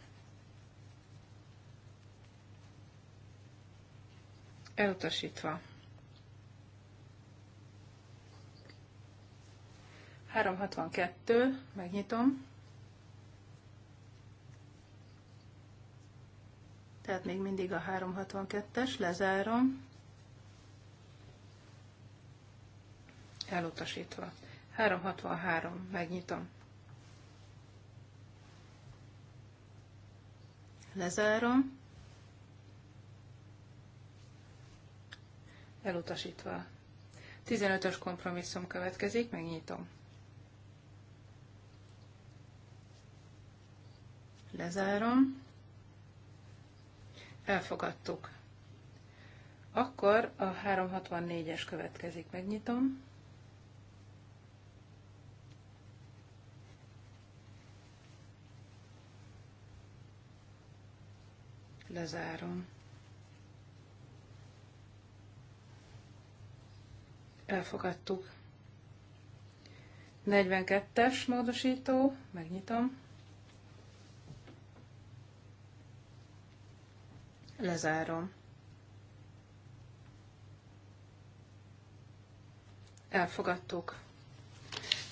Elutasítva. 362, megnyitom. Tehát még mindig a 362-es, lezárom. Elutasítva. 363, megnyitom. Lezárom. Elutasítva. 15-ös kompromisszum következik, megnyitom. Lezárom. Elfogadtuk. Akkor a 364-es következik, megnyitom. Lezárom. Elfogadtuk. 42-es módosító, megnyitom. Lezárom. Elfogadtuk.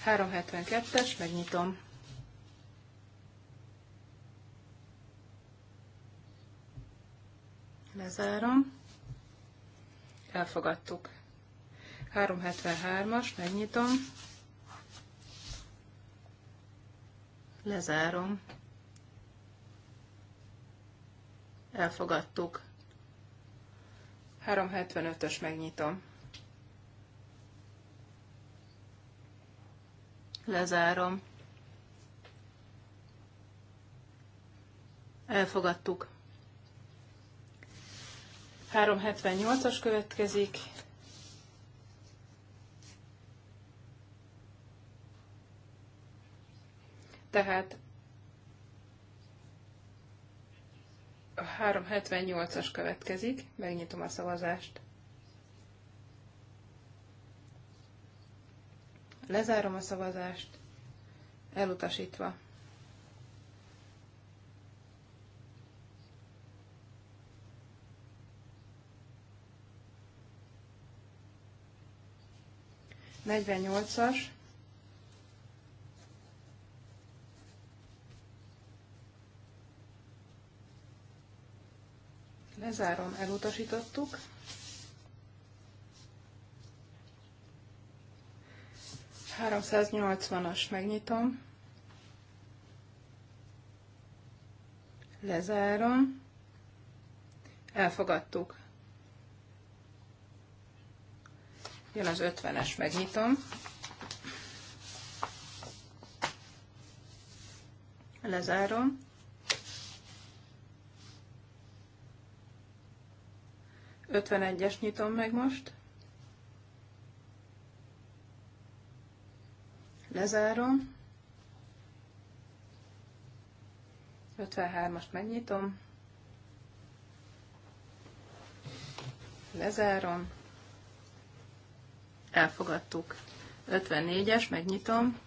372-es, megnyitom. Lezárom. Elfogadtuk. 373-as, megnyitom. Lezárom. elfogadtuk. 375-ös megnyitom. Lezárom. Elfogadtuk. 378-as következik. Tehát a 378-as következik, megnyitom a szavazást. Lezárom a szavazást, elutasítva. Negyvennyolcas. Lezárom, elutasítottuk. Háromszáznyolcvanas megnyitom. Lezárom. Elfogadtuk. Jön az 50-es, megnyitom. Lezárom 51-es nyitom meg most. Lezárom. 53-ast megnyitom. Lezárom. Elfogadtuk. 54-es, megnyitom.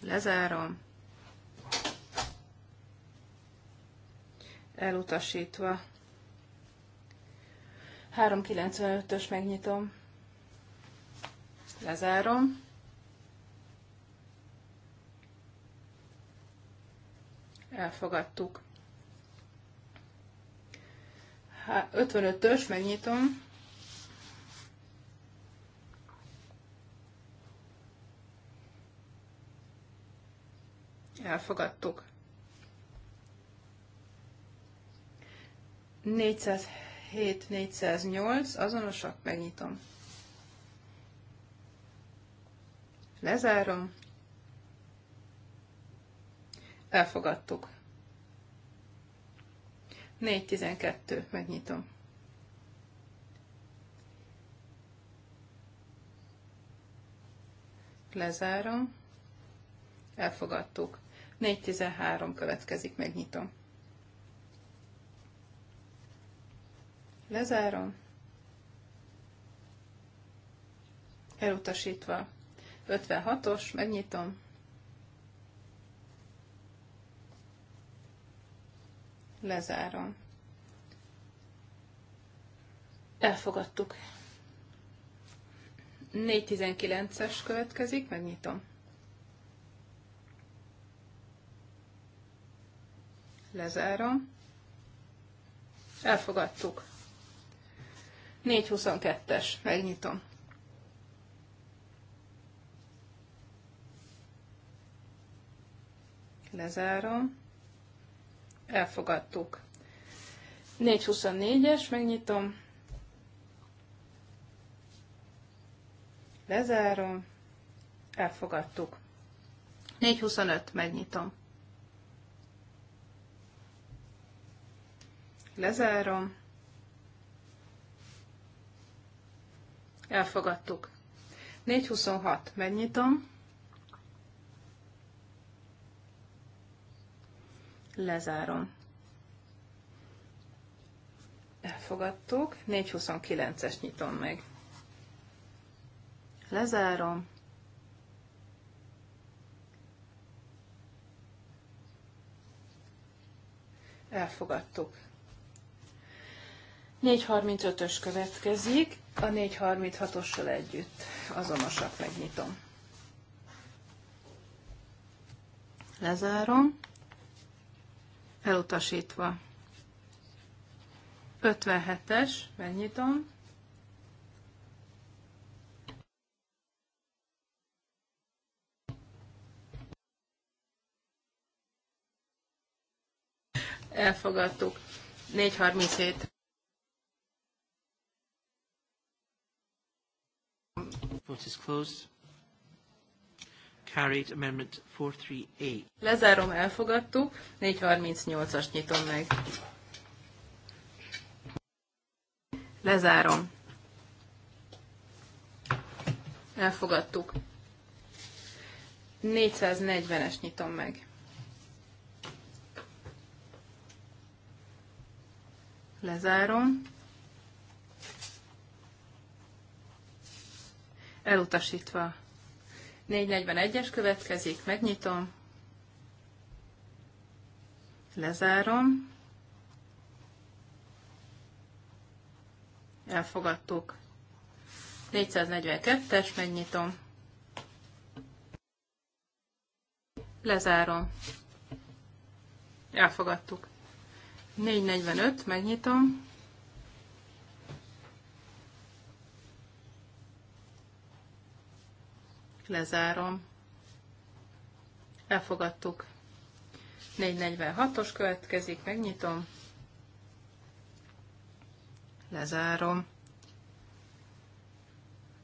Lezárom. elutasítva. 395-ös megnyitom, lezárom. Elfogadtuk. 55-ös, megnyitom. Elfogadtuk. 407-408 azonosak, megnyitom. Lezárom. Elfogadtuk. 412, megnyitom. Lezárom. Elfogadtuk. 413 következik, megnyitom. Lezárom. Elutasítva. 56-os, megnyitom. Lezárom. Elfogadtuk. 419-es következik, megnyitom. Lezárom. Elfogadtuk. 422-es, megnyitom. Lezárom. Elfogadtuk. 424-es, megnyitom. Lezárom. Elfogadtuk. 425, megnyitom. Lezárom. Elfogadtuk. 426. Megnyitom. Lezárom. Elfogadtuk. 429-es nyitom meg. Lezárom. Elfogadtuk. 435-ös következik a 436-ossal együtt azonosak megnyitom. Lezárom. Elutasítva. 57-es, megnyitom. Elfogadtuk. 437. Vote is closed. Carried amendment 438. Lezárom, elfogadtuk. 438-as nyitom meg. Lezárom. Elfogadtuk. 440-es nyitom meg. Lezárom. elutasítva. 441-es következik, megnyitom, lezárom, elfogadtuk. 442-es, megnyitom, lezárom, elfogadtuk. 445, megnyitom, lezárom, elfogadtuk. 446-os következik, megnyitom, lezárom,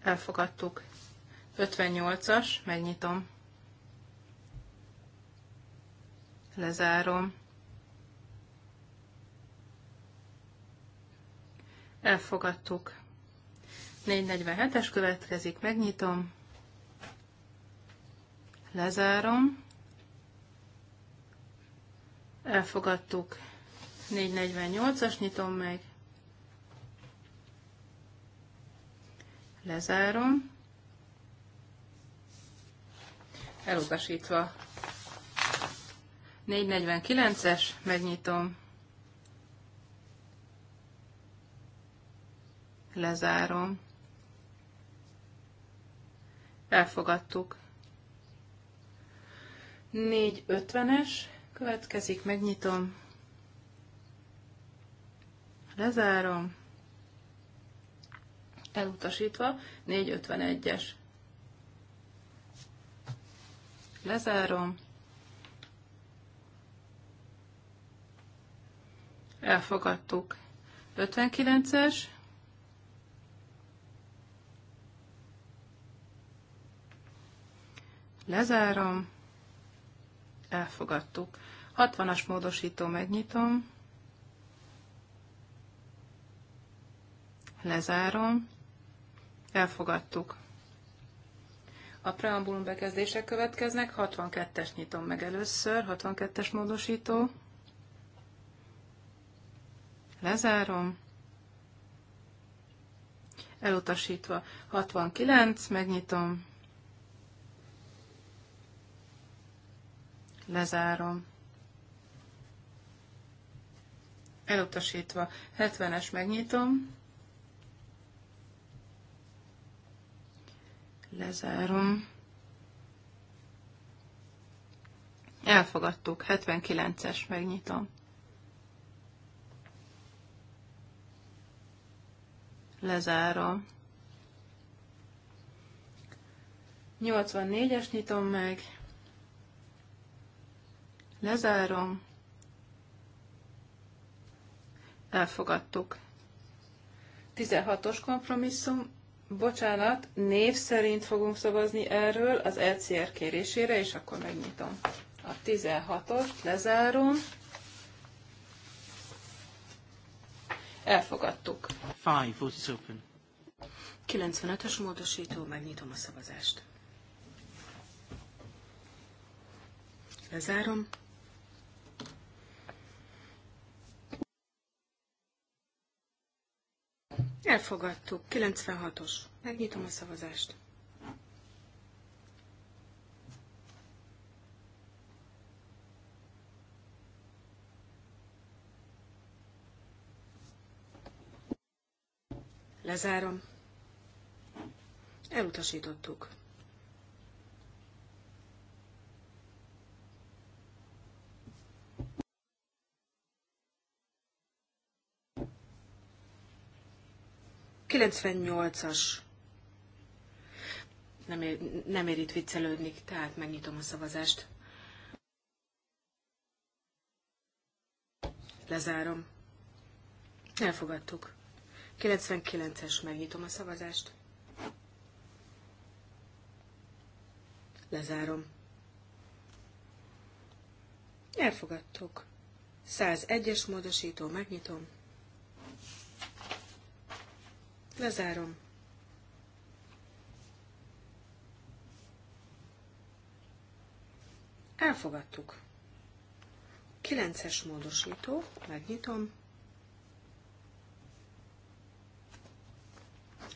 elfogadtuk. 58-as, megnyitom, lezárom, elfogadtuk. 447-es következik, megnyitom, Lezárom. Elfogadtuk. 448-as nyitom meg. Lezárom. Elutasítva. 449-es, megnyitom. Lezárom. Elfogadtuk. 450-es következik, megnyitom, lezárom, elutasítva, 451-es. Lezárom. Elfogadtuk. 59-es. Lezárom elfogadtuk. 60-as módosító megnyitom, lezárom, elfogadtuk. A preambulum bekezdések következnek, 62-es nyitom meg először, 62-es módosító, lezárom, elutasítva 69, megnyitom, Lezárom. Elutasítva. 70-es megnyitom. Lezárom. Elfogadtuk. 79-es megnyitom. Lezárom. 84-es nyitom meg. Lezárom. Elfogadtuk. 16-os kompromisszum. Bocsánat, név szerint fogunk szavazni erről az LCR e kérésére, és akkor megnyitom. A 16 os lezárom. Elfogadtuk. 5, vote is open. 95-ös módosító, megnyitom a szavazást. Lezárom. Elfogadtuk. 96-os. Megnyitom a szavazást. Lezárom. Elutasítottuk. 98-as. Nem ér, nem ér itt viccelődni, tehát megnyitom a szavazást. Lezárom. Elfogadtuk. 99-es, megnyitom a szavazást. Lezárom. Elfogadtuk. 101-es módosító, megnyitom. Lezárom. Elfogadtuk. Kilences módosító, megnyitom.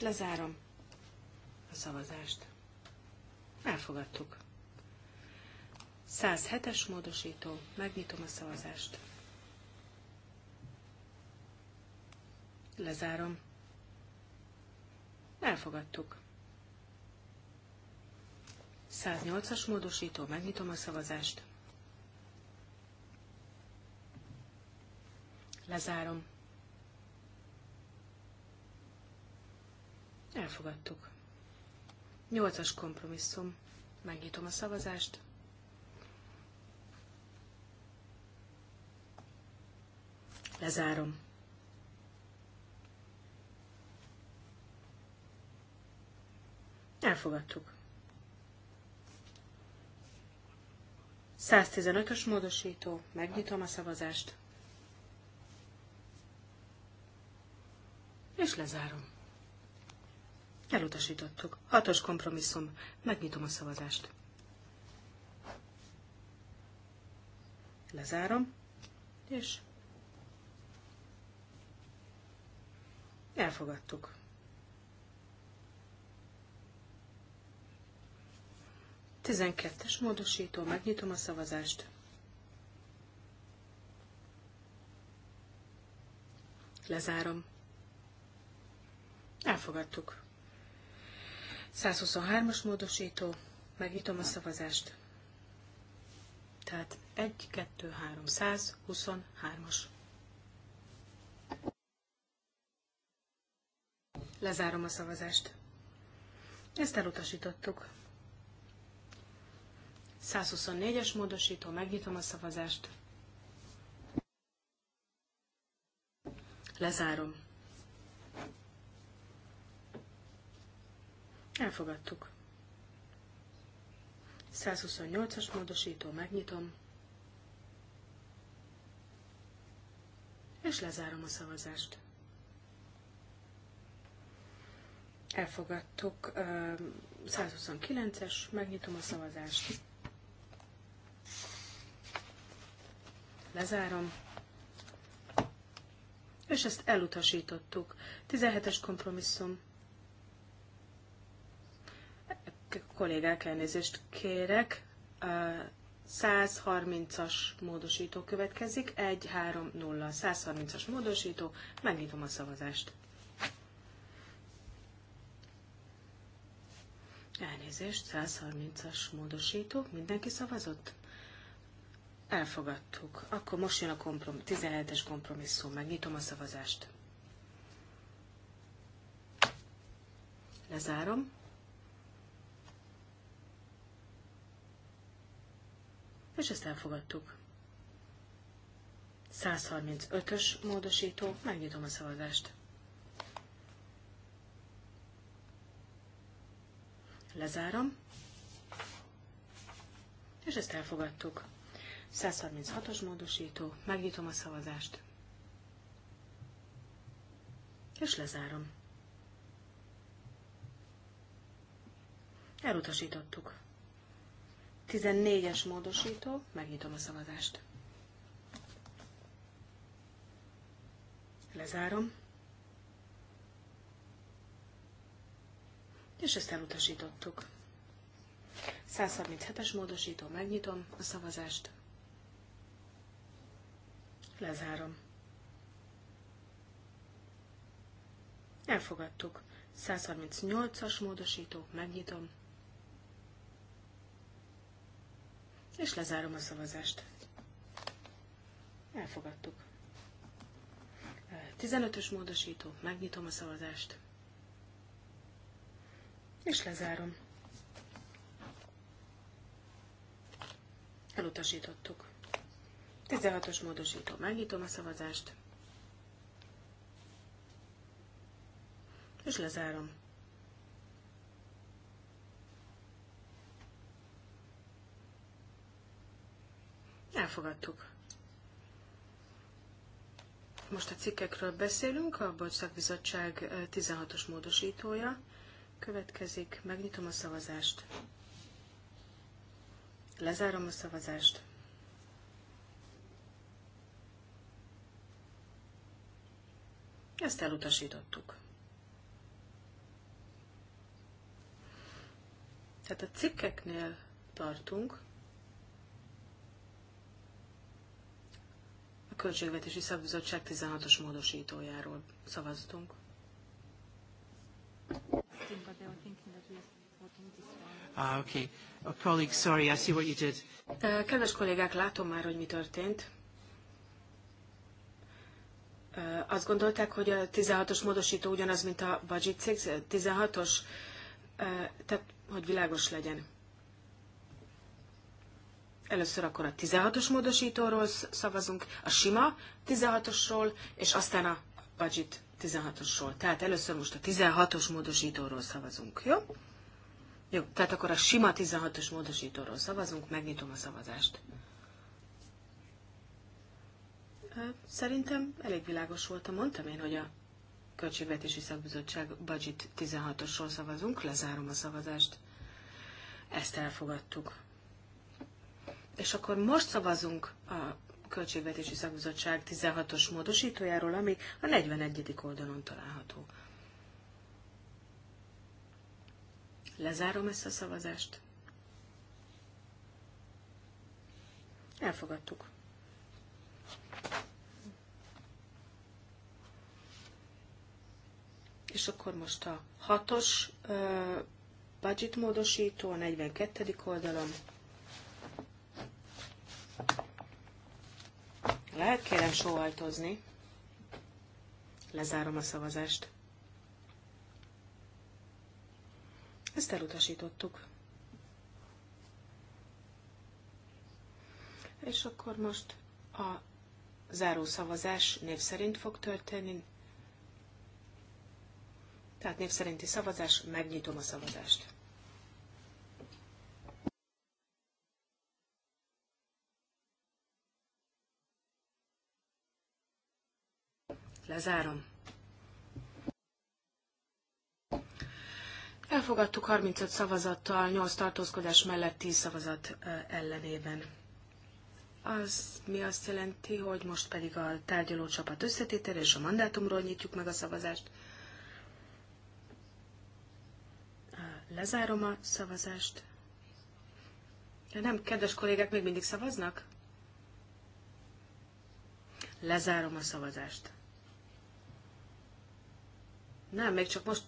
Lezárom a szavazást. Elfogadtuk. 107-es módosító, megnyitom a szavazást. Lezárom. Elfogadtuk. 108-as módosító, megnyitom a szavazást. Lezárom. Elfogadtuk. 8-as kompromisszum. Megnyitom a szavazást. Lezárom. Elfogadtuk. 115-ös módosító. Megnyitom a szavazást. És lezárom. Elutasítottuk. Hatos kompromisszum. Megnyitom a szavazást. Lezárom. És elfogadtuk. 12-es módosító, megnyitom a szavazást. Lezárom. Elfogadtuk. 123-as módosító, megnyitom a szavazást. Tehát 1, 2, 3, 123-as. Lezárom a szavazást. Ezt elutasítottuk. 124-es módosító, megnyitom a szavazást. Lezárom. Elfogadtuk. 128-as módosító, megnyitom. És lezárom a szavazást. Elfogadtuk. 129-es, megnyitom a szavazást. Lezárom. És ezt elutasítottuk. 17-es kompromisszum. Kollégák, elnézést kérek. 130-as módosító következik. 1-3-0. 130-as módosító. Megnyitom a szavazást. Elnézést, 130-as módosító. Mindenki szavazott? Elfogadtuk. Akkor most jön a komprom- 17-es kompromisszum. Megnyitom a szavazást. Lezárom. És ezt elfogadtuk. 135-ös módosító. Megnyitom a szavazást. Lezárom. És ezt elfogadtuk. 136-os módosító, megnyitom a szavazást, és lezárom. Elutasítottuk. 14-es módosító, megnyitom a szavazást. Lezárom. És ezt elutasítottuk. 137-es módosító, megnyitom a szavazást. Lezárom. Elfogadtuk. 138-as módosító, megnyitom. És lezárom a szavazást. Elfogadtuk. 15-ös módosító, megnyitom a szavazást. És lezárom. Elutasítottuk. 16-os módosító. Megnyitom a szavazást. És lezárom. Elfogadtuk. Most a cikkekről beszélünk, a Bocsakbizottság 16-os módosítója. Következik, megnyitom a szavazást. Lezárom a szavazást. Ezt elutasítottuk. Tehát a cikkeknél tartunk, a Költségvetési Szakbizottság 16-os módosítójáról szavaztunk. Ah, okay. Oh, uh, colleague, sorry, I see what you did. Kedves kollégák, látom már, hogy mi történt azt gondolták, hogy a 16-os módosító ugyanaz, mint a budget 16-os, tehát hogy világos legyen. Először akkor a 16-os módosítóról szavazunk, a sima 16-osról, és aztán a budget 16-osról. Tehát először most a 16-os módosítóról szavazunk, jó? Jó, tehát akkor a sima 16-os módosítóról szavazunk, megnyitom a szavazást. Szerintem elég világos volt, mondtam én, hogy a Költségvetési Szakbizottság budget 16-osról szavazunk, lezárom a szavazást. Ezt elfogadtuk. És akkor most szavazunk a Költségvetési Szakbizottság 16-os módosítójáról, ami a 41. oldalon található. Lezárom ezt a szavazást. Elfogadtuk. És akkor most a hatos budget módosító, a 42. oldalon. Lehet kérem sóhajtozni. Lezárom a szavazást. Ezt elutasítottuk. És akkor most a záró szavazás név szerint fog történni. Tehát név szerinti szavazás, megnyitom a szavazást. Lezárom. Elfogadtuk 35 szavazattal, 8 tartózkodás mellett 10 szavazat ellenében az mi azt jelenti, hogy most pedig a tárgyaló csapat összetétel és a mandátumról nyitjuk meg a szavazást. Lezárom a szavazást. De nem, kedves kollégák, még mindig szavaznak? Lezárom a szavazást. Nem, még csak most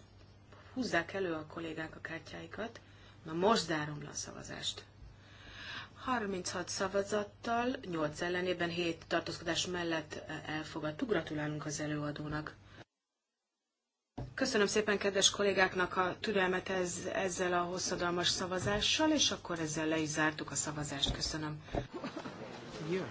húzzák elő a kollégák a kártyáikat. Na most zárom le a szavazást. 36 szavazattal, 8 ellenében, 7 tartózkodás mellett eh, elfogadtuk. Gratulálunk az előadónak. Köszönöm szépen kedves kollégáknak a türelmet ez, ezzel a hosszadalmas szavazással, és akkor ezzel le is zártuk a szavazást. Köszönöm. Yeah.